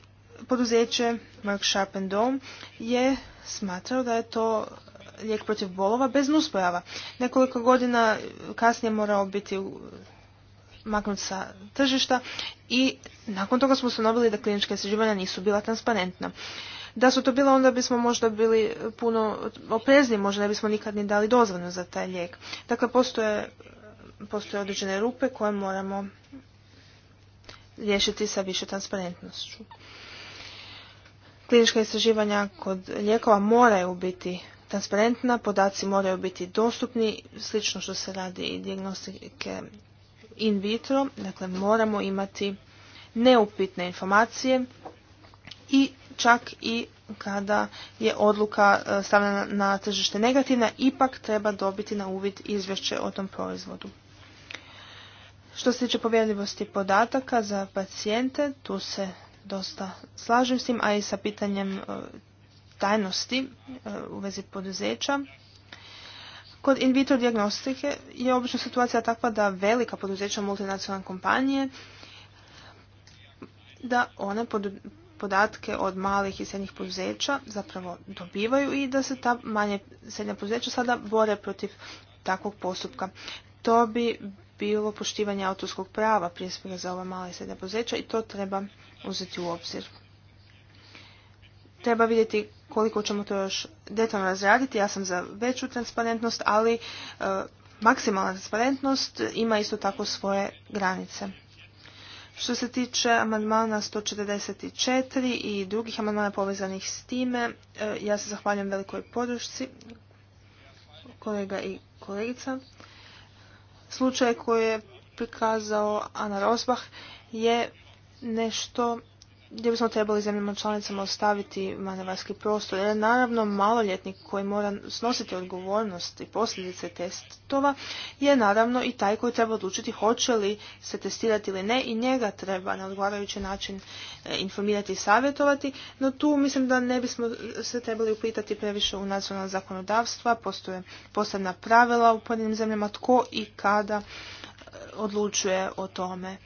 poduzeće Mark Sharp Dome je smatrao da je to lijek protiv bolova bez nuspojava. Nekoliko godina kasnije morao biti Maknuti sa tržišta i nakon toga smo ustanovili da klinička istraživanja nisu bila transparentna. Da su to bila, onda bismo možda bili puno oprezni, možda ne bismo nikad ni dali dozvanu za taj lijek. Dakle, postoje, postoje određene rupe koje moramo riješiti sa više transparentnošću. Klinička istraživanja kod lijekova moraju biti transparentna, podaci moraju biti dostupni, slično što se radi i dijagnostike in vitro, dakle moramo imati neupitne informacije i čak i kada je odluka e, stavljena na tržište negativna, ipak treba dobiti na uvid izvješće o tom proizvodu. Što se tiče povjerljivosti podataka za pacijente, tu se dosta slažem s tim, a i sa pitanjem e, tajnosti e, u vezi poduzeća. Kod in vitro diagnostike je obično situacija takva da velika poduzeća multinacionalne kompanije da one podatke od malih i srednjih poduzeća zapravo dobivaju i da se ta manje srednja poduzeća sada bore protiv takvog postupka. To bi bilo poštivanje autorskog prava prije svega za ova mala i srednja poduzeća i to treba uzeti u obzir. Treba vidjeti koliko ćemo to još detaljno razraditi. Ja sam za veću transparentnost, ali e, maksimalna transparentnost ima isto tako svoje granice. Što se tiče amandmana 144 i drugih amandmana povezanih s time, e, ja se zahvaljujem velikoj podršci kolega i kolegica. Slučaj koji je prikazao Ana Rosbach je nešto gdje bismo trebali zemljama članicama ostaviti manevarski prostor. Jer naravno maloljetnik koji mora snositi odgovornost i posljedice testova je naravno i taj koji treba odlučiti hoće li se testirati ili ne i njega treba na odgovarajući način e, informirati i savjetovati. No tu mislim da ne bismo se trebali upitati previše u nacionalna zakonodavstva. Postoje posebna pravila u pojedinim zemljama tko i kada e, odlučuje o tome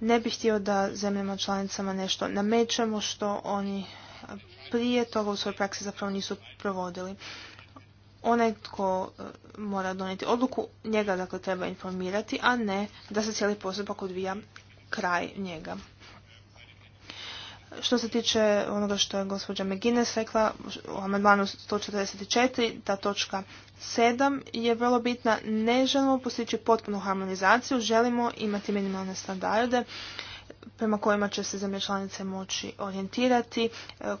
ne bih htio da zemljama članicama nešto namećemo što oni prije toga u svojoj praksi zapravo nisu provodili. Onaj tko e, mora donijeti odluku, njega dakle treba informirati, a ne da se cijeli postupak odvija kraj njega. Što se tiče onoga što je gospođa McGuinness rekla u amandmanu 144, ta točka 7 je vrlo bitna. Ne želimo postići potpunu harmonizaciju, želimo imati minimalne standarde prema kojima će se zemlje članice moći orijentirati, e,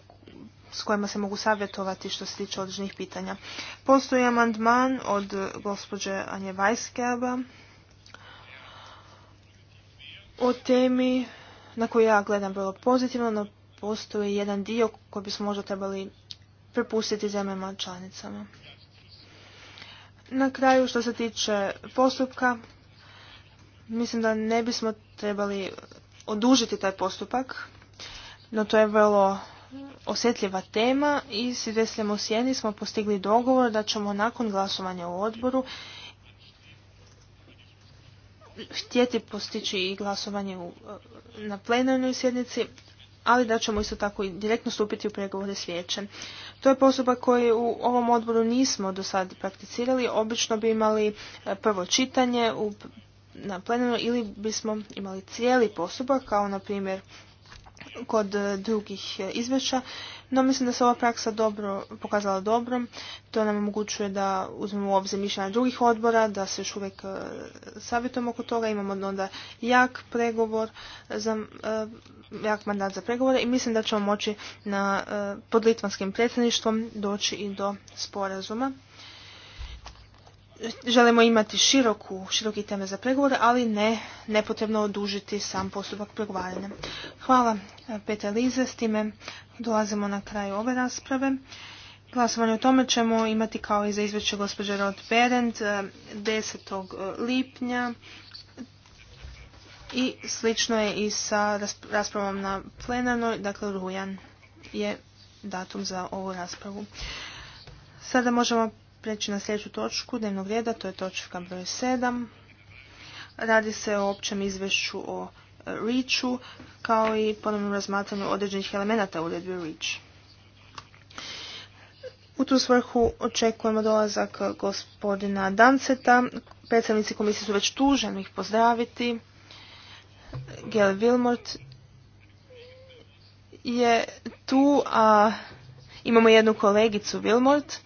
s kojima se mogu savjetovati što se tiče određenih pitanja. Postoji amandman od gospođe Anje Weiskerba o temi na koju ja gledam vrlo pozitivno, no postoji jedan dio koji bismo možda trebali prepustiti zemljama članicama. Na kraju, što se tiče postupka, mislim da ne bismo trebali odužiti taj postupak, no to je vrlo osjetljiva tema i s izvjesljem Sjeni smo postigli dogovor da ćemo nakon glasovanja u odboru htjeti postići i glasovanje na plenarnoj sjednici, ali da ćemo isto tako i direktno stupiti u pregovore s vijećem. To je postupak koji u ovom odboru nismo do sad prakticirali. Obično bi imali e, prvo čitanje na plenarnoj ili bismo imali cijeli postupak, kao na primjer kod e, drugih e, izvješća no mislim da se ova praksa dobro, pokazala dobrom. To nam omogućuje da uzmemo u obzir mišljenja drugih odbora, da se još uvijek e, savjetujemo oko toga. Imamo onda jak pregovor, za, e, jak mandat za pregovore i mislim da ćemo moći na, e, pod litvanskim predsjedništvom doći i do sporazuma želimo imati široku, široki teme za pregovore, ali ne nepotrebno odužiti sam postupak pregovaranja. Hvala eh, Petra Lize, s time dolazimo na kraj ove rasprave. Glasovanje o tome ćemo imati kao i za izveće gospođe Rod Berend 10. Eh, eh, lipnja i slično je i sa raspravom na plenarnoj, dakle rujan je datum za ovu raspravu. Sada možemo preći na sljedeću točku dnevnog reda, to je točka broj 7. Radi se o općem izvješću o e, REACH-u kao i ponovnom razmatranju određenih elemenata uredbe REACH. U tu svrhu očekujemo dolazak gospodina Danceta. Predstavnici komisije su već tu, ih pozdraviti. Gail Wilmort je tu, a imamo jednu kolegicu Wilmort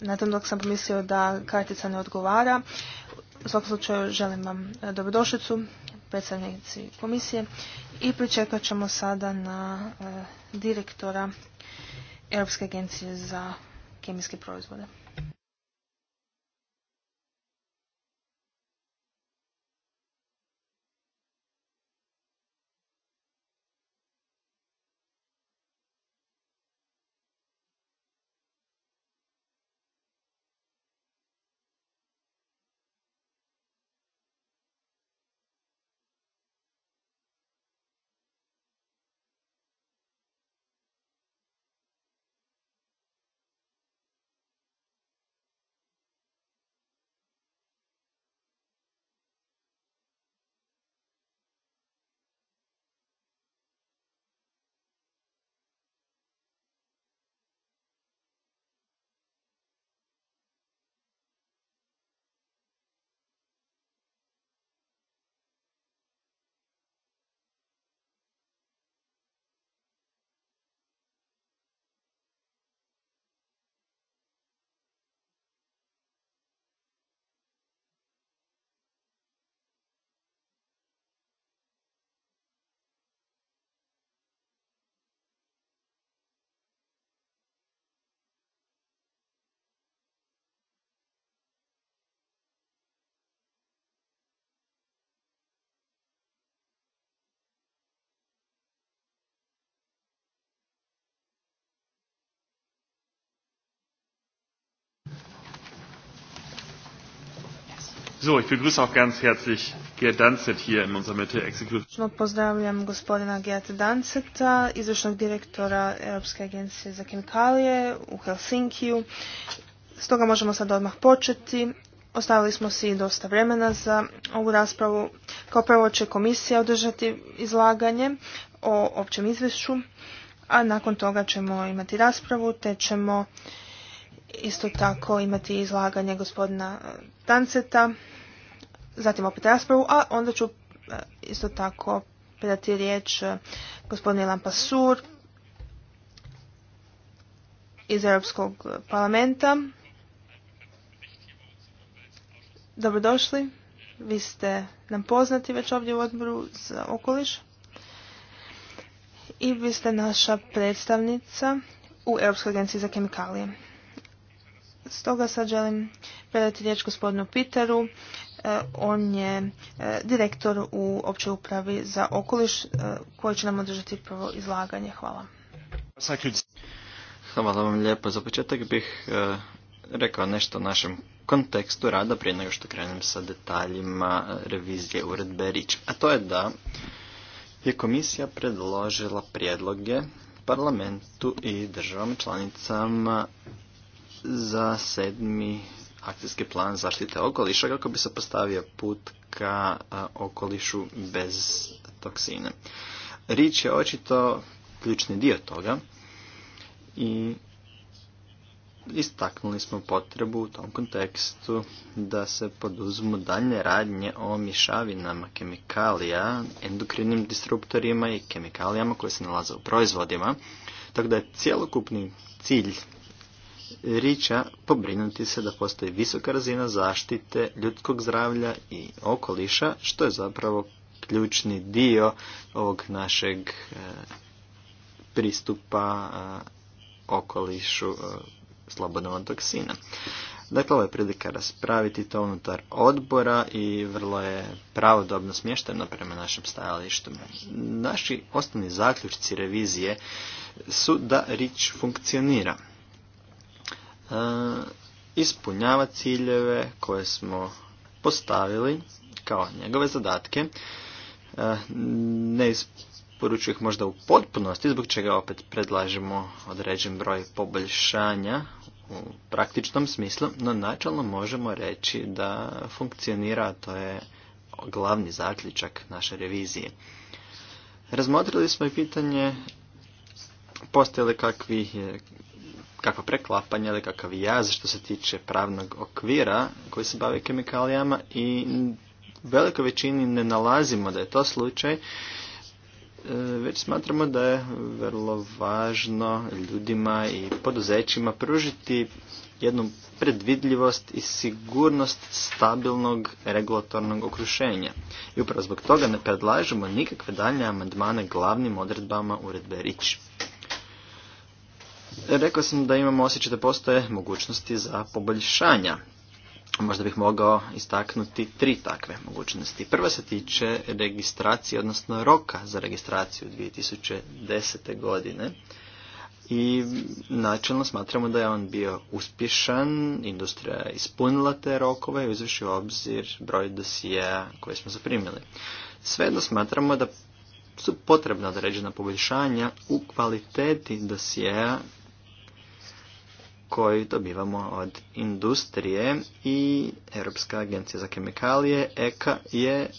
na tom dok sam pomislio da kartica ne odgovara. U svakom slučaju želim vam e, dobrodošlicu, predstavnici komisije. I pričekat ćemo sada na e, direktora Europske agencije za kemijske proizvode. So, ich begrüße auch ganz herzlich Gerd hier in unserer Mitte. Pozdravljam gospodina Gerd Danceta, izvršnog direktora Europske agencije za kemikalije u Helsinkiju. Stoga možemo sad odmah početi. Ostavili smo si dosta vremena za ovu raspravu. Kao prvo će komisija održati izlaganje o općem izvješću, a nakon toga ćemo imati raspravu, te ćemo isto tako imati izlaganje gospodina Danceta zatim opet raspravu, a onda ću e, isto tako predati riječ e, gospodine Lampasur iz Europskog parlamenta. Dobrodošli. Vi ste nam poznati već ovdje u odboru za okoliš. I vi ste naša predstavnica u Europskoj agenciji za kemikalije. Stoga sad želim predati riječ gospodinu Peteru E, on je e, direktor u općoj upravi za okoliš e, koji će nam održati prvo izlaganje. Hvala. Hvala vam lijepo. Za početak bih rekao nešto o našem kontekstu rada prije nego što krenem sa detaljima revizije uredbe Rič. A to je da je komisija predložila prijedloge parlamentu i državama članicama za sedmi akcijski plan zaštite okoliša kako bi se postavio put ka okolišu bez toksine. Rič je očito ključni dio toga i istaknuli smo potrebu u tom kontekstu da se poduzmu dalje radnje o mišavinama kemikalija, endokrinim disruptorima i kemikalijama koje se nalaze u proizvodima, tako da je cjelokupni cilj riča pobrinuti se da postoji visoka razina zaštite ljudskog zdravlja i okoliša, što je zapravo ključni dio ovog našeg e, pristupa e, okolišu e, slobodnog toksina. Dakle, ovo je prilika raspraviti to unutar odbora i vrlo je pravodobno smješteno prema našem stajalištu. Naši osnovni zaključci revizije su da rič funkcionira ispunjava ciljeve koje smo postavili kao njegove zadatke. Ne isporučuju ih možda u potpunosti, zbog čega opet predlažemo određen broj poboljšanja u praktičnom smislu, no načalno možemo reći da funkcionira, to je glavni zaključak naše revizije. Razmotrili smo i pitanje postoje li kakvi kakva preklapanja ili kakav jaz što se tiče pravnog okvira koji se bavi kemikalijama i u velikoj većini ne nalazimo da je to slučaj e, već smatramo da je vrlo važno ljudima i poduzećima pružiti jednu predvidljivost i sigurnost stabilnog regulatornog okrušenja. I upravo zbog toga ne predlažemo nikakve dalje amandmane glavnim odredbama uredbe Rič. Rekao sam da imamo osjećaj da postoje mogućnosti za poboljšanja. Možda bih mogao istaknuti tri takve mogućnosti. Prva se tiče registracije, odnosno roka za registraciju 2010. godine. I načelno smatramo da je on bio uspješan, industrija je ispunila te rokove i obzir broj dosijeja koje smo zaprimili. Svejedno smatramo da su potrebna određena poboljšanja u kvaliteti dosijeja koji dobivamo od industrije i Europska agencija za kemikalije EKA je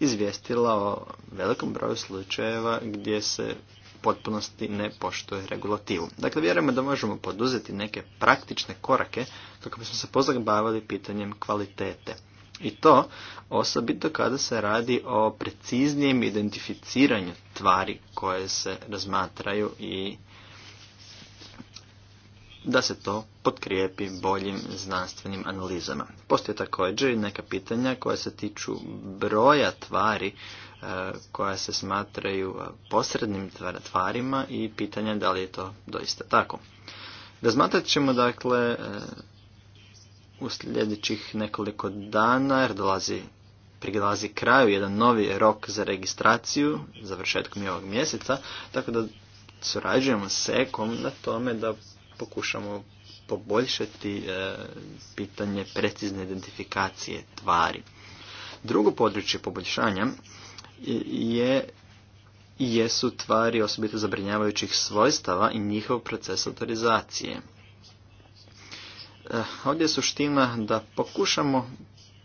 izvijestila o velikom broju slučajeva gdje se potpunosti ne poštuje regulativu. Dakle, vjerujemo da možemo poduzeti neke praktične korake kako bismo se pozabavili pitanjem kvalitete. I to osobito kada se radi o preciznijem identificiranju tvari koje se razmatraju i da se to potkrijepi boljim znanstvenim analizama. Postoje također i neka pitanja koja se tiču broja tvari e, koja se smatraju posrednim tvarima i pitanja da li je to doista tako. Razmatrat ćemo dakle e, u sljedećih nekoliko dana jer dolazi prilazi kraju jedan novi rok za registraciju završetkom je ovog mjeseca, tako da surađujemo sekom na tome da pokušamo poboljšati e, pitanje precizne identifikacije tvari. Drugo područje poboljšanja je jesu tvari osobito zabrinjavajućih svojstava i njihov proces autorizacije. E, ovdje je suština da pokušamo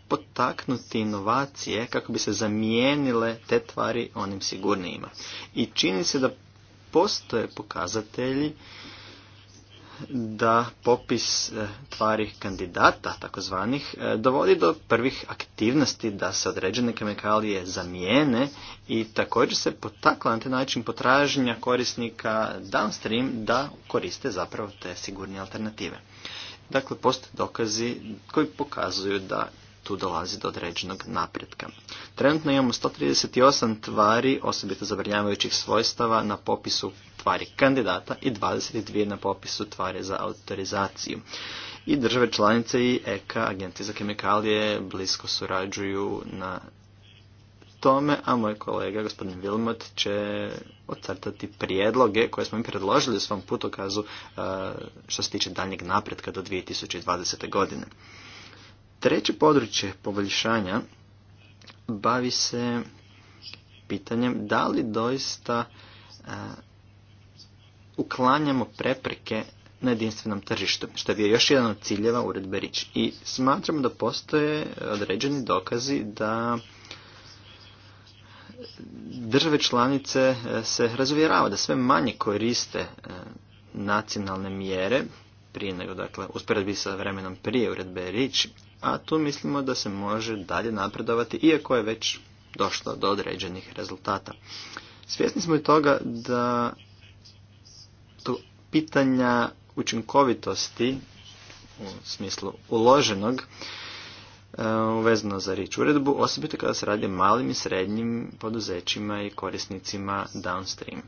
potaknuti inovacije kako bi se zamijenile te tvari onim sigurnijima. I čini se da postoje pokazatelji da popis e, tvari kandidata, takozvanih, e, dovodi do prvih aktivnosti da se određene kemikalije zamijene i također se potakla na taj način potražnja korisnika downstream da koriste zapravo te sigurne alternative. Dakle, postoje dokazi koji pokazuju da tu dolazi do određenog napretka. Trenutno imamo 138 tvari osobito zabrinjavajućih svojstava na popisu tvari kandidata i 22 na popisu tvari za autorizaciju. I države članice i EKA, agenti za kemikalije, blisko surađuju na tome, a moj kolega, gospodin Vilmot, će ocrtati prijedloge koje smo im predložili u svom putokazu što se tiče daljnjeg napretka do 2020. godine. Treće područje poboljšanja bavi se pitanjem da li doista e, uklanjamo prepreke na jedinstvenom tržištu, što je bio još jedan od ciljeva uredbe Rič. I smatramo da postoje određeni dokazi da države članice e, se razuvjerava da sve manje koriste e, nacionalne mjere prije nego, dakle, usporedbi sa vremenom prije uredbe Rič a tu mislimo da se može dalje napredovati iako je već došlo do određenih rezultata. Svjesni smo i toga da to pitanja učinkovitosti u smislu uloženog e, vezano za rič uredbu, osobito kada se radi malim i srednjim poduzećima i korisnicima downstream.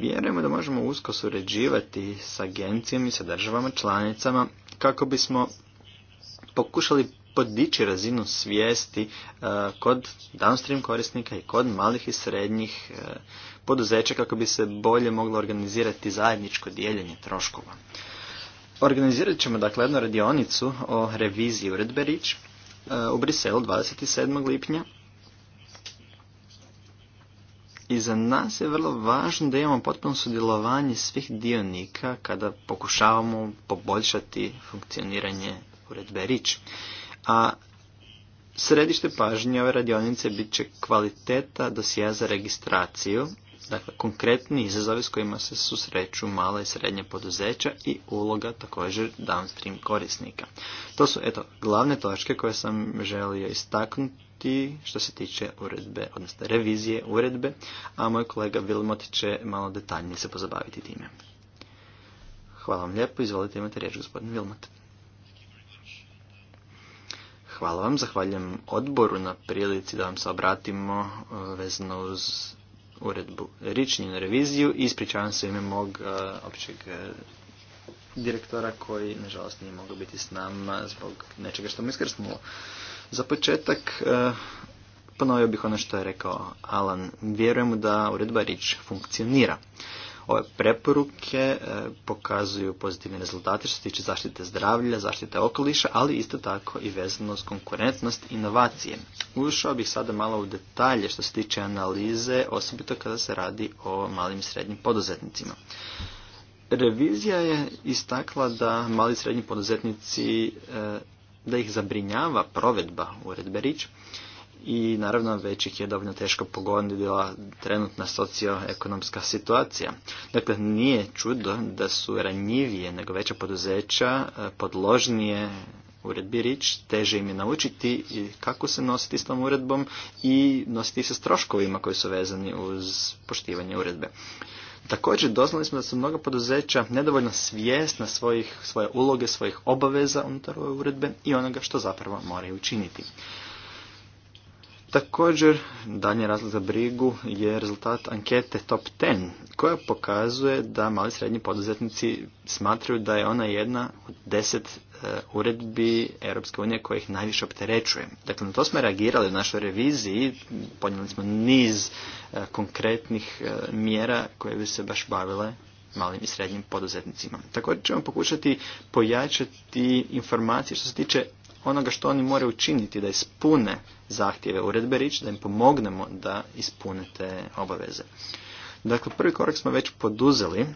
Vjerujemo da možemo usko surađivati s agencijom i sa državama članicama kako bismo pokušali podići razinu svijesti e, kod downstream korisnika i kod malih i srednjih e, poduzeća kako bi se bolje moglo organizirati zajedničko dijeljenje troškova. Organizirat ćemo dakle jednu radionicu o reviziji uredbe Redberić e, u Briselu 27. lipnja. I za nas je vrlo važno da imamo potpuno sudjelovanje svih dionika kada pokušavamo poboljšati funkcioniranje uredbe Rič. A središte pažnje ove radionice bit će kvaliteta dosija za registraciju, dakle konkretni izazovi s kojima se susreću mala i srednja poduzeća i uloga također downstream korisnika. To su eto glavne točke koje sam želio istaknuti što se tiče uredbe, odnosno revizije uredbe, a moj kolega Vilmot će malo detaljnije se pozabaviti time. Hvala vam lijepo, izvolite imate riječ gospodin Vilmot. Hvala vam, zahvaljujem odboru na prilici da vam se obratimo e, vezano uz uredbu Ričnji na reviziju i ispričavam se ime mog e, općeg e, direktora koji nažalost nije mogao biti s nama zbog nečega što mu iskrsnulo. Za početak ponovio bih ono što je rekao Alan. Vjerujemo da uredba Rič funkcionira. Ove preporuke e, pokazuju pozitivne rezultate što se tiče zaštite zdravlja, zaštite okoliša, ali isto tako i vezano s konkurentnost inovacije. Ušao bih sada malo u detalje što se tiče analize, osobito kada se radi o malim i srednjim poduzetnicima. Revizija je istakla da mali i srednji poduzetnici e, da ih zabrinjava provedba uredbe Rič i naravno većih je dovoljno teško pogodila trenutna socioekonomska situacija. Dakle, nije čudo da su ranjivije nego veća poduzeća e, podložnije uredbi rič, teže im je naučiti kako se nositi s tom uredbom i nositi se s troškovima koji su vezani uz poštivanje uredbe. Također doznali smo da su mnoga poduzeća nedovoljno svjesna svojih, svoje uloge, svojih obaveza unutar ove uredbe i onoga što zapravo moraju učiniti. Također, dalje razlog za brigu je rezultat ankete Top 10, koja pokazuje da mali srednji poduzetnici smatraju da je ona jedna od deset e, uredbi Europske unije koja ih najviše opterećuje. Dakle, na to smo reagirali u našoj reviziji, podnijeli smo niz e, konkretnih e, mjera koje bi se baš bavile malim i srednjim poduzetnicima. Također ćemo pokušati pojačati informacije što se tiče onoga što oni moraju učiniti da ispune zahtjeve uredbe rič, da im pomognemo da ispune te obaveze. Dakle, prvi korak smo već poduzeli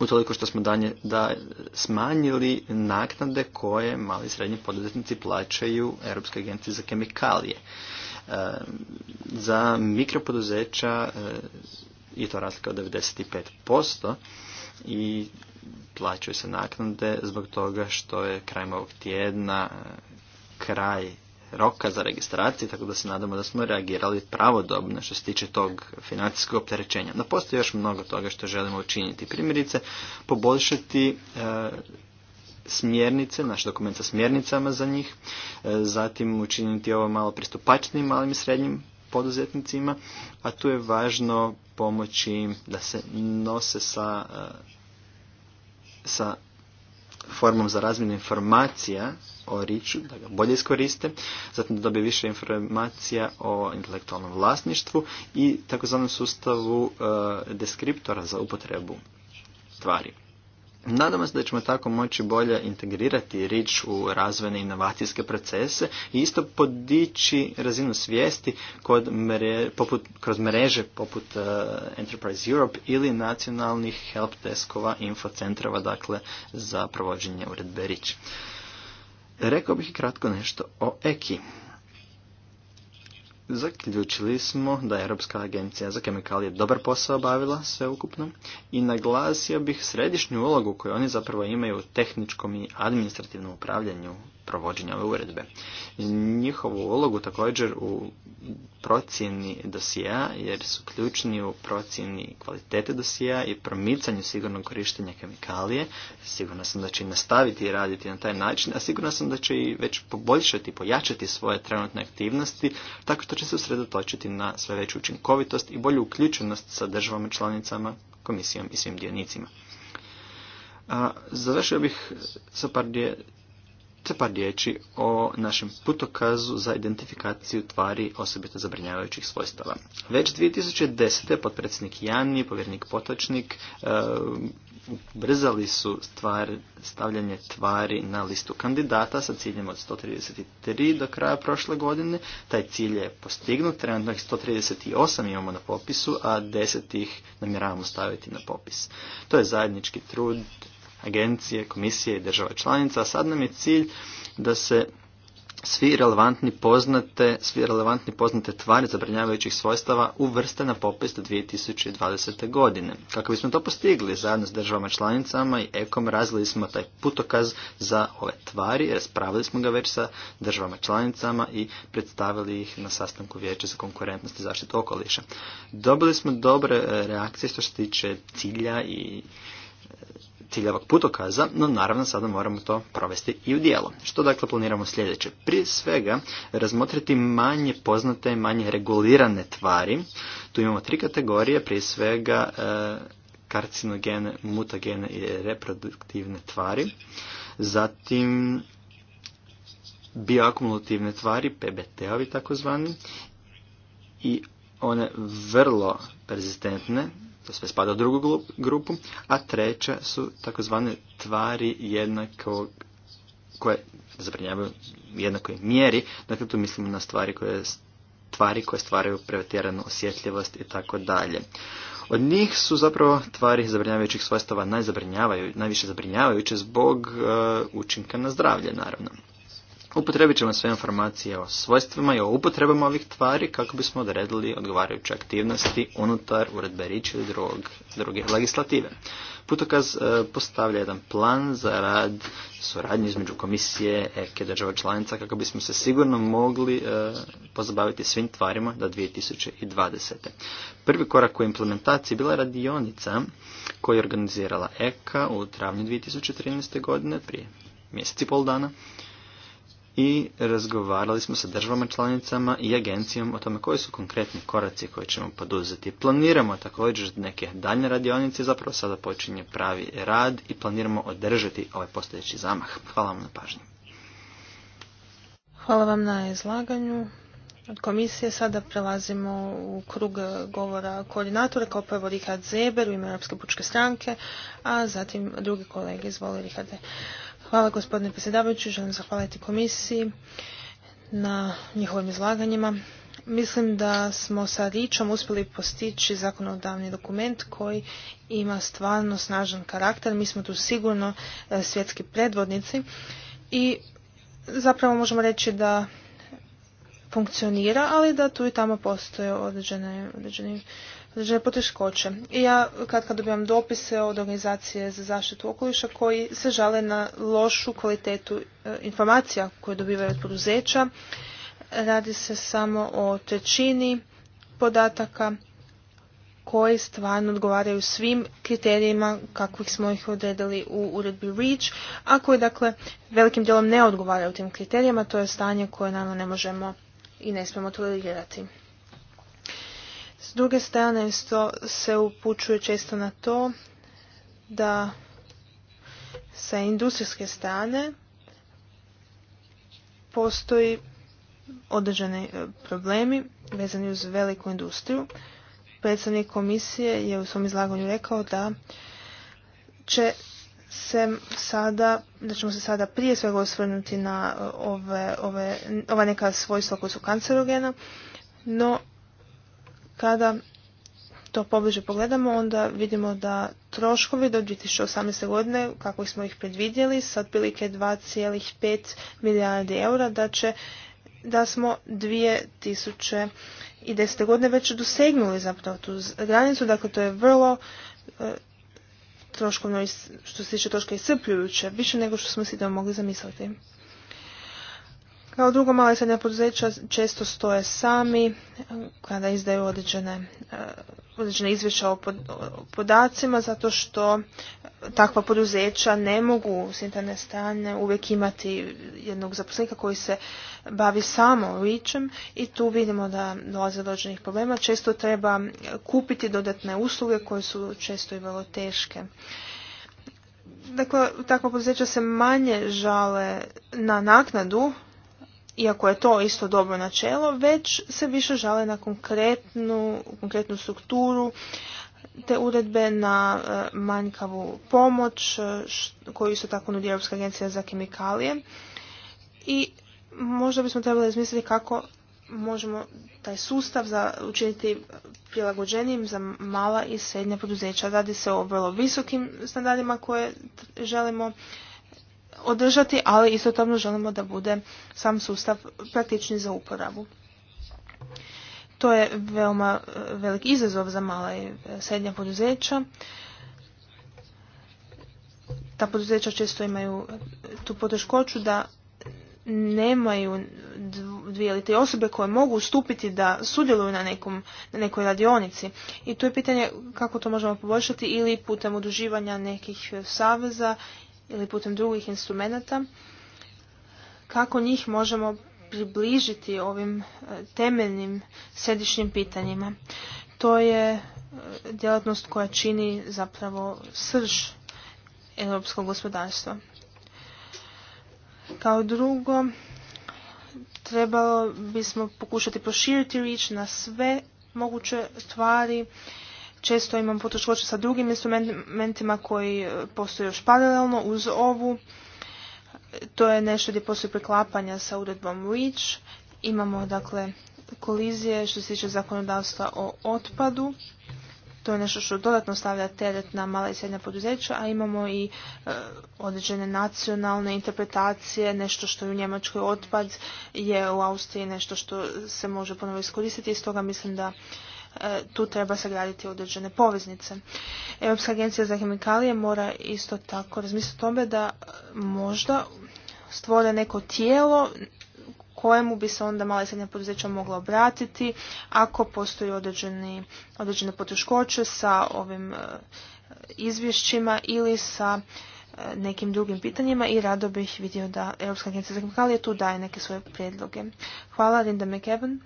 utoliko što smo danje, da smanjili naknade koje mali i srednji poduzetnici plaćaju Europske agencije za kemikalije. E, za mikropoduzeća e, je to razlika od 95% i plaćaju se naknade zbog toga što je krajem ovog tjedna e, kraj roka za registraciju, tako da se nadamo da smo reagirali pravodobno što se tiče tog financijskog opterećenja. No postoji još mnogo toga što želimo učiniti. Primjerice, poboljšati e, smjernice, naš dokument sa smjernicama za njih, e, zatim učiniti ovo malo pristupačnim malim i srednjim poduzetnicima, a tu je važno pomoći da se nose sa sa formom za razmjenu informacija o riču, da ga bolje iskoriste, zatim da dobije više informacija o intelektualnom vlasništvu i takozvanom sustavu e, deskriptora za upotrebu tvari. Nadamo se da ćemo tako moći bolje integrirati rič u razvojne inovacijske procese i isto podići razinu svijesti kod mre, poput, kroz mreže poput e, Enterprise Europe ili nacionalnih help deskova, infocentrova, dakle za provođenje uredbe rič. Rekao bih kratko nešto o EKI. Zaključili smo da je Europska agencija za kemikalije dobar posao obavila sveukupno i naglasio bih središnju ulogu koju oni zapravo imaju u tehničkom i administrativnom upravljanju provođenja ove uredbe. Njihovu ulogu također u procjeni dosija, jer su ključni u procjeni kvalitete dosija i promicanju sigurnog korištenja kemikalije. Sigurno sam da će i nastaviti i raditi na taj način, a sigurno sam da će i već poboljšati, pojačati svoje trenutne aktivnosti, tako što će se usredotočiti na sve veću učinkovitost i bolju uključenost sa državama članicama, komisijom i svim dionicima. završio bih sa par dje, te par riječi o našem putokazu za identifikaciju tvari osobito zabrinjavajućih svojstava. Već 2010. potpredsjednik Jani, povjernik Potočnik, e, ubrzali su stvar, stavljanje tvari na listu kandidata sa ciljem od 133 do kraja prošle godine. Taj cilj je postignut, trenutno ih 138 imamo na popisu, a 10 ih namjeravamo staviti na popis. To je zajednički trud agencije, komisije i država članica, a sad nam je cilj da se svi relevantni poznate, svi relevantni poznate tvari zabrinjavajućih svojstava uvrste na popis do 2020. godine. Kako bismo to postigli zajedno s državama članicama i ekom razvili smo taj putokaz za ove tvari, raspravili smo ga već sa državama članicama i predstavili ih na sastanku vijeća za konkurentnost i zaštitu okoliša. Dobili smo dobre e, reakcije što se tiče cilja i ciljevog putokaza, no naravno sada moramo to provesti i u dijelu. Što dakle planiramo sljedeće? Prije svega razmotriti manje poznate i manje regulirane tvari. Tu imamo tri kategorije, prije svega e, karcinogene, mutagene i reproduktivne tvari. Zatim bioakumulativne tvari, PBT-ovi takozvani, i one vrlo rezistentne, to sve spada u drugu grupu, a treća su takozvane tvari jednako koje zabrinjavaju jednakoj mjeri, dakle tu mislimo na stvari koje tvari koje stvaraju prevetjeranu osjetljivost i tako dalje. Od njih su zapravo tvari zabrinjavajućih svojstava najviše zabrinjavajuće zbog e, učinka na zdravlje, naravno. Upotrebit ćemo sve informacije o svojstvima i o upotrebama ovih tvari kako bismo odredili odgovarajuće aktivnosti unutar uredbe Rič ili drug, druge legislative. Putokaz e, postavlja jedan plan za rad suradnje između komisije EKE država članica kako bismo se sigurno mogli e, pozabaviti svim tvarima do 2020. Prvi korak u implementaciji bila radionica koju je organizirala EKA u travnju 2013. godine prije mjeseci pol dana i razgovarali smo sa državama članicama i agencijom o tome koji su konkretni koraci koje ćemo poduzeti. Planiramo također neke daljne radionice, zapravo sada počinje pravi rad i planiramo održati ovaj postojeći zamah. Hvala vam na pažnju. Hvala vam na izlaganju. Od komisije sada prelazimo u krug govora koordinatora, kao prvo Richard Zeber u ime Europske pučke stranke, a zatim drugi kolege, izvoli Richarde. Hvala gospodine predsjedavajući, želim zahvaliti komisiji na njihovim izlaganjima. Mislim da smo sa Ričom uspjeli postići zakonodavni dokument koji ima stvarno snažan karakter. Mi smo tu sigurno e, svjetski predvodnici i zapravo možemo reći da funkcionira, ali da tu i tamo postoje određene, određeni određene poteškoće. I ja kad kad dobivam dopise od organizacije za zaštitu okoliša koji se žale na lošu kvalitetu e, informacija koje dobivaju od poduzeća, radi se samo o trećini podataka koji stvarno odgovaraju svim kriterijima kakvih smo ih odredili u uredbi REACH, a koji dakle velikim dijelom ne odgovaraju tim kriterijima, to je stanje koje naravno ne možemo i ne smemo tolerirati. S druge strane isto se upućuje često na to da sa industrijske strane postoji određeni e, problemi vezani uz veliku industriju. Predstavnik komisije je u svom izlaganju rekao da će se sada, da ćemo se sada prije svega osvrnuti na e, ove, ove, ova neka svojstva koja su kancerogena, no kada to pobliže pogledamo, onda vidimo da troškovi do 2018. godine, kako smo ih predvidjeli, sa otprilike 2,5 milijardi eura, da će da smo 2010. godine već dosegnuli zapravo tu granicu, dakle to je vrlo e, troškovno, što se tiče troška iscrpljujuće, više nego što smo si to mogli zamisliti. Kao drugo, mala poduzeća često stoje sami eh, kada izdaju određene, eh, određene izvješća o podacima zato što eh, takva poduzeća ne mogu s interne strane uvijek imati jednog zaposlenika koji se bavi samo ličem i tu vidimo da dolaze do određenih problema. Često treba kupiti dodatne usluge koje su često i vrlo teške. Dakle, takva poduzeća se manje žale na naknadu iako je to isto dobro načelo, već se više žale na konkretnu, konkretnu strukturu te uredbe na e, manjkavu pomoć e, koju isto tako nudi Europska agencija za kemikalije i možda bismo trebali izmisliti kako možemo taj sustav za učiniti prilagođenijim za mala i srednja poduzeća. Radi se o vrlo visokim standardima koje želimo održati, ali isto tomno želimo da bude sam sustav praktični za uporabu. To je veoma e, velik izazov za mala i srednja poduzeća. Ta poduzeća često imaju e, tu poteškoću da nemaju dvije ili tri osobe koje mogu ustupiti da sudjeluju na, nekom, na nekoj radionici. I tu je pitanje kako to možemo poboljšati ili putem udruživanja nekih saveza ili putem drugih instrumenata, kako njih možemo približiti ovim e, temeljnim središnjim pitanjima. To je e, djelatnost koja čini zapravo srž europskog gospodarstva. Kao drugo, trebalo bismo pokušati proširiti rič na sve moguće stvari često imam poteškoće sa drugim instrumentima koji e, postoje još paralelno uz ovu. To je nešto gdje postoje preklapanja sa uredbom REACH. Imamo dakle kolizije što se tiče zakonodavstva o otpadu. To je nešto što dodatno stavlja teret na mala i srednja poduzeća, a imamo i e, određene nacionalne interpretacije, nešto što je u Njemačkoj otpad, je u Austriji nešto što se može ponovo iskoristiti i stoga mislim da E, tu treba sagraditi određene poveznice. Europska agencija za kemikalije mora isto tako razmisliti o tome da možda stvore neko tijelo kojemu bi se onda mala i srednja poduzeća mogla obratiti ako postoji određeni, određene poteškoće sa ovim e, izvješćima ili sa e, nekim drugim pitanjima i rado bih vidio da Europska agencija za kemikalije tu daje neke svoje prijedloge. Hvala Linda McEvan.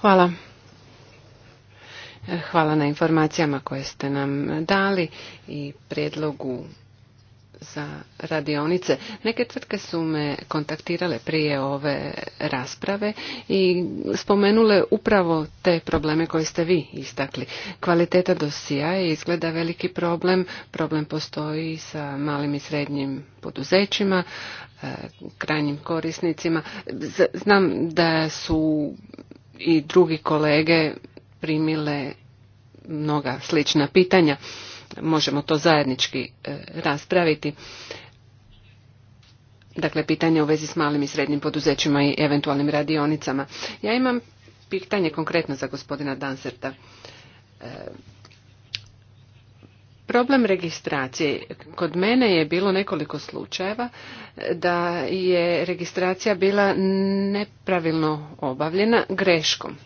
Hvala. Hvala na informacijama koje ste nam dali i prijedlogu za radionice. Neke tvrtke su me kontaktirale prije ove rasprave i spomenule upravo te probleme koje ste vi istakli. Kvaliteta dosija izgleda veliki problem, problem postoji sa malim i srednjim poduzećima, e, krajnjim korisnicima. Znam da su i drugi kolege primile mnoga slična pitanja možemo to zajednički e, raspraviti. Dakle, pitanje u vezi s malim i srednjim poduzećima i eventualnim radionicama. Ja imam pitanje konkretno za gospodina Danserta. E, problem registracije. Kod mene je bilo nekoliko slučajeva da je registracija bila nepravilno obavljena greškom.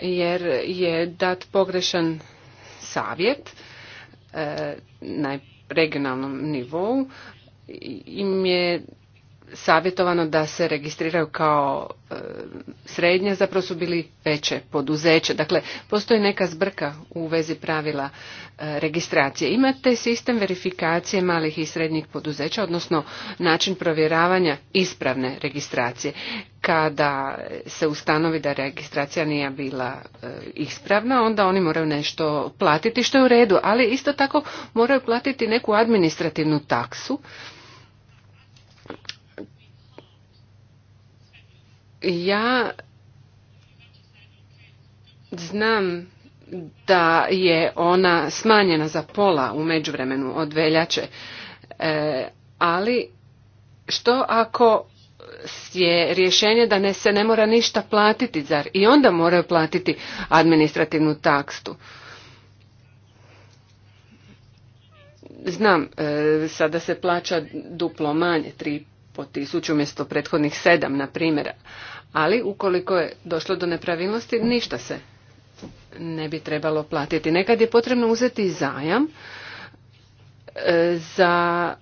Jer je dat pogrešan savjet E, na regionalnom nivou im je savjetovano da se registriraju kao e, srednje, zapravo su bili veće poduzeće. Dakle, postoji neka zbrka u vezi pravila e, registracije. Imate sistem verifikacije malih i srednjih poduzeća, odnosno način provjeravanja ispravne registracije. Kada se ustanovi da registracija nije bila e, ispravna, onda oni moraju nešto platiti što je u redu, ali isto tako moraju platiti neku administrativnu taksu Ja znam da je ona smanjena za pola u međuvremenu od veljače, e, ali što ako je rješenje da ne se ne mora ništa platiti, zar i onda moraju platiti administrativnu takstu. Znam, e, sada se plaća duplo manje, 3 po tisuću umjesto prethodnih sedam, na primjer. Ali ukoliko je došlo do nepravilnosti, ništa se ne bi trebalo platiti. Nekad je potrebno uzeti zajam e, za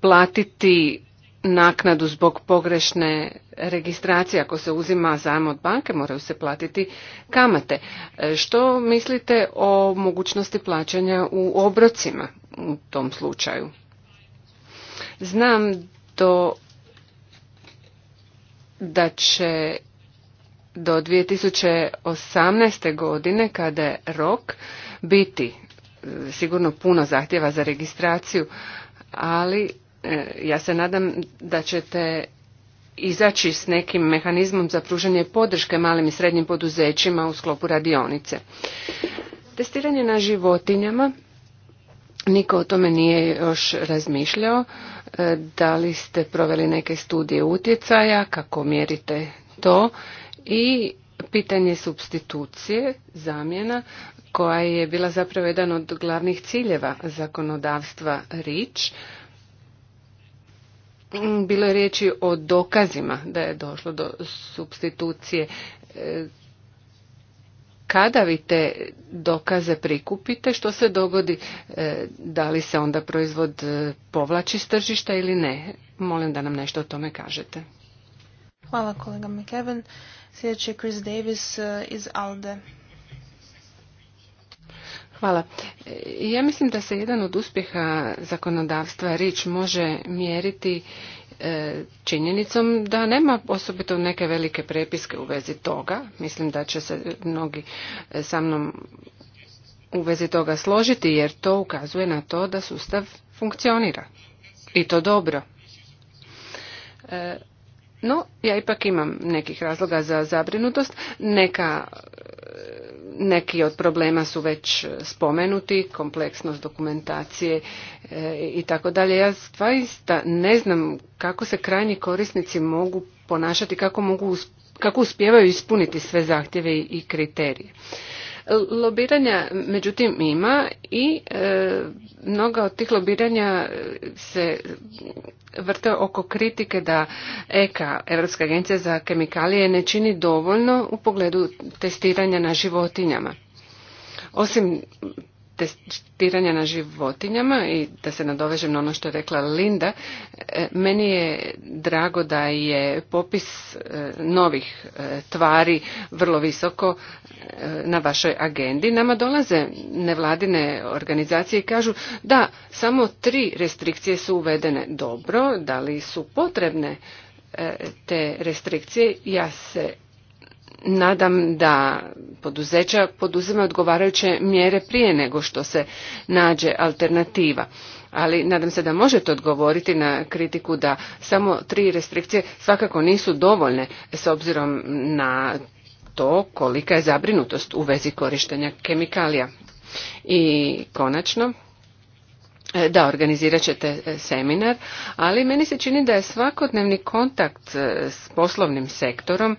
platiti naknadu zbog pogrešne registracije. Ako se uzima zajam od banke, moraju se platiti kamate. E, što mislite o mogućnosti plaćanja u obrocima u tom slučaju? Znam do, da će do 2018. godine, kada je rok, biti e, sigurno puno zahtjeva za registraciju, ali e, ja se nadam da ćete izaći s nekim mehanizmom za pružanje podrške malim i srednjim poduzećima u sklopu radionice. Testiranje na životinjama, niko o tome nije još razmišljao, E, da li ste proveli neke studije utjecaja, kako mjerite to i pitanje substitucije, zamjena, koja je bila zapravo jedan od glavnih ciljeva zakonodavstva RIČ. Bilo je riječi o dokazima da je došlo do substitucije e, kada vi te dokaze prikupite, što se dogodi? E, da li se onda proizvod e, povlači s tržišta ili ne? Molim da nam nešto o tome kažete. Hvala kolega Sljedeći je Chris Davis e, iz ALDE. Hvala. Ja mislim da se jedan od uspjeha zakonodavstva rič može mjeriti E, činjenicom da nema osobito neke velike prepiske u vezi toga. Mislim da će se mnogi e, sa mnom u vezi toga složiti jer to ukazuje na to da sustav funkcionira i to dobro. E, no, ja ipak imam nekih razloga za zabrinutost. Neka neki od problema su već spomenuti, kompleksnost dokumentacije e, i tako dalje. Ja zaista ne znam kako se krajnji korisnici mogu ponašati, kako, mogu, kako uspijevaju ispuniti sve zahtjeve i kriterije. Lobiranja međutim ima i e, mnoga od tih lobiranja se vrte oko kritike da EKA, Europska agencija za kemikalije, ne čini dovoljno u pogledu testiranja na životinjama. Osim testiranja na životinjama i da se nadovežem na ono što je rekla Linda, e, meni je drago da je popis e, novih e, tvari vrlo visoko na vašoj agendi. Nama dolaze nevladine organizacije i kažu da samo tri restrikcije su uvedene dobro, da li su potrebne te restrikcije. Ja se nadam da poduzeća poduzime odgovarajuće mjere prije nego što se nađe alternativa ali nadam se da možete odgovoriti na kritiku da samo tri restrikcije svakako nisu dovoljne s obzirom na to kolika je zabrinutost u vezi korištenja kemikalija. I konačno, da, organizirat ćete e, seminar, ali meni se čini da je svakodnevni kontakt e, s poslovnim sektorom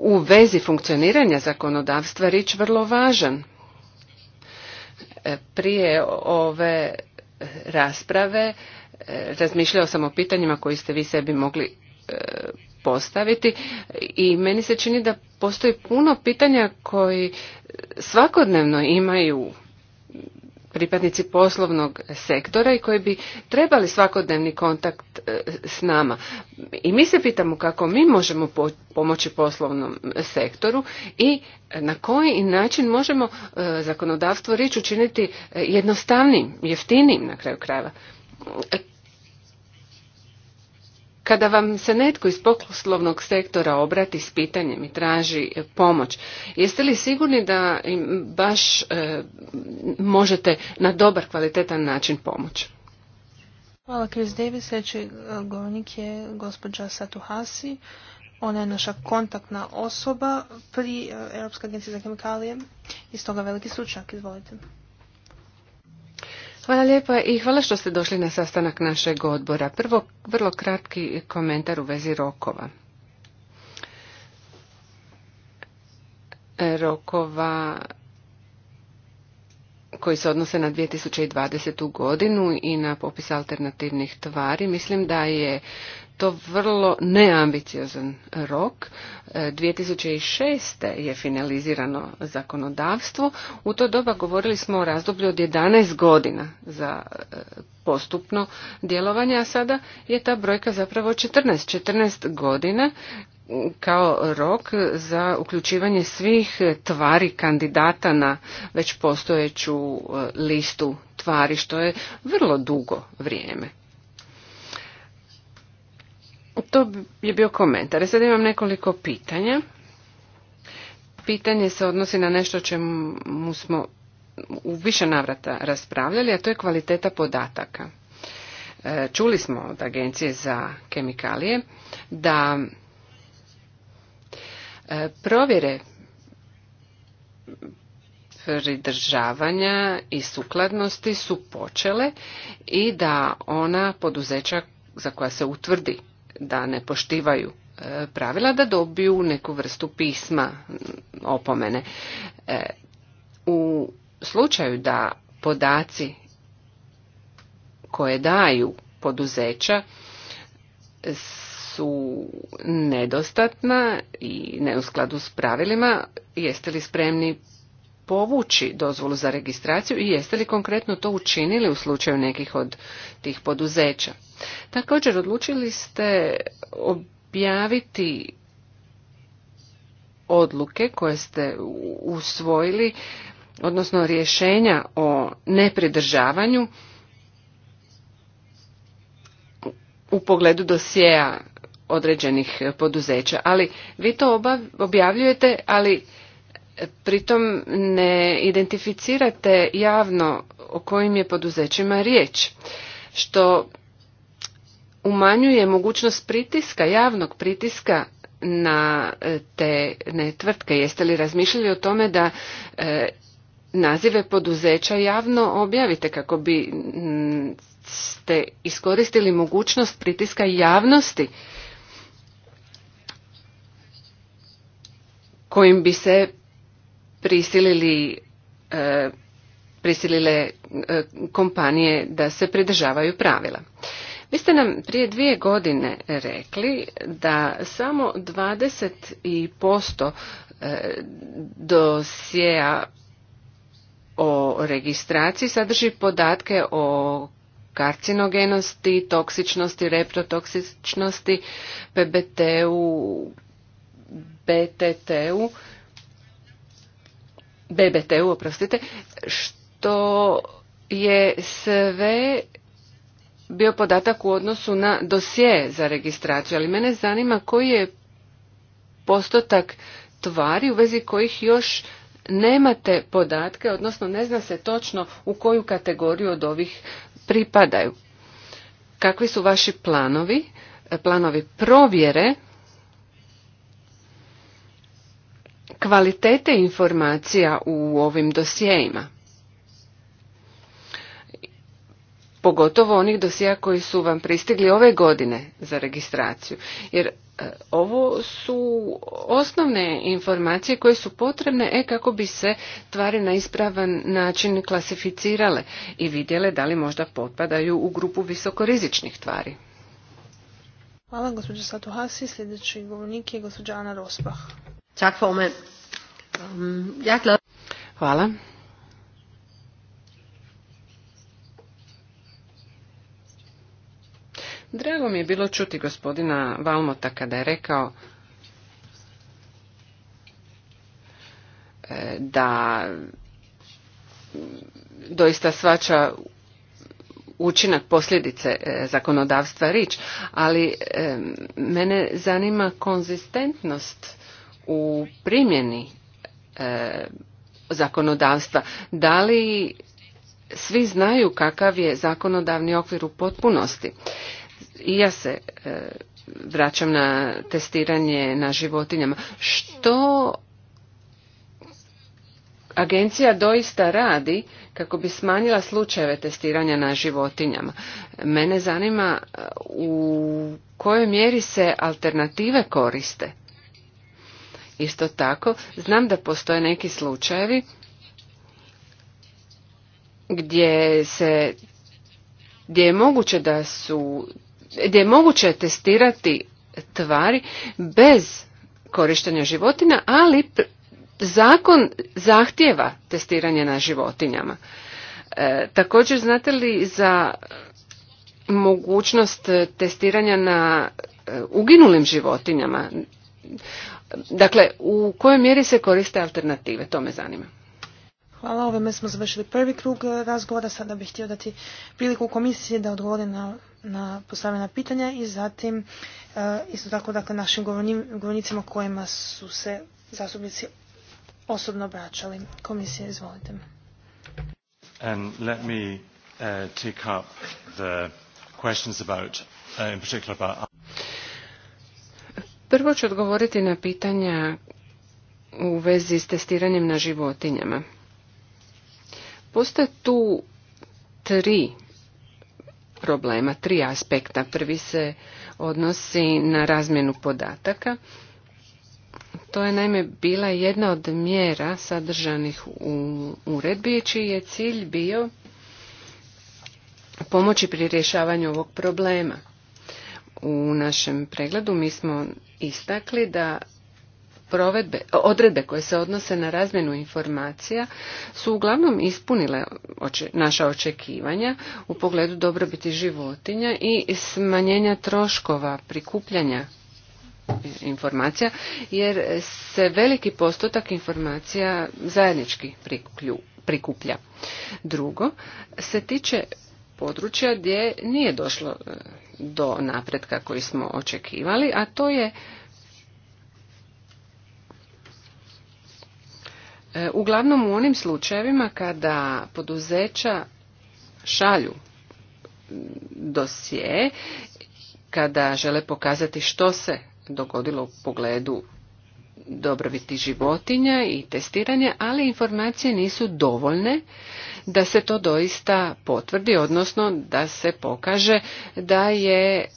u vezi funkcioniranja zakonodavstva rič vrlo važan. E, prije ove rasprave e, razmišljao sam o pitanjima koji ste vi sebi mogli e, postaviti i meni se čini da postoji puno pitanja koji svakodnevno imaju pripadnici poslovnog sektora i koji bi trebali svakodnevni kontakt e, s nama. I mi se pitamo kako mi možemo pomoći poslovnom sektoru i na koji način možemo e, zakonodavstvo riječ učiniti e, jednostavnim, jeftinim na kraju krajeva. Kada vam se netko iz poslovnog sektora obrati s pitanjem i traži e, pomoć, jeste li sigurni da im baš e, možete na dobar kvalitetan način pomoći? Hvala Chris Davis, sljedeći e, govornik je gospođa Satuhasi. Ona je naša kontaktna osoba pri Europskoj agencije za kemikalije i stoga veliki stručnjak. Izvolite. Hvala lijepa i hvala što ste došli na sastanak našeg odbora. Prvo, vrlo kratki komentar u vezi rokova. E, rokova koji se odnose na 2020. godinu i na popis alternativnih tvari. Mislim da je to vrlo neambiciozan rok. 2006. E, je finalizirano zakonodavstvo. U to doba govorili smo o razdoblju od 11 godina za e, postupno djelovanje, a sada je ta brojka zapravo 14. 14 godina kao rok za uključivanje svih tvari kandidata na već postojeću e, listu tvari, što je vrlo dugo vrijeme. To je bio komentar. Sada imam nekoliko pitanja. Pitanje se odnosi na nešto čemu smo u više navrata raspravljali, a to je kvaliteta podataka. E, čuli smo od Agencije za kemikalije da E, provjere pridržavanja i sukladnosti su počele i da ona poduzeća za koja se utvrdi da ne poštivaju e, pravila da dobiju neku vrstu pisma opomene. E, u slučaju da podaci koje daju poduzeća su nedostatna i ne u skladu s pravilima, jeste li spremni povući dozvolu za registraciju i jeste li konkretno to učinili u slučaju nekih od tih poduzeća. Također odlučili ste objaviti odluke koje ste usvojili, odnosno rješenja o nepridržavanju u pogledu dosjeja određenih poduzeća. Ali vi to objavljujete, ali pritom ne identificirate javno o kojim je poduzećima riječ, što umanjuje mogućnost pritiska, javnog pritiska na e, te tvrtke. Jeste li razmišljali o tome da e, nazive poduzeća javno objavite kako bi ste iskoristili mogućnost pritiska javnosti kojim bi se prisilili e, prisilile e, kompanije da se pridržavaju pravila. Vi ste nam prije dvije godine rekli da samo 20% e, dosjeja o registraciji sadrži podatke o karcinogenosti, toksičnosti, reprotoksičnosti, PBT-u, BTT-u, BBT-u, oprostite, što je sve bio podatak u odnosu na dosije za registraciju, ali mene zanima koji je postotak tvari u vezi kojih još nemate podatke, odnosno ne zna se točno u koju kategoriju od ovih pripadaju. Kakvi su vaši planovi, planovi provjere kvalitete informacija u ovim dosjejima. Pogotovo onih dosija koji su vam pristigli ove godine za registraciju. Jer e, ovo su osnovne informacije koje su potrebne e kako bi se tvari na ispravan način klasificirale i vidjele da li možda potpadaju u grupu visokorizičnih tvari. Hvala gospođo Satuhasi. Sljedeći govornik je gospođa Ana Rospah. Er Drago mi je bilo čuti gospodina Valmota kada je rekao e, da doista svača učinak posljedice e, zakonodavstva rič, ali e, mene zanima konzistentnost u primjeni e, zakonodavstva. Da li svi znaju kakav je zakonodavni okvir u potpunosti? I ja se e, vraćam na testiranje na životinjama. Što agencija doista radi kako bi smanjila slučajeve testiranja na životinjama. Mene zanima u kojoj mjeri se alternative koriste. Isto tako, znam da postoje neki slučajevi gdje se gdje je moguće da su gdje je moguće testirati tvari bez korištenja životinja, ali zakon zahtjeva testiranje na životinjama. E, također znate li za mogućnost testiranja na e, uginulim životinjama? Dakle, u kojoj mjeri se koriste alternative? To me zanima. Hvala, ovime smo završili prvi krug eh, razgovora. Sada bih htio dati priliku komisiji da odgovori na, na postavljena pitanja i zatim e, isto tako dakle, našim govornicima kojima su se zastupnici osobno obraćali. komisije izvolite. And let me uh, take up the questions about, uh, in particular about Prvo ću odgovoriti na pitanja u vezi s testiranjem na životinjama. Postoje tu tri problema, tri aspekta. Prvi se odnosi na razmjenu podataka. To je naime bila jedna od mjera sadržanih u uredbi čiji je cilj bio pomoći pri rješavanju ovog problema. U našem pregledu mi smo istakli da provedbe, odredbe koje se odnose na razmjenu informacija su uglavnom ispunile oče, naša očekivanja u pogledu dobrobiti životinja i smanjenja troškova prikupljanja informacija jer se veliki postotak informacija zajednički prikuplja. Drugo se tiče područja gdje nije došlo e, do napretka koji smo očekivali, a to je e, uglavnom u onim slučajevima kada poduzeća šalju dosije, kada žele pokazati što se dogodilo u pogledu dobrobiti životinja i testiranje, ali informacije nisu dovoljne da se to doista potvrdi, odnosno da se pokaže da je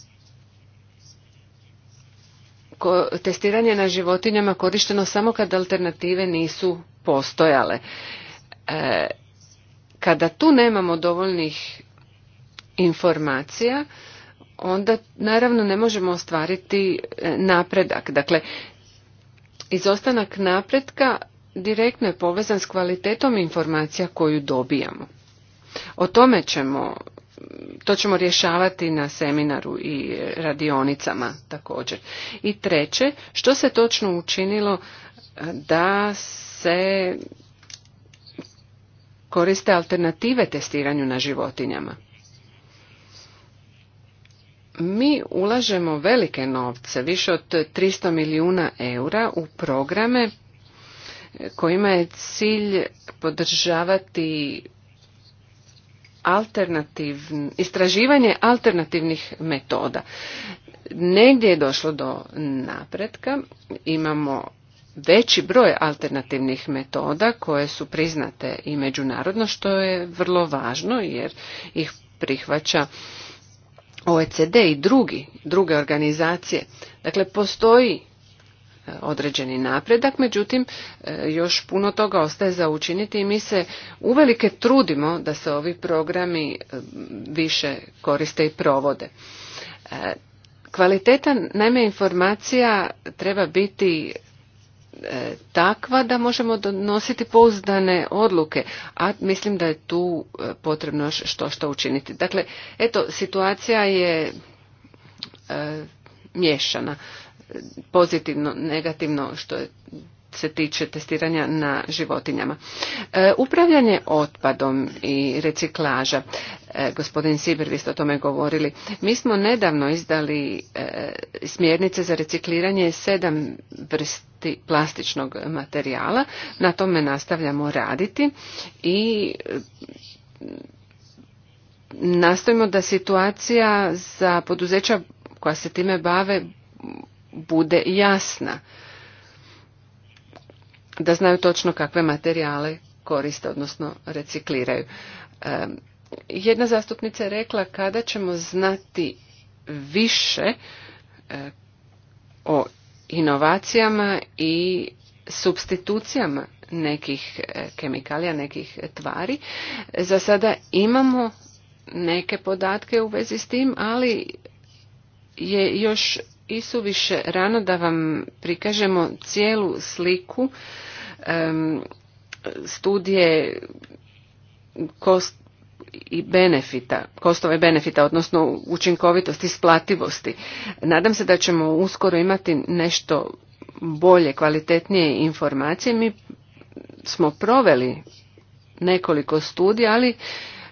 testiranje na životinjama korišteno samo kad alternative nisu postojale. E, kada tu nemamo dovoljnih informacija, onda naravno ne možemo ostvariti e, napredak. Dakle, Izostanak napretka direktno je povezan s kvalitetom informacija koju dobijamo. O tome ćemo, to ćemo rješavati na seminaru i radionicama također. I treće, što se točno učinilo e, da se koriste alternative testiranju na životinjama? mi ulažemo velike novce, više od 300 milijuna eura u programe kojima je cilj podržavati alternativn, istraživanje alternativnih metoda. Negdje je došlo do napretka, imamo veći broj alternativnih metoda koje su priznate i međunarodno, što je vrlo važno jer ih prihvaća OECD i drugi, druge organizacije. Dakle, postoji e, određeni napredak, međutim e, još puno toga ostaje za učiniti i mi se uvelike trudimo da se ovi programi e, više koriste i provode. Kvaliteta, naime, informacija treba biti E, takva da možemo donositi pouzdane odluke, a mislim da je tu e, potrebno još što što učiniti. Dakle, eto, situacija je e, miješana, pozitivno, negativno, što je se tiče testiranja na životinjama. E, upravljanje otpadom i reciklaža, e, gospodin Sibir, vi ste o tome govorili, mi smo nedavno izdali e, smjernice za recikliranje sedam vrsti plastičnog materijala, na tome nastavljamo raditi i nastojimo da situacija za poduzeća koja se time bave bude jasna da znaju točno kakve materijale koriste, odnosno recikliraju. E, jedna zastupnica je rekla kada ćemo znati više e, o inovacijama i substitucijama nekih e, kemikalija, nekih tvari. Za sada imamo neke podatke u vezi s tim, ali je još isuviše rano da vam prikažemo cijelu sliku studije kost i benefita, benefita, odnosno učinkovitosti, splativosti. Nadam se da ćemo uskoro imati nešto bolje, kvalitetnije informacije. Mi smo proveli nekoliko studija, ali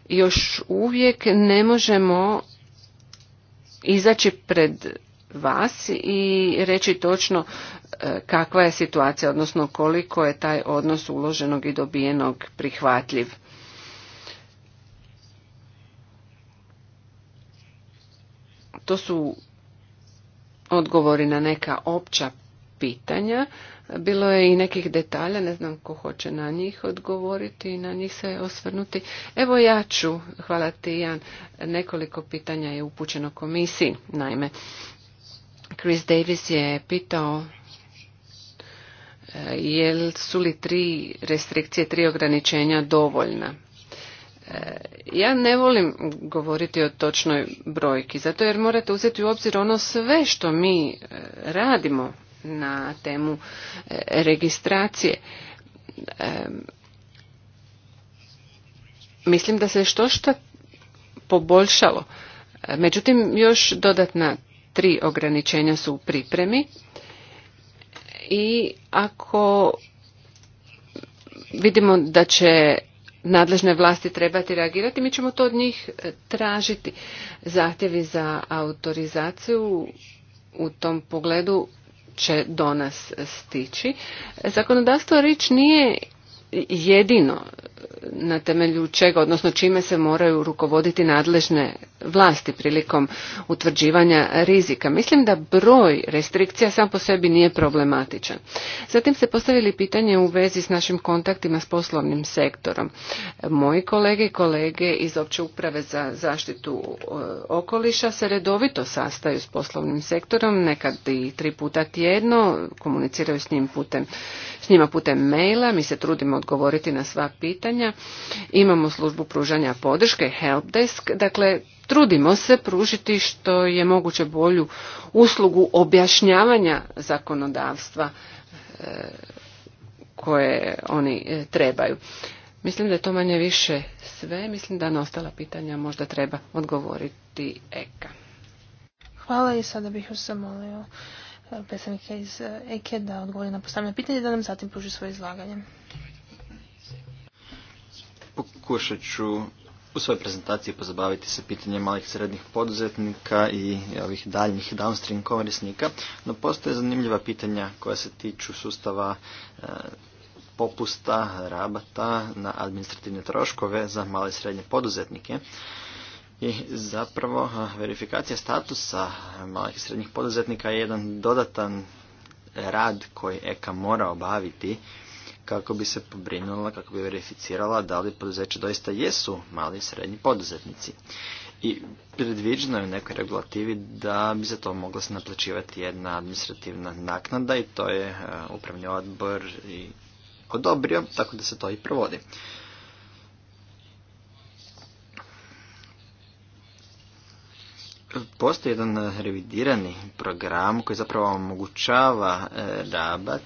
još uvijek ne možemo izaći pred vas i reći točno e, kakva je situacija, odnosno koliko je taj odnos uloženog i dobijenog prihvatljiv. To su odgovori na neka opća pitanja. Bilo je i nekih detalja, ne znam ko hoće na njih odgovoriti i na njih se osvrnuti. Evo ja ću, hvala ti nekoliko pitanja je upućeno komisiji. Naime, Chris Davis je pitao e, jel su li tri restrikcije, tri ograničenja dovoljna. E, ja ne volim govoriti o točnoj brojki, zato jer morate uzeti u obzir ono sve što mi e, radimo na temu registracije. Mislim da se što što poboljšalo. Međutim, još dodatna tri ograničenja su u pripremi i ako vidimo da će nadležne vlasti trebati reagirati, mi ćemo to od njih e, tražiti. Zahtjevi za autorizaciju u tom pogledu će do nas stići. Zakonodavstvo rič nije jedino na temelju čega, odnosno čime se moraju rukovoditi nadležne vlasti prilikom utvrđivanja rizika. Mislim da broj restrikcija sam po sebi nije problematičan. Zatim se postavili pitanje u vezi s našim kontaktima s poslovnim sektorom. Moji kolege i kolege iz opće uprave za zaštitu e, okoliša se redovito sastaju s poslovnim sektorom, nekad i tri puta tjedno, komuniciraju s njim putem s njima putem maila, mi se trudimo odgovoriti na sva pitanja pitanja. Imamo službu pružanja podrške, helpdesk, dakle trudimo se pružiti što je moguće bolju uslugu objašnjavanja zakonodavstva e, koje oni e, trebaju. Mislim da je to manje više sve. Mislim da na ostala pitanja možda treba odgovoriti Eka. Hvala i sada bih još zamolio e, predstavnika iz Eke da odgovori na postavljena pitanja i da nam zatim pruži svoje izlaganje. Pokušat ću u svojoj prezentaciji pozabaviti se pitanjem malih i srednjih poduzetnika i ovih daljnjih downstream korisnika, no postoje zanimljiva pitanja koja se tiču sustava e, popusta, rabata na administrativne troškove za male i srednje poduzetnike. I zapravo e, verifikacija statusa malih i srednjih poduzetnika je jedan dodatan rad koji EKA mora obaviti kako bi se pobrinula, kako bi verificirala da li poduzeća doista jesu mali i srednji poduzetnici. I predviđeno je u nekoj regulativi da bi za to mogla se naplaćivati jedna administrativna naknada i to je e, upravni odbor i odobrio, tako da se to i provodi. Postoji jedan revidirani program koji zapravo omogućava e, rabat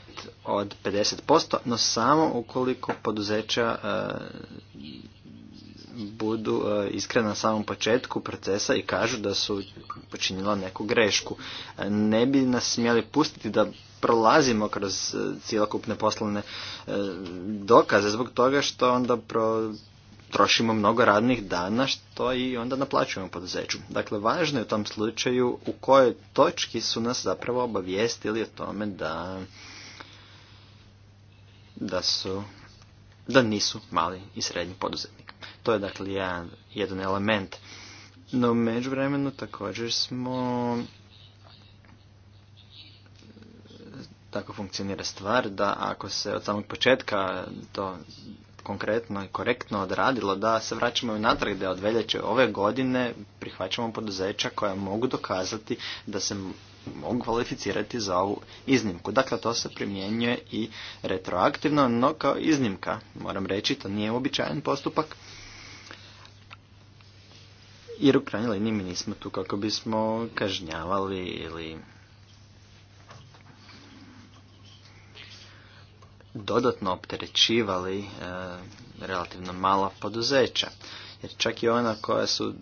od 50%, no samo ukoliko poduzeća e, budu e, iskrena na samom početku procesa i kažu da su počinila neku grešku. Ne bi nas smjeli pustiti da prolazimo kroz cijelokupne poslovne dokaze zbog toga što onda pro trošimo mnogo radnih dana što i onda naplaćujemo poduzeću. Dakle, važno je u tom slučaju u kojoj točki su nas zapravo obavijestili o tome da da su da nisu mali i srednji poduzetnik. To je dakle jedan, jedan element. No međuvremeno, međuvremenu također smo tako funkcionira stvar da ako se od samog početka to konkretno i korektno odradilo da se vraćamo unatrag natrag da od veljače ove godine prihvaćamo poduzeća koja mogu dokazati da se mogu kvalificirati za ovu iznimku. Dakle, to se primjenjuje i retroaktivno, no kao iznimka. Moram reći, to nije uobičajen postupak. Jer u krajnjoj liniji mi nismo tu kako bismo kažnjavali ili dodatno opterećivali e, relativno mala poduzeća. Jer čak i ona koja su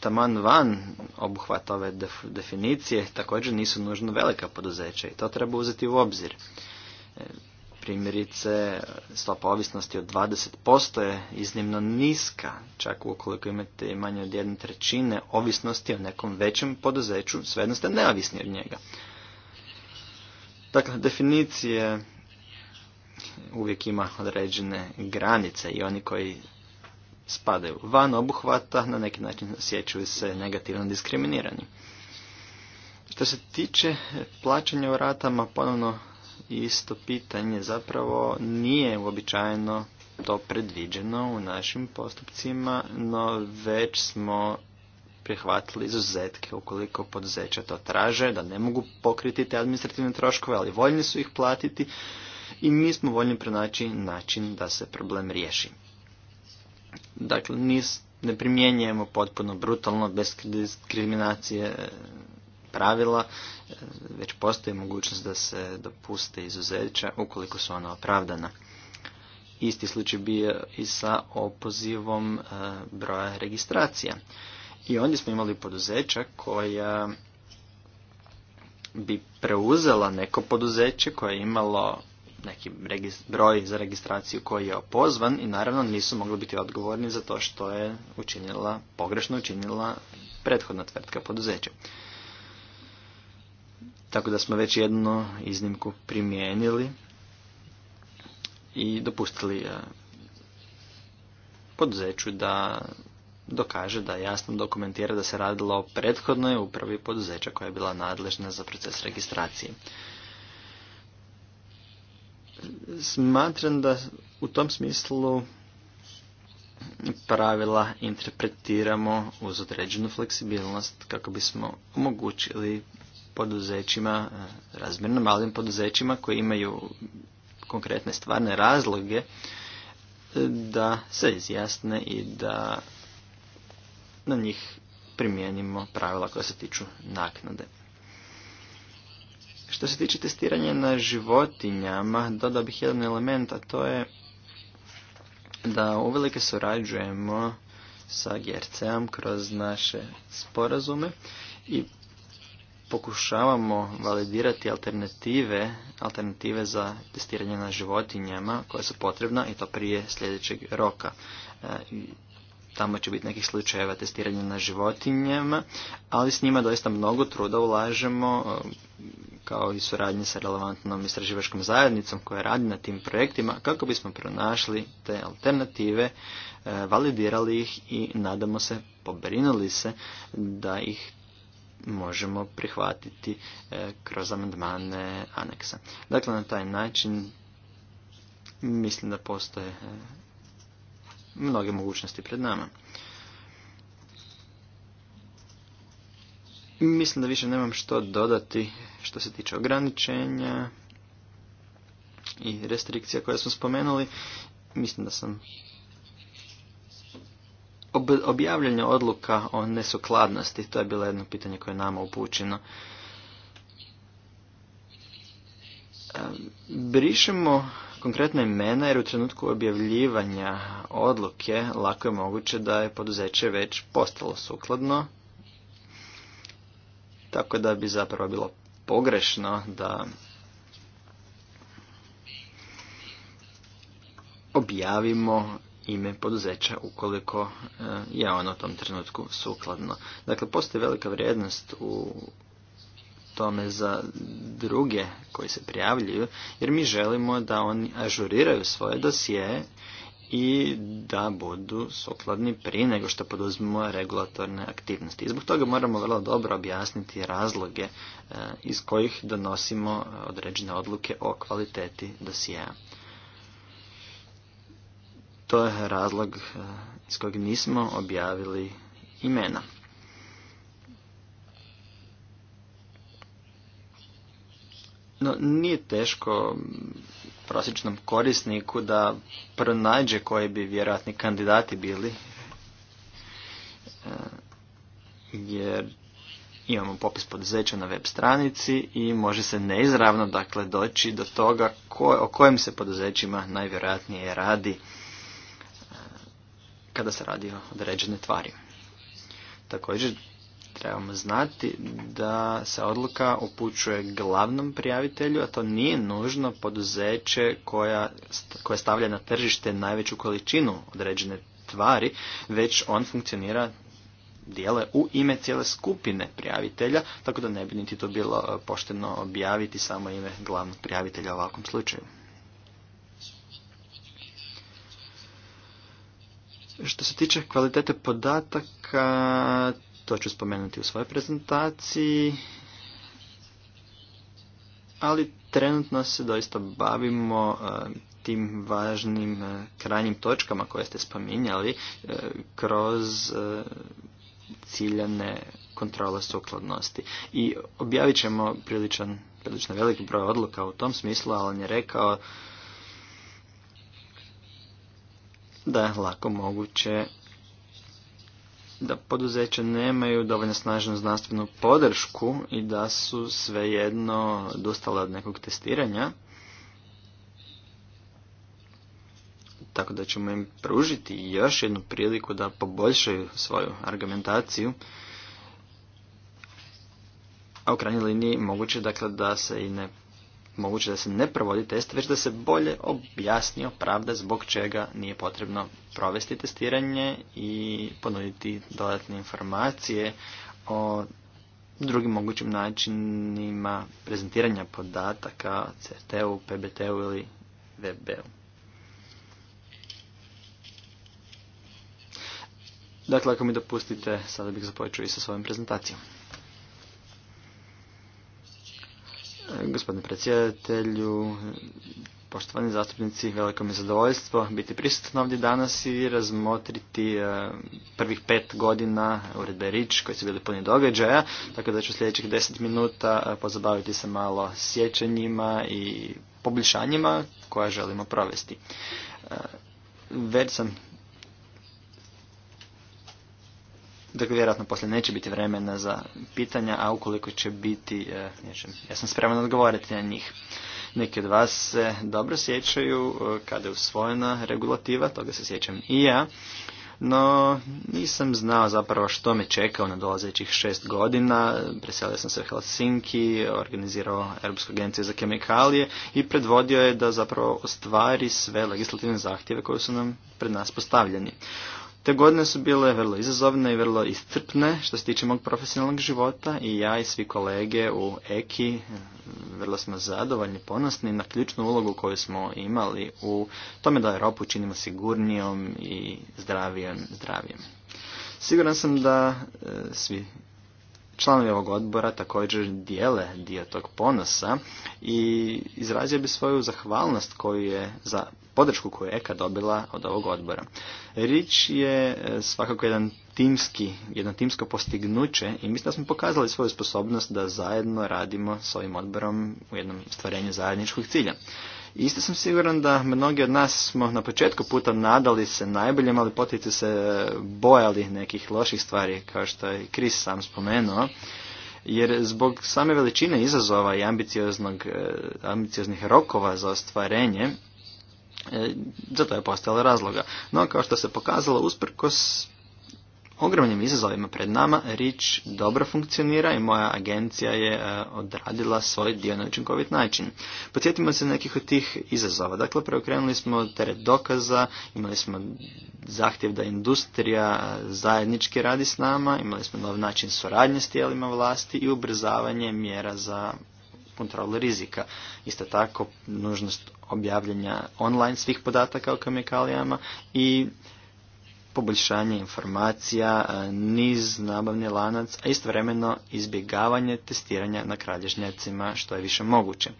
taman van obuhvata ove definicije također nisu nužno velika poduzeća i to treba uzeti u obzir. E, primjerice, stopa ovisnosti od 20% je iznimno niska, čak ukoliko imate manje od jedne trećine ovisnosti o nekom većem poduzeću, svejedno ste neovisni od njega. Dakle, definicije uvijek ima određene granice i oni koji spadaju van obuhvata na neki način osjećaju se negativno diskriminirani. Što se tiče plaćanja u ratama, ponovno isto pitanje zapravo nije uobičajeno to predviđeno u našim postupcima, no već smo prihvatili izuzetke ukoliko poduzeća to traže, da ne mogu pokriti te administrativne troškove, ali voljni su ih platiti i mi smo voljni pronaći način da se problem riješi. Dakle, nis, ne primjenjujemo potpuno brutalno, bez diskriminacije e, pravila, e, već postoji mogućnost da se dopuste izuzeća ukoliko su ona opravdana. Isti slučaj bio i sa opozivom e, broja registracija. I onda smo imali poduzeća koja bi preuzela neko poduzeće koje je imalo neki broj za registraciju koji je opozvan i naravno nisu mogli biti odgovorni za to što je učinila, pogrešno učinila prethodna tvrtka poduzeća. Tako da smo već jednu iznimku primijenili i dopustili e, poduzeću da dokaže da jasno dokumentira da se radilo o prethodnoj upravi poduzeća koja je bila nadležna za proces registracije smatram da u tom smislu pravila interpretiramo uz određenu fleksibilnost kako bismo omogućili poduzećima, e, razmjerno malim poduzećima koji imaju konkretne stvarne razloge e, da se izjasne i da na njih primijenimo pravila koja se tiču naknade. Što se tiče testiranja na životinjama, dodao bih jedan element, a to je da uvelike surađujemo sa grc kroz naše sporazume i pokušavamo validirati alternative, alternative za testiranje na životinjama koje su potrebna i to prije sljedećeg roka. E, tamo će biti nekih slučajeva testiranja na životinjama, ali s njima doista mnogo truda ulažemo, e, kao i suradnje sa relevantnom istraživačkom zajednicom koja radi na tim projektima, kako bismo pronašli te alternative, e, validirali ih i nadamo se, pobrinuli se da ih možemo prihvatiti e, kroz amandmane aneksa. Dakle, na taj način mislim da postoje mnoge mogućnosti pred nama. Mislim da više nemam što dodati što se tiče ograničenja i restrikcija koje smo spomenuli. Mislim da sam objavljanje odluka o nesukladnosti, to je bilo jedno pitanje koje je nama upućeno. Brišemo konkretna imena jer u trenutku objavljivanja odluke lako je moguće da je poduzeće već postalo sukladno. Tako da bi zapravo bilo pogrešno da objavimo ime poduzeća ukoliko e, je ono u tom trenutku sukladno. Dakle, postoji velika vrijednost u tome za druge koji se prijavljuju, jer mi želimo da oni ažuriraju svoje dosije i da budu sukladni prije nego što poduzmemo regulatorne aktivnosti. I zbog toga moramo vrlo dobro objasniti razloge e, iz kojih donosimo određene odluke o kvaliteti dosijeja. To je razlog e, iz kojeg nismo objavili imena. No, nije teško prosječnom korisniku da pronađe koji bi vjerojatni kandidati bili. E, jer imamo popis poduzeća na web stranici i može se neizravno dakle doći do toga ko, o kojim se poduzećima najvjerojatnije radi e, kada se radi o određene tvari. Također trebamo znati da se odluka upućuje glavnom prijavitelju, a to nije nužno poduzeće koja, koje stavlja na tržište najveću količinu određene tvari, već on funkcionira dijele u ime cijele skupine prijavitelja, tako da ne bi niti to bilo e, pošteno objaviti samo ime glavnog prijavitelja u ovakvom slučaju. Što se tiče kvalitete podataka, to ću spomenuti u svojoj prezentaciji, ali trenutno se doista bavimo e, tim važnim e, krajnjim točkama koje ste spominjali e, kroz ciljane kontrole sukladnosti. I objavit ćemo priličan, prilično veliki broj odluka u tom smislu, ali on je rekao da je lako moguće da poduzeća nemaju dovoljno snažnu znanstvenu podršku i da su svejedno dostale od nekog testiranja. Tako da ćemo im pružiti još jednu priliku da poboljšaju svoju argumentaciju. A u krajnjoj liniji moguće dakle da se i ne moguće da se ne provodi test, već da se bolje objasni opravda zbog čega nije potrebno provesti testiranje i ponuditi dodatne informacije o drugim mogućim načinima prezentiranja podataka CRT-u, PBT-u ili VB-u. Dakle, ako mi dopustite, sada bih započeo i sa svojim prezentacijom. Gospodine predsjedatelju, poštovani zastupnici, veliko mi je zadovoljstvo biti prisutan ovdje danas i razmotriti e, prvih pet godina uredbe Rič koji su bili puni događaja, tako da ću sljedećih deset minuta e, pozabaviti se malo sjećanjima i poboljšanjima koja želimo provesti. E, već sam Dakle, vjerojatno poslije neće biti vremena za pitanja, a ukoliko će biti, e, ja sam spreman odgovoriti na njih. Neki od vas se dobro sjećaju e, kada je usvojena regulativa, toga se sjećam i ja, no nisam znao zapravo što me čekao na dolazećih šest godina. Preselio sam se u Helsinki, organizirao Europsku agenciju za kemikalije i predvodio je da zapravo ostvari sve legislativne zahtjeve koje su nam pred nas postavljeni. Te godine su bile vrlo izazovne i vrlo iscrpne što se tiče mog profesionalnog života i ja i svi kolege u EKI eh, vrlo smo zadovoljni, ponosni na ključnu ulogu koju smo imali u tome da Europu činimo sigurnijom i zdravijom, zdravijom. Siguran sam da eh, svi članovi ovog odbora također dijele dio tog ponosa i izrazio bi svoju zahvalnost koju je za podršku koju je EKA dobila od ovog odbora. Rič je e, svakako jedan timski, jedno timsko postignuće i mislim da smo pokazali svoju sposobnost da zajedno radimo s ovim odborom u jednom stvarenju zajedničkog cilja. Isto sam siguran da mnogi od nas smo na početku puta nadali se najboljem, ali potici se bojali nekih loših stvari, kao što je Kris sam spomenuo jer zbog same veličine izazova i ambicioznog, e, ambicioznih rokova za ostvarenje E, za to je postala razloga. No, kao što se pokazalo, usprkos ogromnim izazovima pred nama, Rič dobro funkcionira i moja agencija je e, odradila svoj dio na učinkovit način. Podsjetimo se nekih od tih izazova. Dakle, preokrenuli smo teret dokaza, imali smo zahtjev da industrija e, zajednički radi s nama, imali smo nov način suradnje s tijelima vlasti i ubrzavanje mjera za kontrolu rizika. Isto tako, nužnost objavljanja online svih podataka o kemikalijama i poboljšanje informacija, e, niz nabavni lanac, a istovremeno izbjegavanje testiranja na kralježnjacima što je više moguće.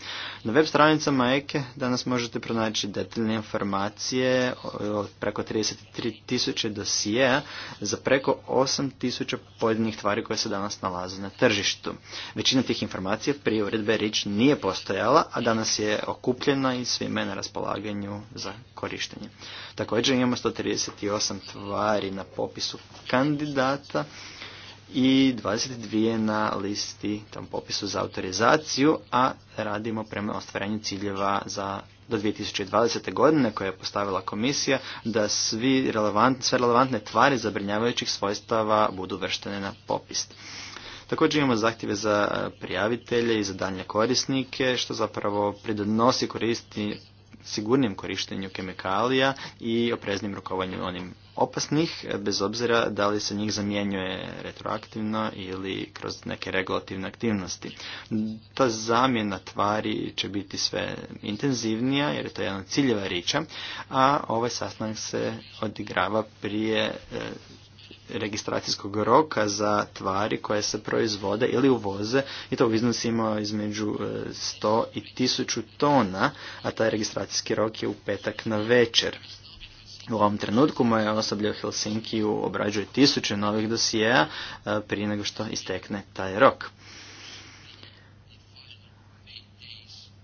Na web stranicama EKE e danas možete pronaći detaljne informacije od preko 33.000 dosijeja za preko 8.000 pojedinih tvari koje se danas nalaze na tržištu. Većina tih informacija prije uredbe RIČ nije postojala, a danas je okupljena i svime na raspolaganju za korištenje. Također imamo 138 tvari na popisu kandidata i 22 na listi tom popisu za autorizaciju, a radimo prema ostvarenju ciljeva za do 2020. godine koje je postavila komisija da svi sve relevantne tvari zabrinjavajućih svojstava budu vrštene na popis. Također imamo zahtjeve za prijavitelje i za dalje korisnike, što zapravo pridonosi koristi, sigurnim korištenju kemikalija i opreznim rukovanju onim opasnih, bez obzira da li se njih zamjenjuje retroaktivno ili kroz neke regulativne aktivnosti. Ta zamjena tvari će biti sve intenzivnija jer je to jedna ciljeva riča, a ovaj sastanak se odigrava prije e, registracijskog roka za tvari koje se proizvode ili uvoze i to u iznosima između 100 e, i 1000 tona, a taj registracijski rok je u petak na večer. U ovom trenutku moje osoblje u Helsinkiju obrađuje tisuće novih dosijeja e, prije nego što istekne taj rok.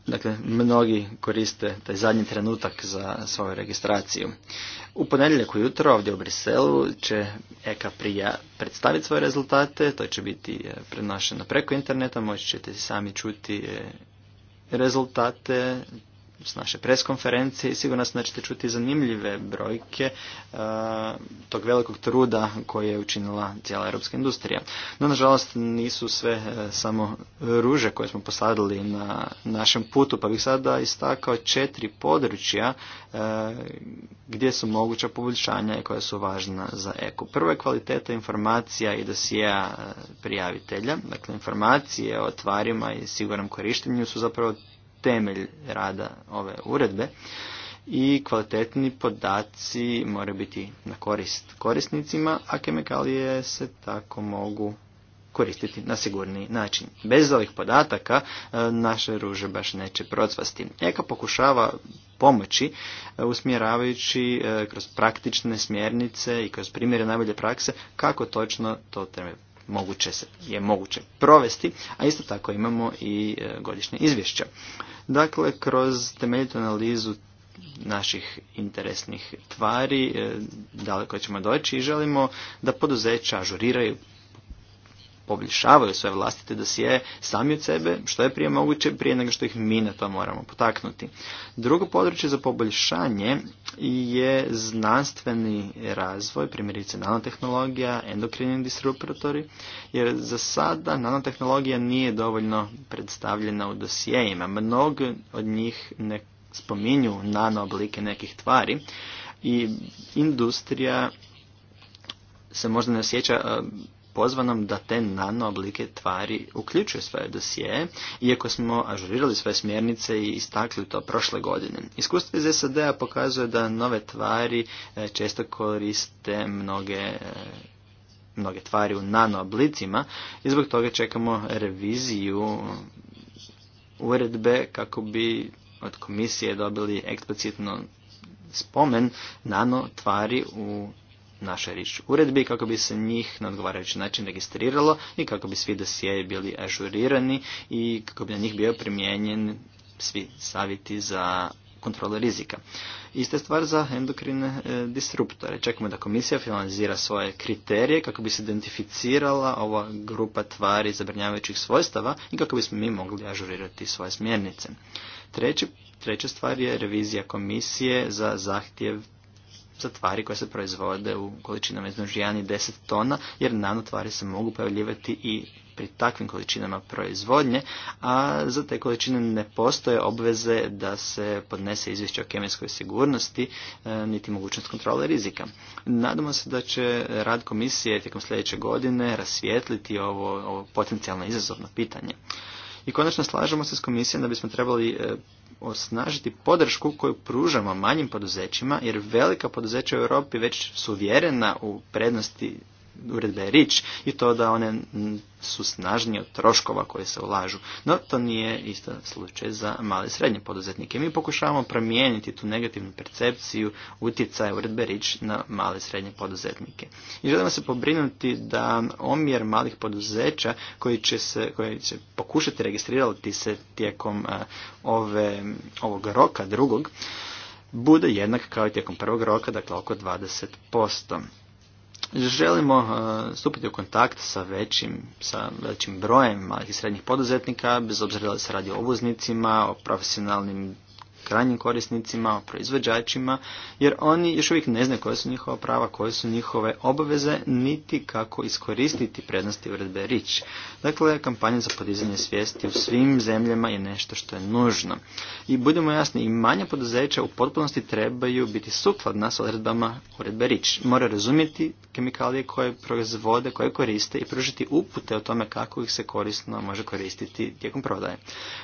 Dakle, mnogi koriste taj zadnji trenutak za svoju registraciju. U ponedjeljak ujutro ovdje u Briselu će EKA prija predstaviti svoje rezultate, to će biti e, prenošeno preko interneta, moći ćete sami čuti e, rezultate s naše preskonferencije i sigurno sam da ćete čuti zanimljive brojke e, tog velikog truda koje je učinila cijela europska industrija. No, nažalost, nisu sve e, samo ruže koje smo posadili na našem putu, pa bih sada istakao četiri područja e, gdje su moguća poboljšanja i koja su važna za eko. Prvo je kvaliteta informacija i dosija prijavitelja. Dakle, informacije o tvarima i sigurnom korištenju su zapravo temelj rada ove uredbe i kvalitetni podaci moraju biti na korist korisnicima, a kemikalije se tako mogu koristiti na sigurniji način. Bez ovih podataka e, naše ruže baš neće procvasti. Eka pokušava pomoći e, usmjeravajući e, kroz praktične smjernice i kroz primjere najbolje prakse kako točno to treba moguće se, je moguće provesti, a isto tako imamo i e, godišnje izvješća. Dakle, kroz temeljitu analizu naših interesnih tvari, e, daleko ćemo doći i želimo da poduzeća ažuriraju poboljšavaju svoje vlastite dosije sami od sebe, što je prije moguće, prije nego što ih mi na to moramo potaknuti. Drugo područje za poboljšanje je znanstveni razvoj, primjerice nanotehnologija, endokrini disruptori, jer za sada nanotehnologija nije dovoljno predstavljena u dosijejima. Mnogi od njih ne spominju nanooblike nekih tvari i industrija se možda ne osjeća pozvanom da te nano oblike tvari uključuje svoje dosije, iako smo ažurirali svoje smjernice i istakli to prošle godine. Iskustvo iz SAD-a pokazuje da nove tvari e, često koriste mnoge e, mnoge tvari u nano oblicima i zbog toga čekamo reviziju uredbe kako bi od komisije dobili eksplicitno spomen nano tvari u naše rič uredbi kako bi se njih na odgovarajući način registriralo i kako bi svi dosjeji bili ažurirani i kako bi na njih bio primijenjen svi savjeti za kontrole rizika. Ista stvar za endokrine e, disruptore. Čekamo da komisija finalizira svoje kriterije kako bi se identificirala ova grupa tvari zabrinjavajućih svojstava i kako bismo mi mogli ažurirati svoje smjernice. Treći, treća stvar je revizija komisije za zahtjev za tvari koje se proizvode u količinama između 1 i 10 tona, jer nanotvari se mogu pojavljivati i pri takvim količinama proizvodnje, a za te količine ne postoje obveze da se podnese izvješće o kemijskoj sigurnosti, e, niti mogućnost kontrole rizika. Nadamo se da će rad komisije tijekom sljedeće godine rasvijetliti ovo, ovo potencijalno izazovno pitanje. I konačno slažemo se s komisijom da bismo trebali e, osnažiti podršku koju pružamo manjim poduzećima, jer velika poduzeća u Europi već su vjerena u prednosti uredbe Rič i to da one su snažnije od troškova koje se ulažu. No, to nije isto slučaj za male i srednje poduzetnike. Mi pokušavamo promijeniti tu negativnu percepciju utjecaja uredbe Rič na male i srednje poduzetnike. I želimo se pobrinuti da omjer malih poduzeća koji će, se, koji će pokušati registrirati se tijekom ove, ovog roka drugog, bude jednak kao i tijekom prvog roka, dakle oko 20% želimo e, stupiti u kontakt sa većim, sa većim brojem malih i srednjih poduzetnika, bez obzira da se radi o obuznicima, o profesionalnim krajnjim korisnicima, proizvođačima, jer oni još uvijek ne znaju koje su njihova prava, koje su njihove obaveze, niti kako iskoristiti prednosti uredbe RIČ. Dakle, kampanja za podizanje svijesti u svim zemljama je nešto što je nužno. I budemo jasni, i manja poduzeća u potpunosti trebaju biti sukladna s odredbama uredbe RIČ. Mora razumjeti kemikalije koje proizvode, koje koriste i pružiti upute o tome kako ih se korisno može koristiti tijekom prodaje.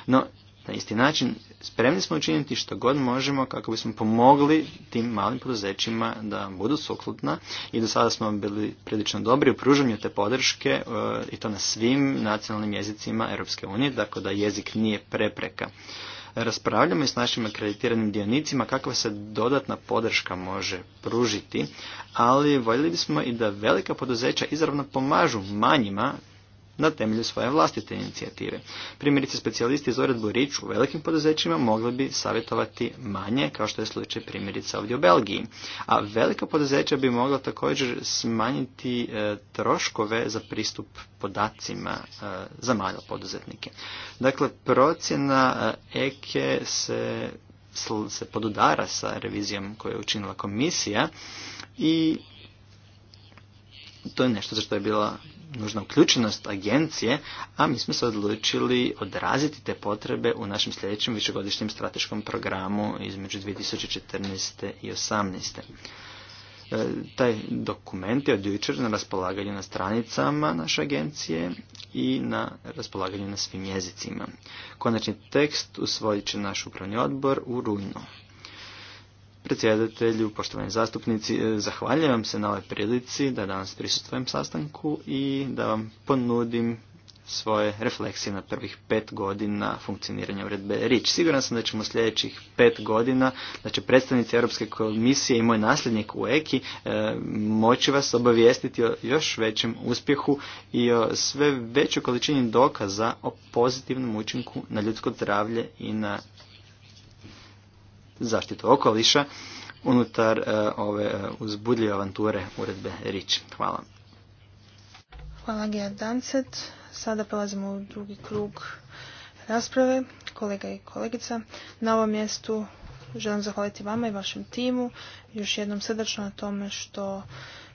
No, na isti način spremni smo učiniti što god možemo kako bismo pomogli tim malim poduzećima da budu sukladna i do sada smo bili prilično dobri u pružanju te podrške e, i to na svim nacionalnim jezicima Europske unije, tako da jezik nije prepreka. Raspravljamo i s našim akreditiranim dionicima kakva se dodatna podrška može pružiti, ali voljeli bismo i da velika poduzeća izravno pomažu manjima na temelju svoje vlastite inicijative. Primjerice specijalisti iz uredbu Rič u velikim poduzećima mogli bi savjetovati manje, kao što je slučaj primjerice ovdje u Belgiji. A velika poduzeća bi mogla također smanjiti e, troškove za pristup podacima e, za male poduzetnike. Dakle, procjena EKE e se, se podudara sa revizijom koju je učinila komisija i to je nešto za što je bila nužna uključenost agencije, a mi smo se odlučili odraziti te potrebe u našem sljedećem višegodišnjem strateškom programu između 2014. i 2018. E, taj dokument je od jučer na raspolaganju na stranicama naše agencije i na raspolaganju na svim jezicima. Konačni tekst usvojit će naš upravni odbor u rujnu. Predsjedatelju, poštovani zastupnici, e, zahvaljujem vam se na ovoj prilici da danas prisustvujem sastanku i da vam ponudim svoje refleksije na prvih pet godina funkcioniranja uredbe Rič. Siguran sam da ćemo sljedećih pet godina, da će predstavnici Europske komisije i moj nasljednik u EKI e, moći vas obavijestiti o još većem uspjehu i o sve većoj količini dokaza o pozitivnom učinku na ljudsko zdravlje i na zaštitu okoliša unutar e, ove e, uzbudljive avanture uredbe Rič. Hvala. Hvala Gija Dancet. Sada prelazimo u drugi krug rasprave, kolega i kolegica. Na ovom mjestu želim zahvaliti vama i vašem timu. Još jednom srdačno na tome što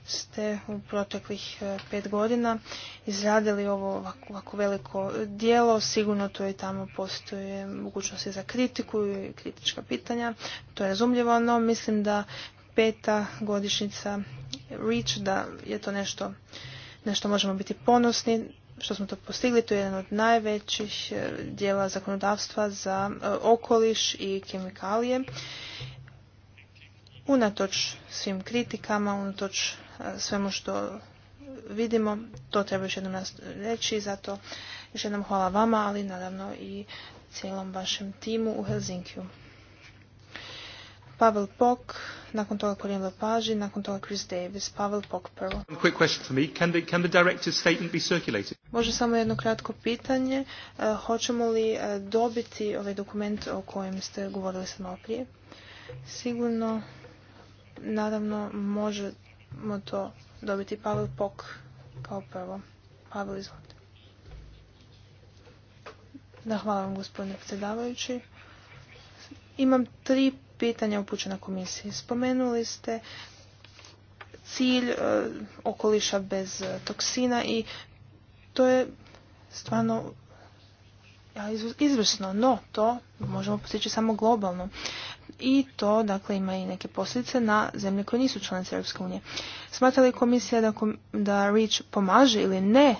ste u proteklih e, pet godina izradili ovo ovako, veliko dijelo. Sigurno to i tamo postoje mogućnosti za kritiku i kritička pitanja. To je razumljivo, no mislim da peta godišnica REACH, da je to nešto što možemo biti ponosni što smo to postigli. To je jedan od najvećih e, dijela zakonodavstva za e, okoliš i kemikalije. Unatoč svim kritikama, unatoč svemu što vidimo. To treba još jednom reći, zato još jednom hvala vama, ali naravno i cijelom vašem timu u Helsinkiju. Pavel Pok, nakon toga Corinne nakon toga Chris Davis. Pavel Pok prvo. Može samo jedno kratko pitanje. E, hoćemo li e, dobiti ovaj dokument o kojem ste govorili sad prije? Sigurno, naravno, može ćemo to dobiti Pavel Pok kao prvo. Pavel, izvolite. Da, vam gospodine predsjedavajući. Imam tri pitanja upućena komisiji. Spomenuli ste cilj e, okoliša bez e, toksina i to je stvarno ja, izvrsno, no to možemo postići samo globalno i to dakle ima i neke posljedice na zemlje koje nisu članice Europske unije. Smatra li komisija da, da REACH pomaže ili ne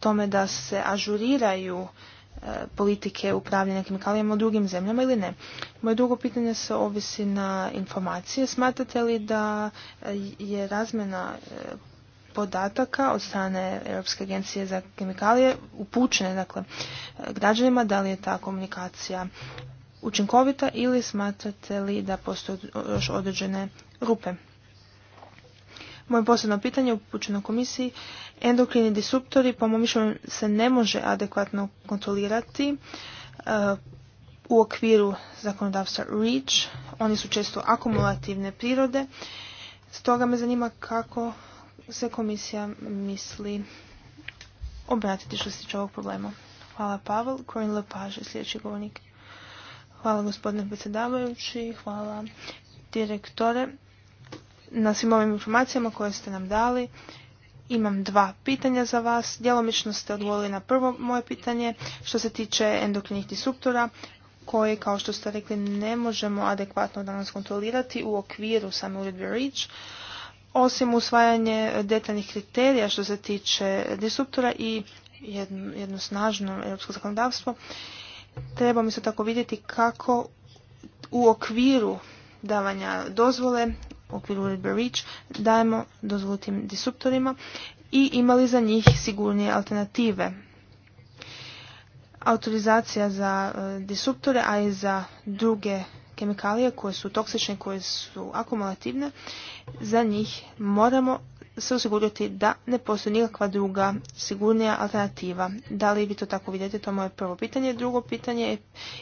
tome da se ažuriraju e, politike upravljanja kemikalijama u drugim zemljama ili ne. Moje drugo pitanje se ovisi na informacije. Smatrate li da e, je razmjena e, podataka od strane Europske agencije za kemikalije upućene dakle, građanima, da li je ta komunikacija učinkovita ili smatrate li da postoje još određene rupe? Moje posebno pitanje upućeno komisiji, endokrini disruptori po mom mišljenju se ne može adekvatno kontrolirati e, u okviru zakonodavstva REACH. Oni su često akumulativne prirode. Stoga me zanima kako se komisija misli obratiti što se tiče ovog problema. Hvala Pavel. Corinne Lepage sljedeći govornik. Hvala gospodine predsjedavajući, hvala direktore na svim ovim informacijama koje ste nam dali. Imam dva pitanja za vas. Djelomično ste odgovorili na prvo moje pitanje što se tiče endokrinih disruptora koje, kao što ste rekli, ne možemo adekvatno danas kontrolirati u okviru same uredbe REACH, osim usvajanje detaljnih kriterija što se tiče disruptora i jedno snažno europsko zakonodavstvo mi se tako vidjeti kako u okviru davanja dozvole, u okviru uredbe REACH, dajemo dozvolu tim disruptorima i imali za njih sigurnije alternative. Autorizacija za e, disuptore, a i za druge kemikalije koje su toksične, koje su akumulativne, za njih moramo se osigurati da ne postoji nikakva druga sigurnija alternativa. Da li vi to tako vidite, to je moje prvo pitanje. Drugo pitanje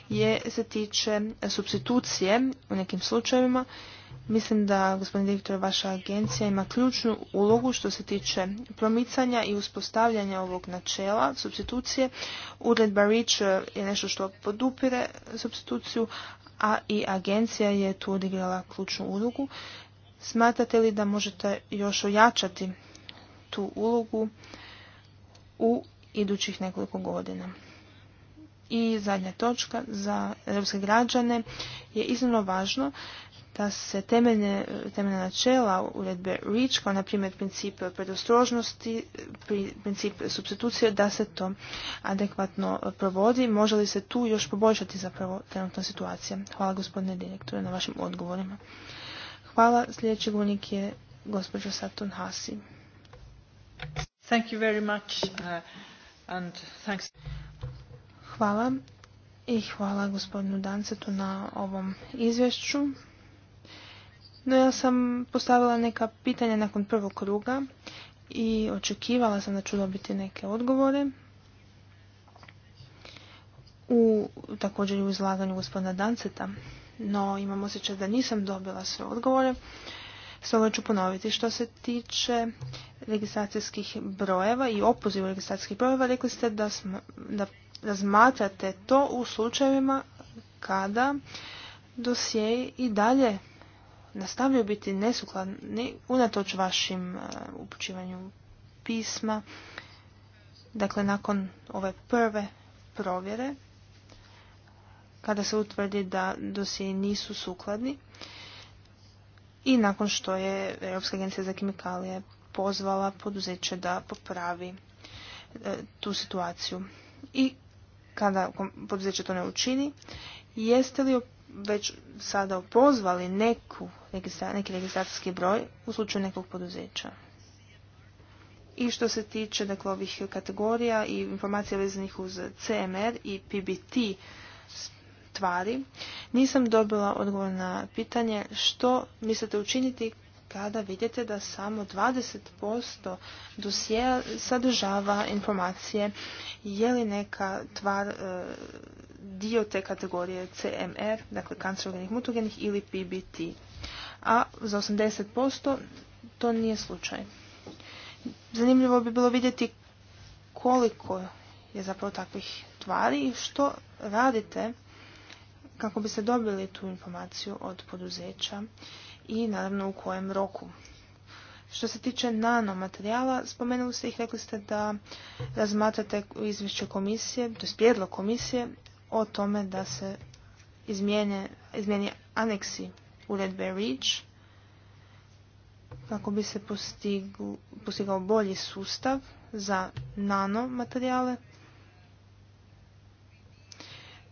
je se tiče substitucije u nekim slučajevima. Mislim da, gospodin direktor, vaša agencija ima ključnu ulogu što se tiče promicanja i uspostavljanja ovog načela substitucije. Uredba REACH je nešto što podupire substituciju, a i agencija je tu odigrala ključnu ulogu. Smatrate li da možete još ojačati tu ulogu u idućih nekoliko godina? I zadnja točka za europske građane je iznimno važno da se temeljne, načela uredbe REACH, kao na primjer princip predostrožnosti, princip substitucije, da se to adekvatno provodi. Može li se tu još poboljšati zapravo trenutna situacija? Hvala gospodine direktore na vašim odgovorima. Hvala. Sljedeći govornik je gospođa Satun Hasi. Thank you very much, uh, and thanks. Hvala i hvala gospodinu Dancetu na ovom izvješću. No ja sam postavila neka pitanja nakon prvog kruga i očekivala sam da ću dobiti neke odgovore. U, također i u izlaganju gospodina Danceta no imam osjećaj da nisam dobila sve odgovore. Stoga ću ponoviti što se tiče registracijskih brojeva i opozivu registracijskih brojeva. Rekli ste da, sm, da razmatrate to u slučajevima kada dosjeji i dalje nastavljaju biti nesukladni unatoč vašim e, upućivanju pisma. Dakle, nakon ove prve provjere kada se utvrdi da dosije nisu sukladni i nakon što je Europska agencija za kemikalije pozvala poduzeće da popravi e, tu situaciju. I kada poduzeće to ne učini, jeste li već sada opozvali neki registracijski broj u slučaju nekog poduzeća? I što se tiče dakle, ovih kategorija i informacija vezanih uz CMR i PBT tvari. Nisam dobila odgovor na pitanje što mislite učiniti kada vidite da samo 20% dosije sadržava informacije je li neka tvar e, dio te kategorije CMR, dakle kancerogenih mutogenih ili PBT. A za 80% to nije slučaj. Zanimljivo bi bilo vidjeti koliko je zapravo takvih tvari i što radite kako biste dobili tu informaciju od poduzeća i naravno u kojem roku. Što se tiče nanomaterijala, spomenuli ste ih, rekli ste da razmatrate izvješće komisije, to prijedlog komisije, o tome da se izmijene, izmijeni aneksi uredbe REACH, kako bi se postigao, postigao bolji sustav za nanomaterijale.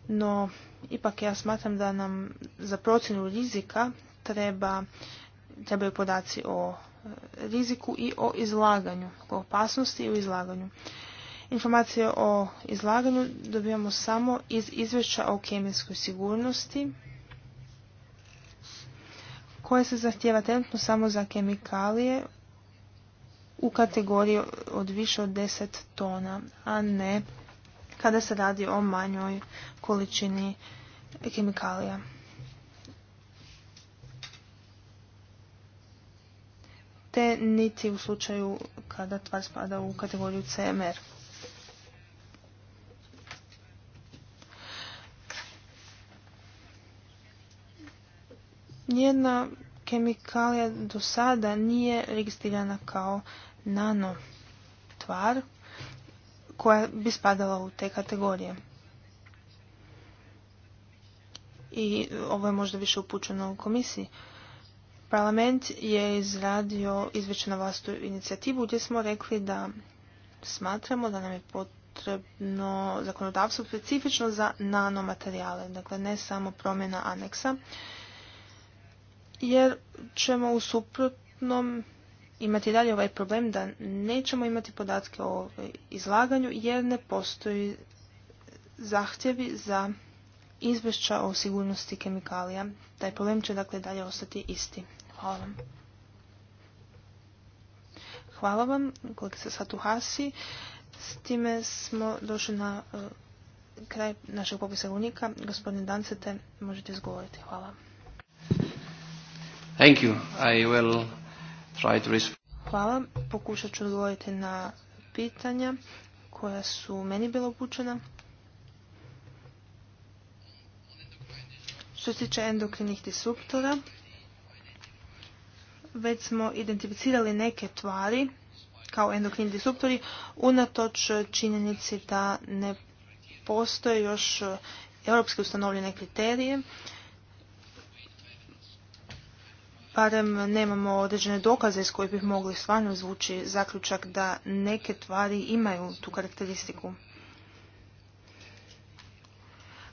No, ipak ja smatram da nam za procjenu rizika treba, trebaju podaci o e, riziku i o izlaganju, o opasnosti i o izlaganju. Informacije o izlaganju dobijamo samo iz izvješća o kemijskoj sigurnosti koje se zahtjeva trenutno samo za kemikalije u kategoriji od više od 10 tona, a ne kada se radi o manjoj količini kemikalija. Te niti u slučaju kada tvar spada u kategoriju CMR. Nijedna kemikalija do sada nije registrirana kao nano tvar koja bi spadala u te kategorije. I ovo je možda više upućeno u komisiji. Parlament je izradio izveće na vlastu inicijativu gdje smo rekli da smatramo da nam je potrebno zakonodavstvo specifično za nanomaterijale, dakle ne samo promjena aneksa, jer ćemo u suprotnom imati dalje ovaj problem da nećemo imati podatke o izlaganju jer ne postoji zahtjevi za izvješća o sigurnosti kemikalija. Taj problem će dakle dalje ostati isti. Hvala vam. Hvala vam, sad uhasi. S time smo došli na e, kraj našeg popisa unika. Gospodine Dancete, možete izgovoriti. Hvala. Thank Hvala. Pokušat ću odgovoriti na pitanja koja su meni bila upućena. Što se tiče endokrinih disruptora, već smo identificirali neke tvari kao endokrini disruptori unatoč činjenici da ne postoje još europske ustanovljene kriterije barem nemamo određene dokaze iz kojih bih mogli stvarno zvući zaključak da neke tvari imaju tu karakteristiku.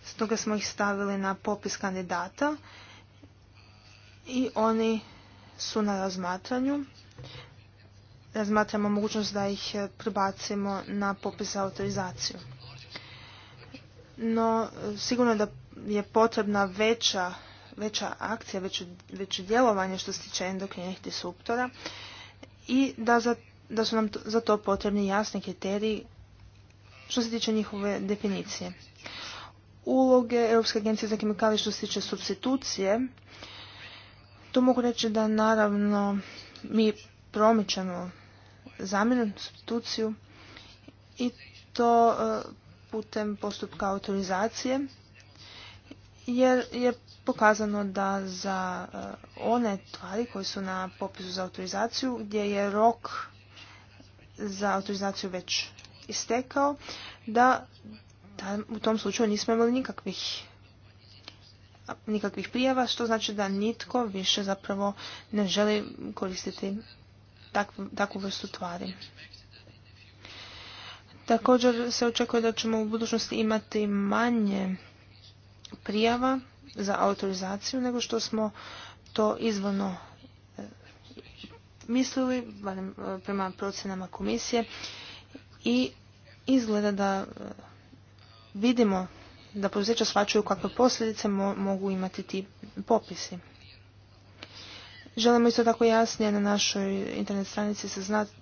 Stoga smo ih stavili na popis kandidata i oni su na razmatranju. Razmatramo mogućnost da ih prebacimo na popis za autorizaciju. No, sigurno je da je potrebna veća veća akcija, veće, djelovanje što se tiče endokrinih disruptora i da, su nam za to potrebni jasni kriteriji što se tiče njihove definicije. Uloge Europske agencije za kemikalije što se tiče substitucije, to mogu reći da naravno mi promičemo zamjenu, substituciju i to e, putem postupka autorizacije jer je pokazano da za e, one tvari koje su na popisu za autorizaciju, gdje je rok za autorizaciju već istekao, da, u tom slučaju nismo imali nikakvih nikakvih prijava, što znači da nitko više zapravo ne želi koristiti takvu vrstu tvari. Također se očekuje da ćemo u budućnosti imati manje prijava za autorizaciju nego što smo to izvorno e, mislili, e, prema procenama komisije i izgleda da e, vidimo da poduzeća svačuju kakve posljedice mogu imati ti popisi. Želimo isto tako jasnije na našoj internet stranici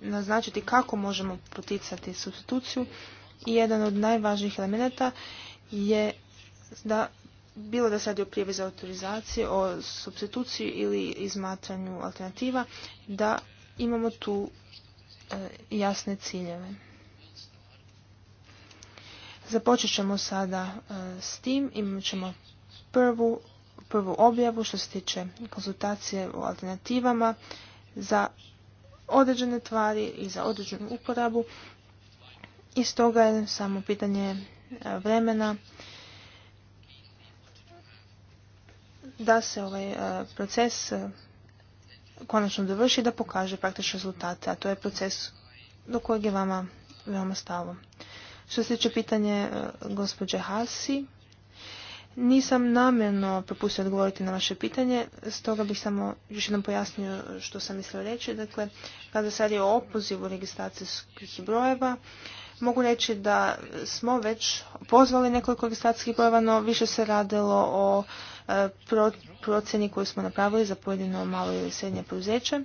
naznačiti kako možemo poticati substituciju i jedan od najvažnijih elemenata je da bilo da se radi o prijevi za autorizacije, o substituciji ili izmatranju alternativa, da imamo tu e, jasne ciljeve. Započet ćemo sada e, s tim, imat ćemo prvu, prvu objavu što se tiče konzultacije o alternativama za određene tvari i za određenu uporabu i stoga je samo pitanje e, vremena da se ovaj e, proces e, konačno dovrši da pokaže praktične rezultate, a to je proces do kojeg je vama veoma stalo. Što se tiče pitanje e, gospođe Hasi, nisam namjerno propustio odgovoriti na vaše pitanje, stoga bih samo još jednom pojasnio što sam mislio reći. Dakle, kada se radi o opozivu registracijskih brojeva, mogu reći da smo već pozvali nekoliko registracijskih brojeva, no više se radilo o procjeni koju smo napravili za pojedino malo ili srednje poduzeće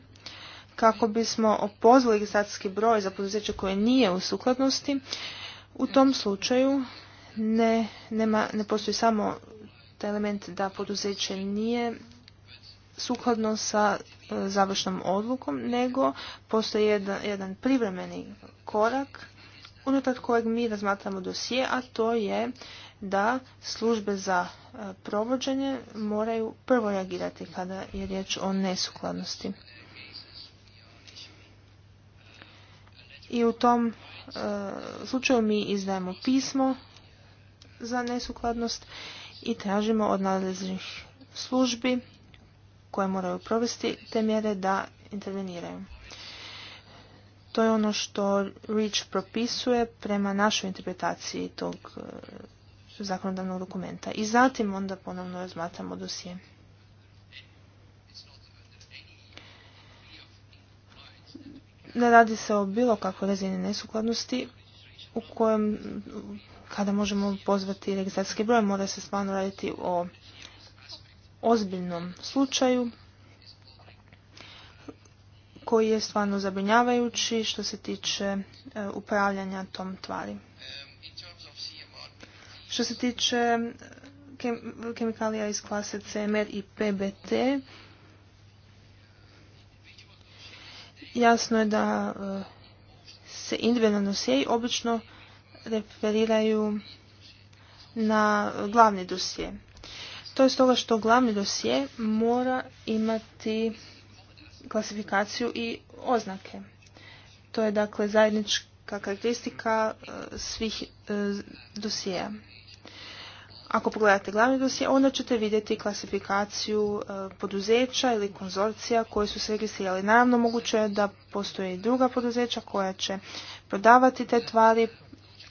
kako bismo opozvali registracijski broj za poduzeće koje nije u sukladnosti. U tom slučaju ne, nema, ne postoji samo taj element da poduzeće nije sukladno sa e, završnom odlukom, nego postoji jedan, jedan privremeni korak unutar kojeg mi razmatramo dosije, a to je da službe za e, provođenje moraju prvo reagirati kada je riječ o nesukladnosti. I u tom e, slučaju mi izdajemo pismo za nesukladnost i tražimo od nadležnih službi koje moraju provesti te mjere da interveniraju. To je ono što REACH propisuje prema našoj interpretaciji tog e, zakonodavnog dokumenta. I zatim onda ponovno razmatramo dosije. Ne radi se o bilo kakvoj razini nesukladnosti u kojem kada možemo pozvati registarski broj mora se stvarno raditi o ozbiljnom slučaju koji je stvarno zabrinjavajući što se tiče e, upravljanja tom tvari. Što se tiče kemikalija iz klase CMR i PBT, jasno je da e, se individualni dosjei obično referiraju na glavni dosje. To je stoga što glavni dosje mora imati klasifikaciju i oznake. To je dakle zajednička karakteristika e, svih e, dosjeja. Ako pogledate glavni dosje, onda ćete vidjeti klasifikaciju e, poduzeća ili konzorcija koji su se registrirali. Naravno, moguće je da postoje i druga poduzeća koja će prodavati te tvari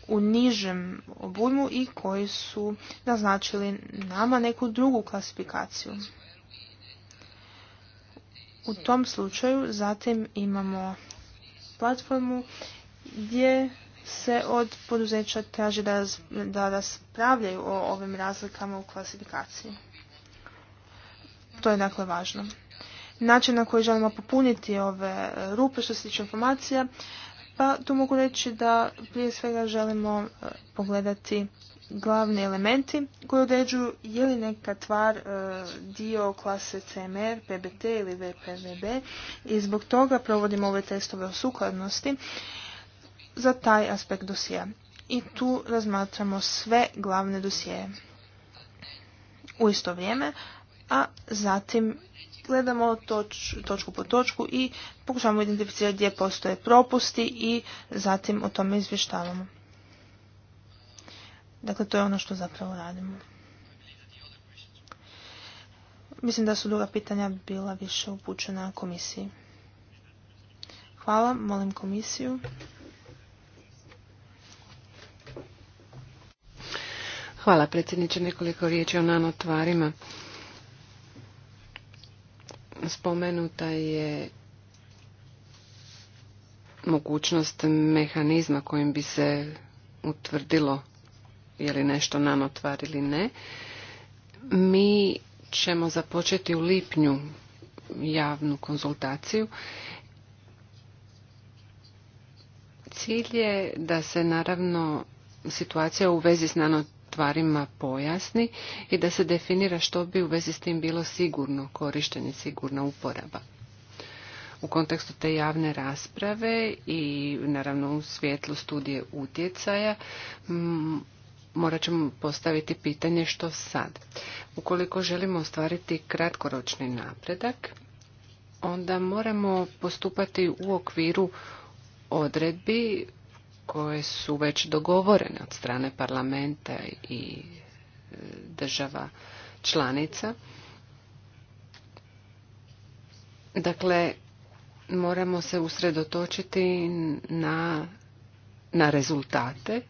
u nižem obujmu i koji su naznačili nama neku drugu klasifikaciju. U tom slučaju zatim imamo platformu gdje se od poduzeća traži da, raspravljaju o ovim razlikama u klasifikaciji. To je dakle važno. Način na koji želimo popuniti ove rupe što se tiče informacija, pa tu mogu reći da prije svega želimo e, pogledati glavni elementi koji određuju je li neka tvar e, dio klase CMR, PBT ili VPVB i zbog toga provodimo ove testove o sukladnosti za taj aspekt dosije. I tu razmatramo sve glavne dosije u isto vrijeme, a zatim gledamo toč, točku po točku i pokušavamo identificirati gdje postoje propusti i zatim o tome izvještavamo. Dakle, to je ono što zapravo radimo. Mislim da su druga pitanja bila više upućena komisiji. Hvala, molim komisiju. Hvala predsjedniče, nekoliko riječi o nanotvarima. Spomenuta je mogućnost mehanizma kojim bi se utvrdilo je li nešto nanotvar ili ne. Mi ćemo započeti u lipnju javnu konzultaciju. Cilj je da se naravno situacija u vezi s nanotvarima tvarima pojasni i da se definira što bi u vezi s tim bilo sigurno korištenje, sigurna uporaba. U kontekstu te javne rasprave i naravno u svjetlu studije utjecaja morat ćemo postaviti pitanje što sad. Ukoliko želimo ostvariti kratkoročni napredak, onda moramo postupati u okviru odredbi koje su već dogovorene od strane parlamenta i e, država članica. Dakle, moramo se usredotočiti na, na rezultate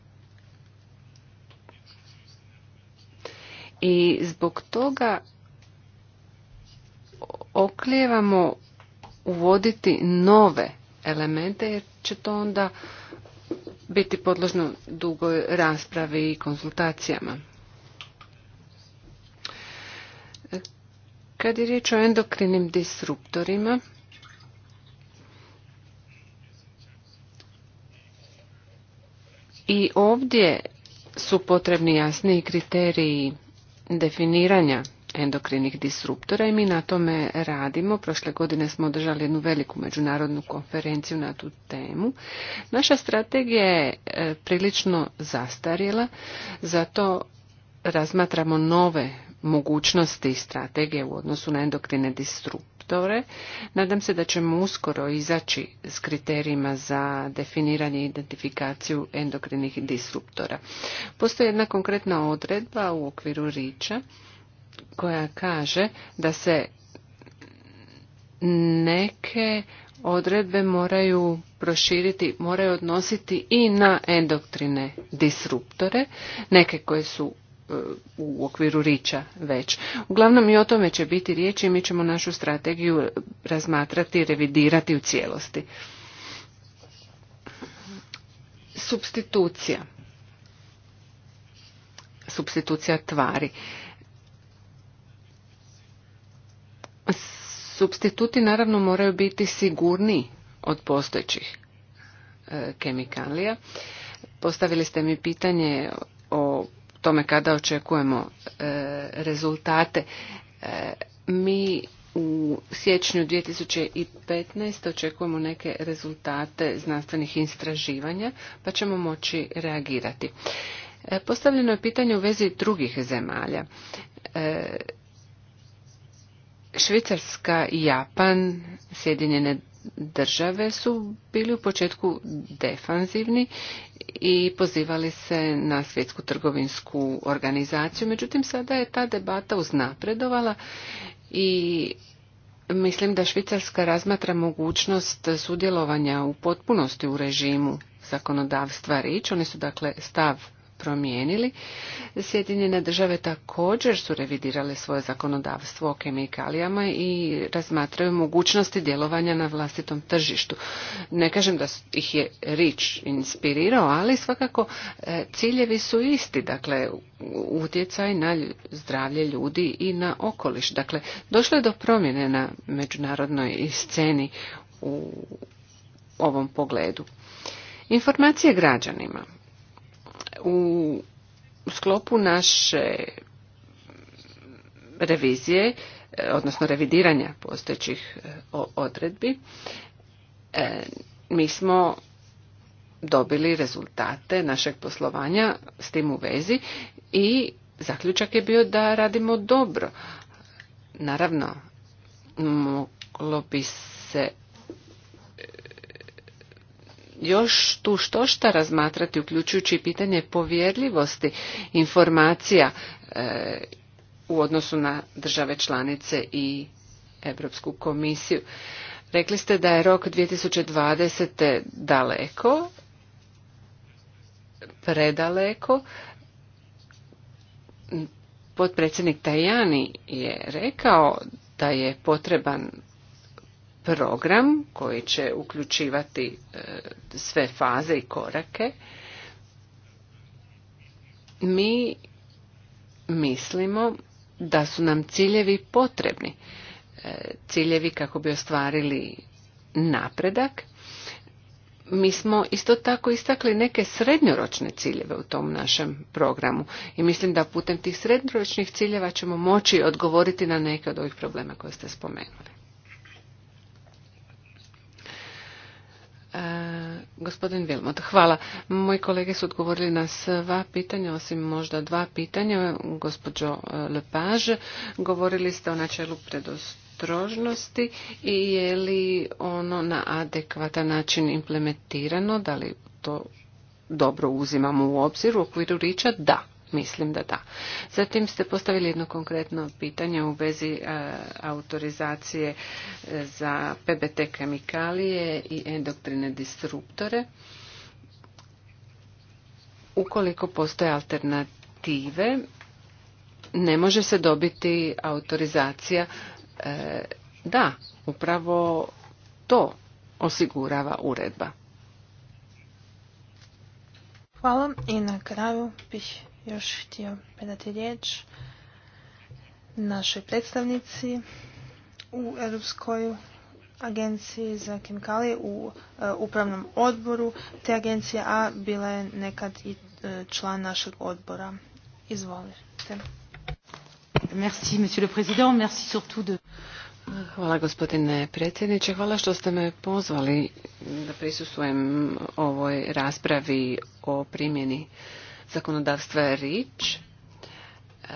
i zbog toga oklijevamo uvoditi nove elemente jer će to onda biti podložno dugoj raspravi i konzultacijama. Kad je riječ o endokrinim disruptorima, i ovdje su potrebni jasniji kriteriji definiranja endokrinih disruptora i mi na tome radimo. Prošle godine smo održali jednu veliku međunarodnu konferenciju na tu temu. Naša strategija je e, prilično zastarjela, zato razmatramo nove mogućnosti i strategije u odnosu na endokrine disruptore. Nadam se da ćemo uskoro izaći s kriterijima za definiranje i identifikaciju endokrinih disruptora. Postoji jedna konkretna odredba u okviru riča koja kaže da se neke odredbe moraju proširiti, moraju odnositi i na endoktrine disruptore, neke koje su e, u okviru riča već. Uglavnom i o tome će biti riječ i mi ćemo našu strategiju razmatrati i revidirati u cijelosti. Substitucija. Substitucija tvari. Substituti naravno moraju biti sigurniji od postojećih e, kemikalija. Postavili ste mi pitanje o tome kada očekujemo e, rezultate. E, mi u siječnju 2015. očekujemo neke rezultate znanstvenih istraživanja, pa ćemo moći reagirati. Postavljeno je pitanje u vezi drugih zemalja. Švicarska i Japan, Sjedinjene države su bili u početku defanzivni i pozivali se na svjetsku trgovinsku organizaciju. Međutim, sada je ta debata uznapredovala i mislim da Švicarska razmatra mogućnost sudjelovanja u potpunosti u režimu zakonodavstva rič. Oni su dakle stav promijenili. Sjedinjene države također su revidirale svoje zakonodavstvo o kemikalijama i razmatraju mogućnosti djelovanja na vlastitom tržištu. Ne kažem da ih je rič inspirirao, ali svakako e, ciljevi su isti, dakle utjecaj na zdravlje ljudi i na okoliš. Dakle, došlo je do promjene na međunarodnoj sceni u ovom pogledu. Informacije građanima u sklopu naše revizije, e, odnosno revidiranja postojećih e, odredbi, e, mi smo dobili rezultate našeg poslovanja s tim u vezi i zaključak je bio da radimo dobro. Naravno, moglo bi se još tu što šta razmatrati, uključujući i pitanje povjerljivosti informacija e, u odnosu na države članice i Europsku komisiju. Rekli ste da je rok 2020. daleko, predaleko. Potpredsjednik Tajani je rekao da je potreban program koji će uključivati e, sve faze i korake. Mi mislimo da su nam ciljevi potrebni. E, ciljevi kako bi ostvarili napredak. Mi smo isto tako istakli neke srednjoročne ciljeve u tom našem programu i mislim da putem tih srednjoročnih ciljeva ćemo moći odgovoriti na neke od ovih problema koje ste spomenuli. Gospodin Vilmot, hvala. Moji kolege su odgovorili na sva pitanja, osim možda dva pitanja. Gospođo eh, Lepage, govorili ste o načelu predostrožnosti i je li ono na adekvatan način implementirano, da li to dobro uzimamo u obzir u okviru riča? Da. Mislim da da. Zatim ste postavili jedno konkretno pitanje u vezi e, autorizacije e, za PBT kemikalije i endoktrine disruptore. Ukoliko postoje alternative, ne može se dobiti autorizacija. E, da, upravo to osigurava uredba. Hvala i na kraju bih još htio predati riječ našoj predstavnici u Europskoj agenciji za kemikalije u e, upravnom odboru te agencije, a bila je nekad i e, član našeg odbora. Izvolite. Merci, monsieur le président. Merci surtout de... Hvala gospodine predsjedniče. Hvala što ste me pozvali da prisustujem ovoj raspravi o primjeni zakonodavstva RIČ. E,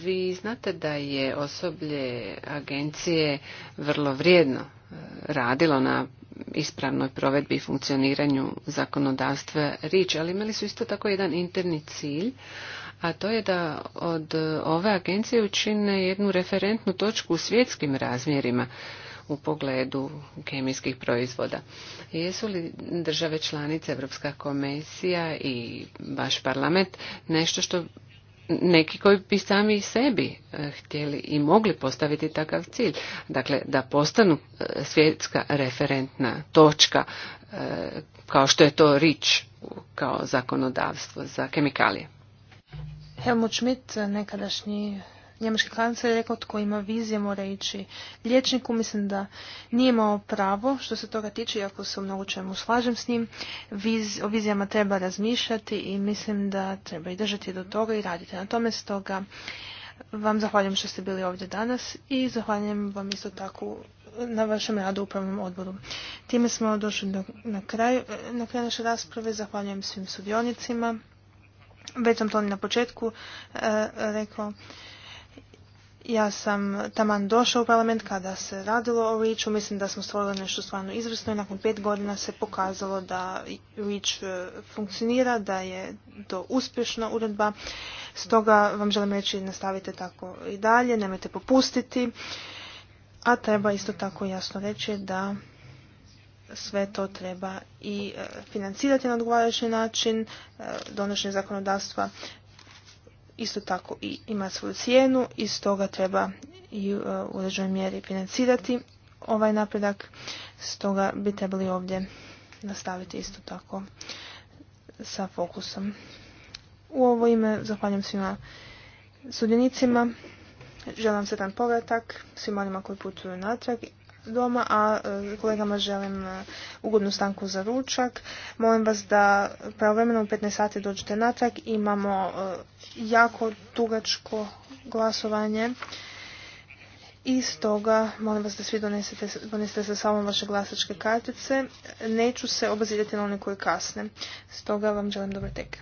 vi znate da je osoblje agencije vrlo vrijedno e, radilo na ispravnoj provedbi i funkcioniranju zakonodavstva rič, ali imali su isto tako jedan interni cilj, a to je da od ove agencije učine jednu referentnu točku u svjetskim razmjerima u pogledu kemijskih proizvoda. Jesu li države članice, Europska komisija i vaš parlament nešto što neki koji bi sami sebi e, htjeli i mogli postaviti takav cilj. Dakle, da postanu e, svjetska referentna točka e, kao što je to rič kao zakonodavstvo za kemikalije. Helmut Schmidt, nekadašnji njemački kancer je rekao tko ima vizije mora ići liječniku. Mislim da nije imao pravo što se toga tiče, iako se u mnogo čemu slažem s njim. Viz, o vizijama treba razmišljati i mislim da treba i držati do toga i raditi na tome. Stoga vam zahvaljujem što ste bili ovdje danas i zahvaljujem vam isto tako na vašem radu u upravnom odboru. Time smo došli do, na, kraj, na kraju naše rasprave. Zahvaljujem svim sudionicima. Već sam to na početku e, rekao. Ja sam taman došao u parlament kada se radilo o Reachu. Mislim da smo stvorili nešto stvarno izvrsno i nakon pet godina se pokazalo da Reach e, funkcionira, da je to uspješna uredba. Stoga vam želim reći nastavite tako i dalje, nemojte popustiti. A treba isto tako jasno reći da sve to treba i e, financirati na odgovarajući način, e, donošenje zakonodavstva isto tako i ima svoju cijenu i stoga treba i e, u određenoj mjeri financirati ovaj napredak. Stoga bi trebali ovdje nastaviti isto tako sa fokusom. U ovo ime zahvaljujem svima sudjenicima. Želim sretan povratak svima onima koji putuju natrag doma, a e, kolegama želim e, ugodnu stanku za ručak. Molim vas da pravovremeno u 15 sati dođete natrag. Imamo e, jako dugačko glasovanje. I stoga, molim vas da svi donesete, sa samom vaše glasačke kartice. Neću se obazirati na one koji kasne. Stoga vam želim dobar tek.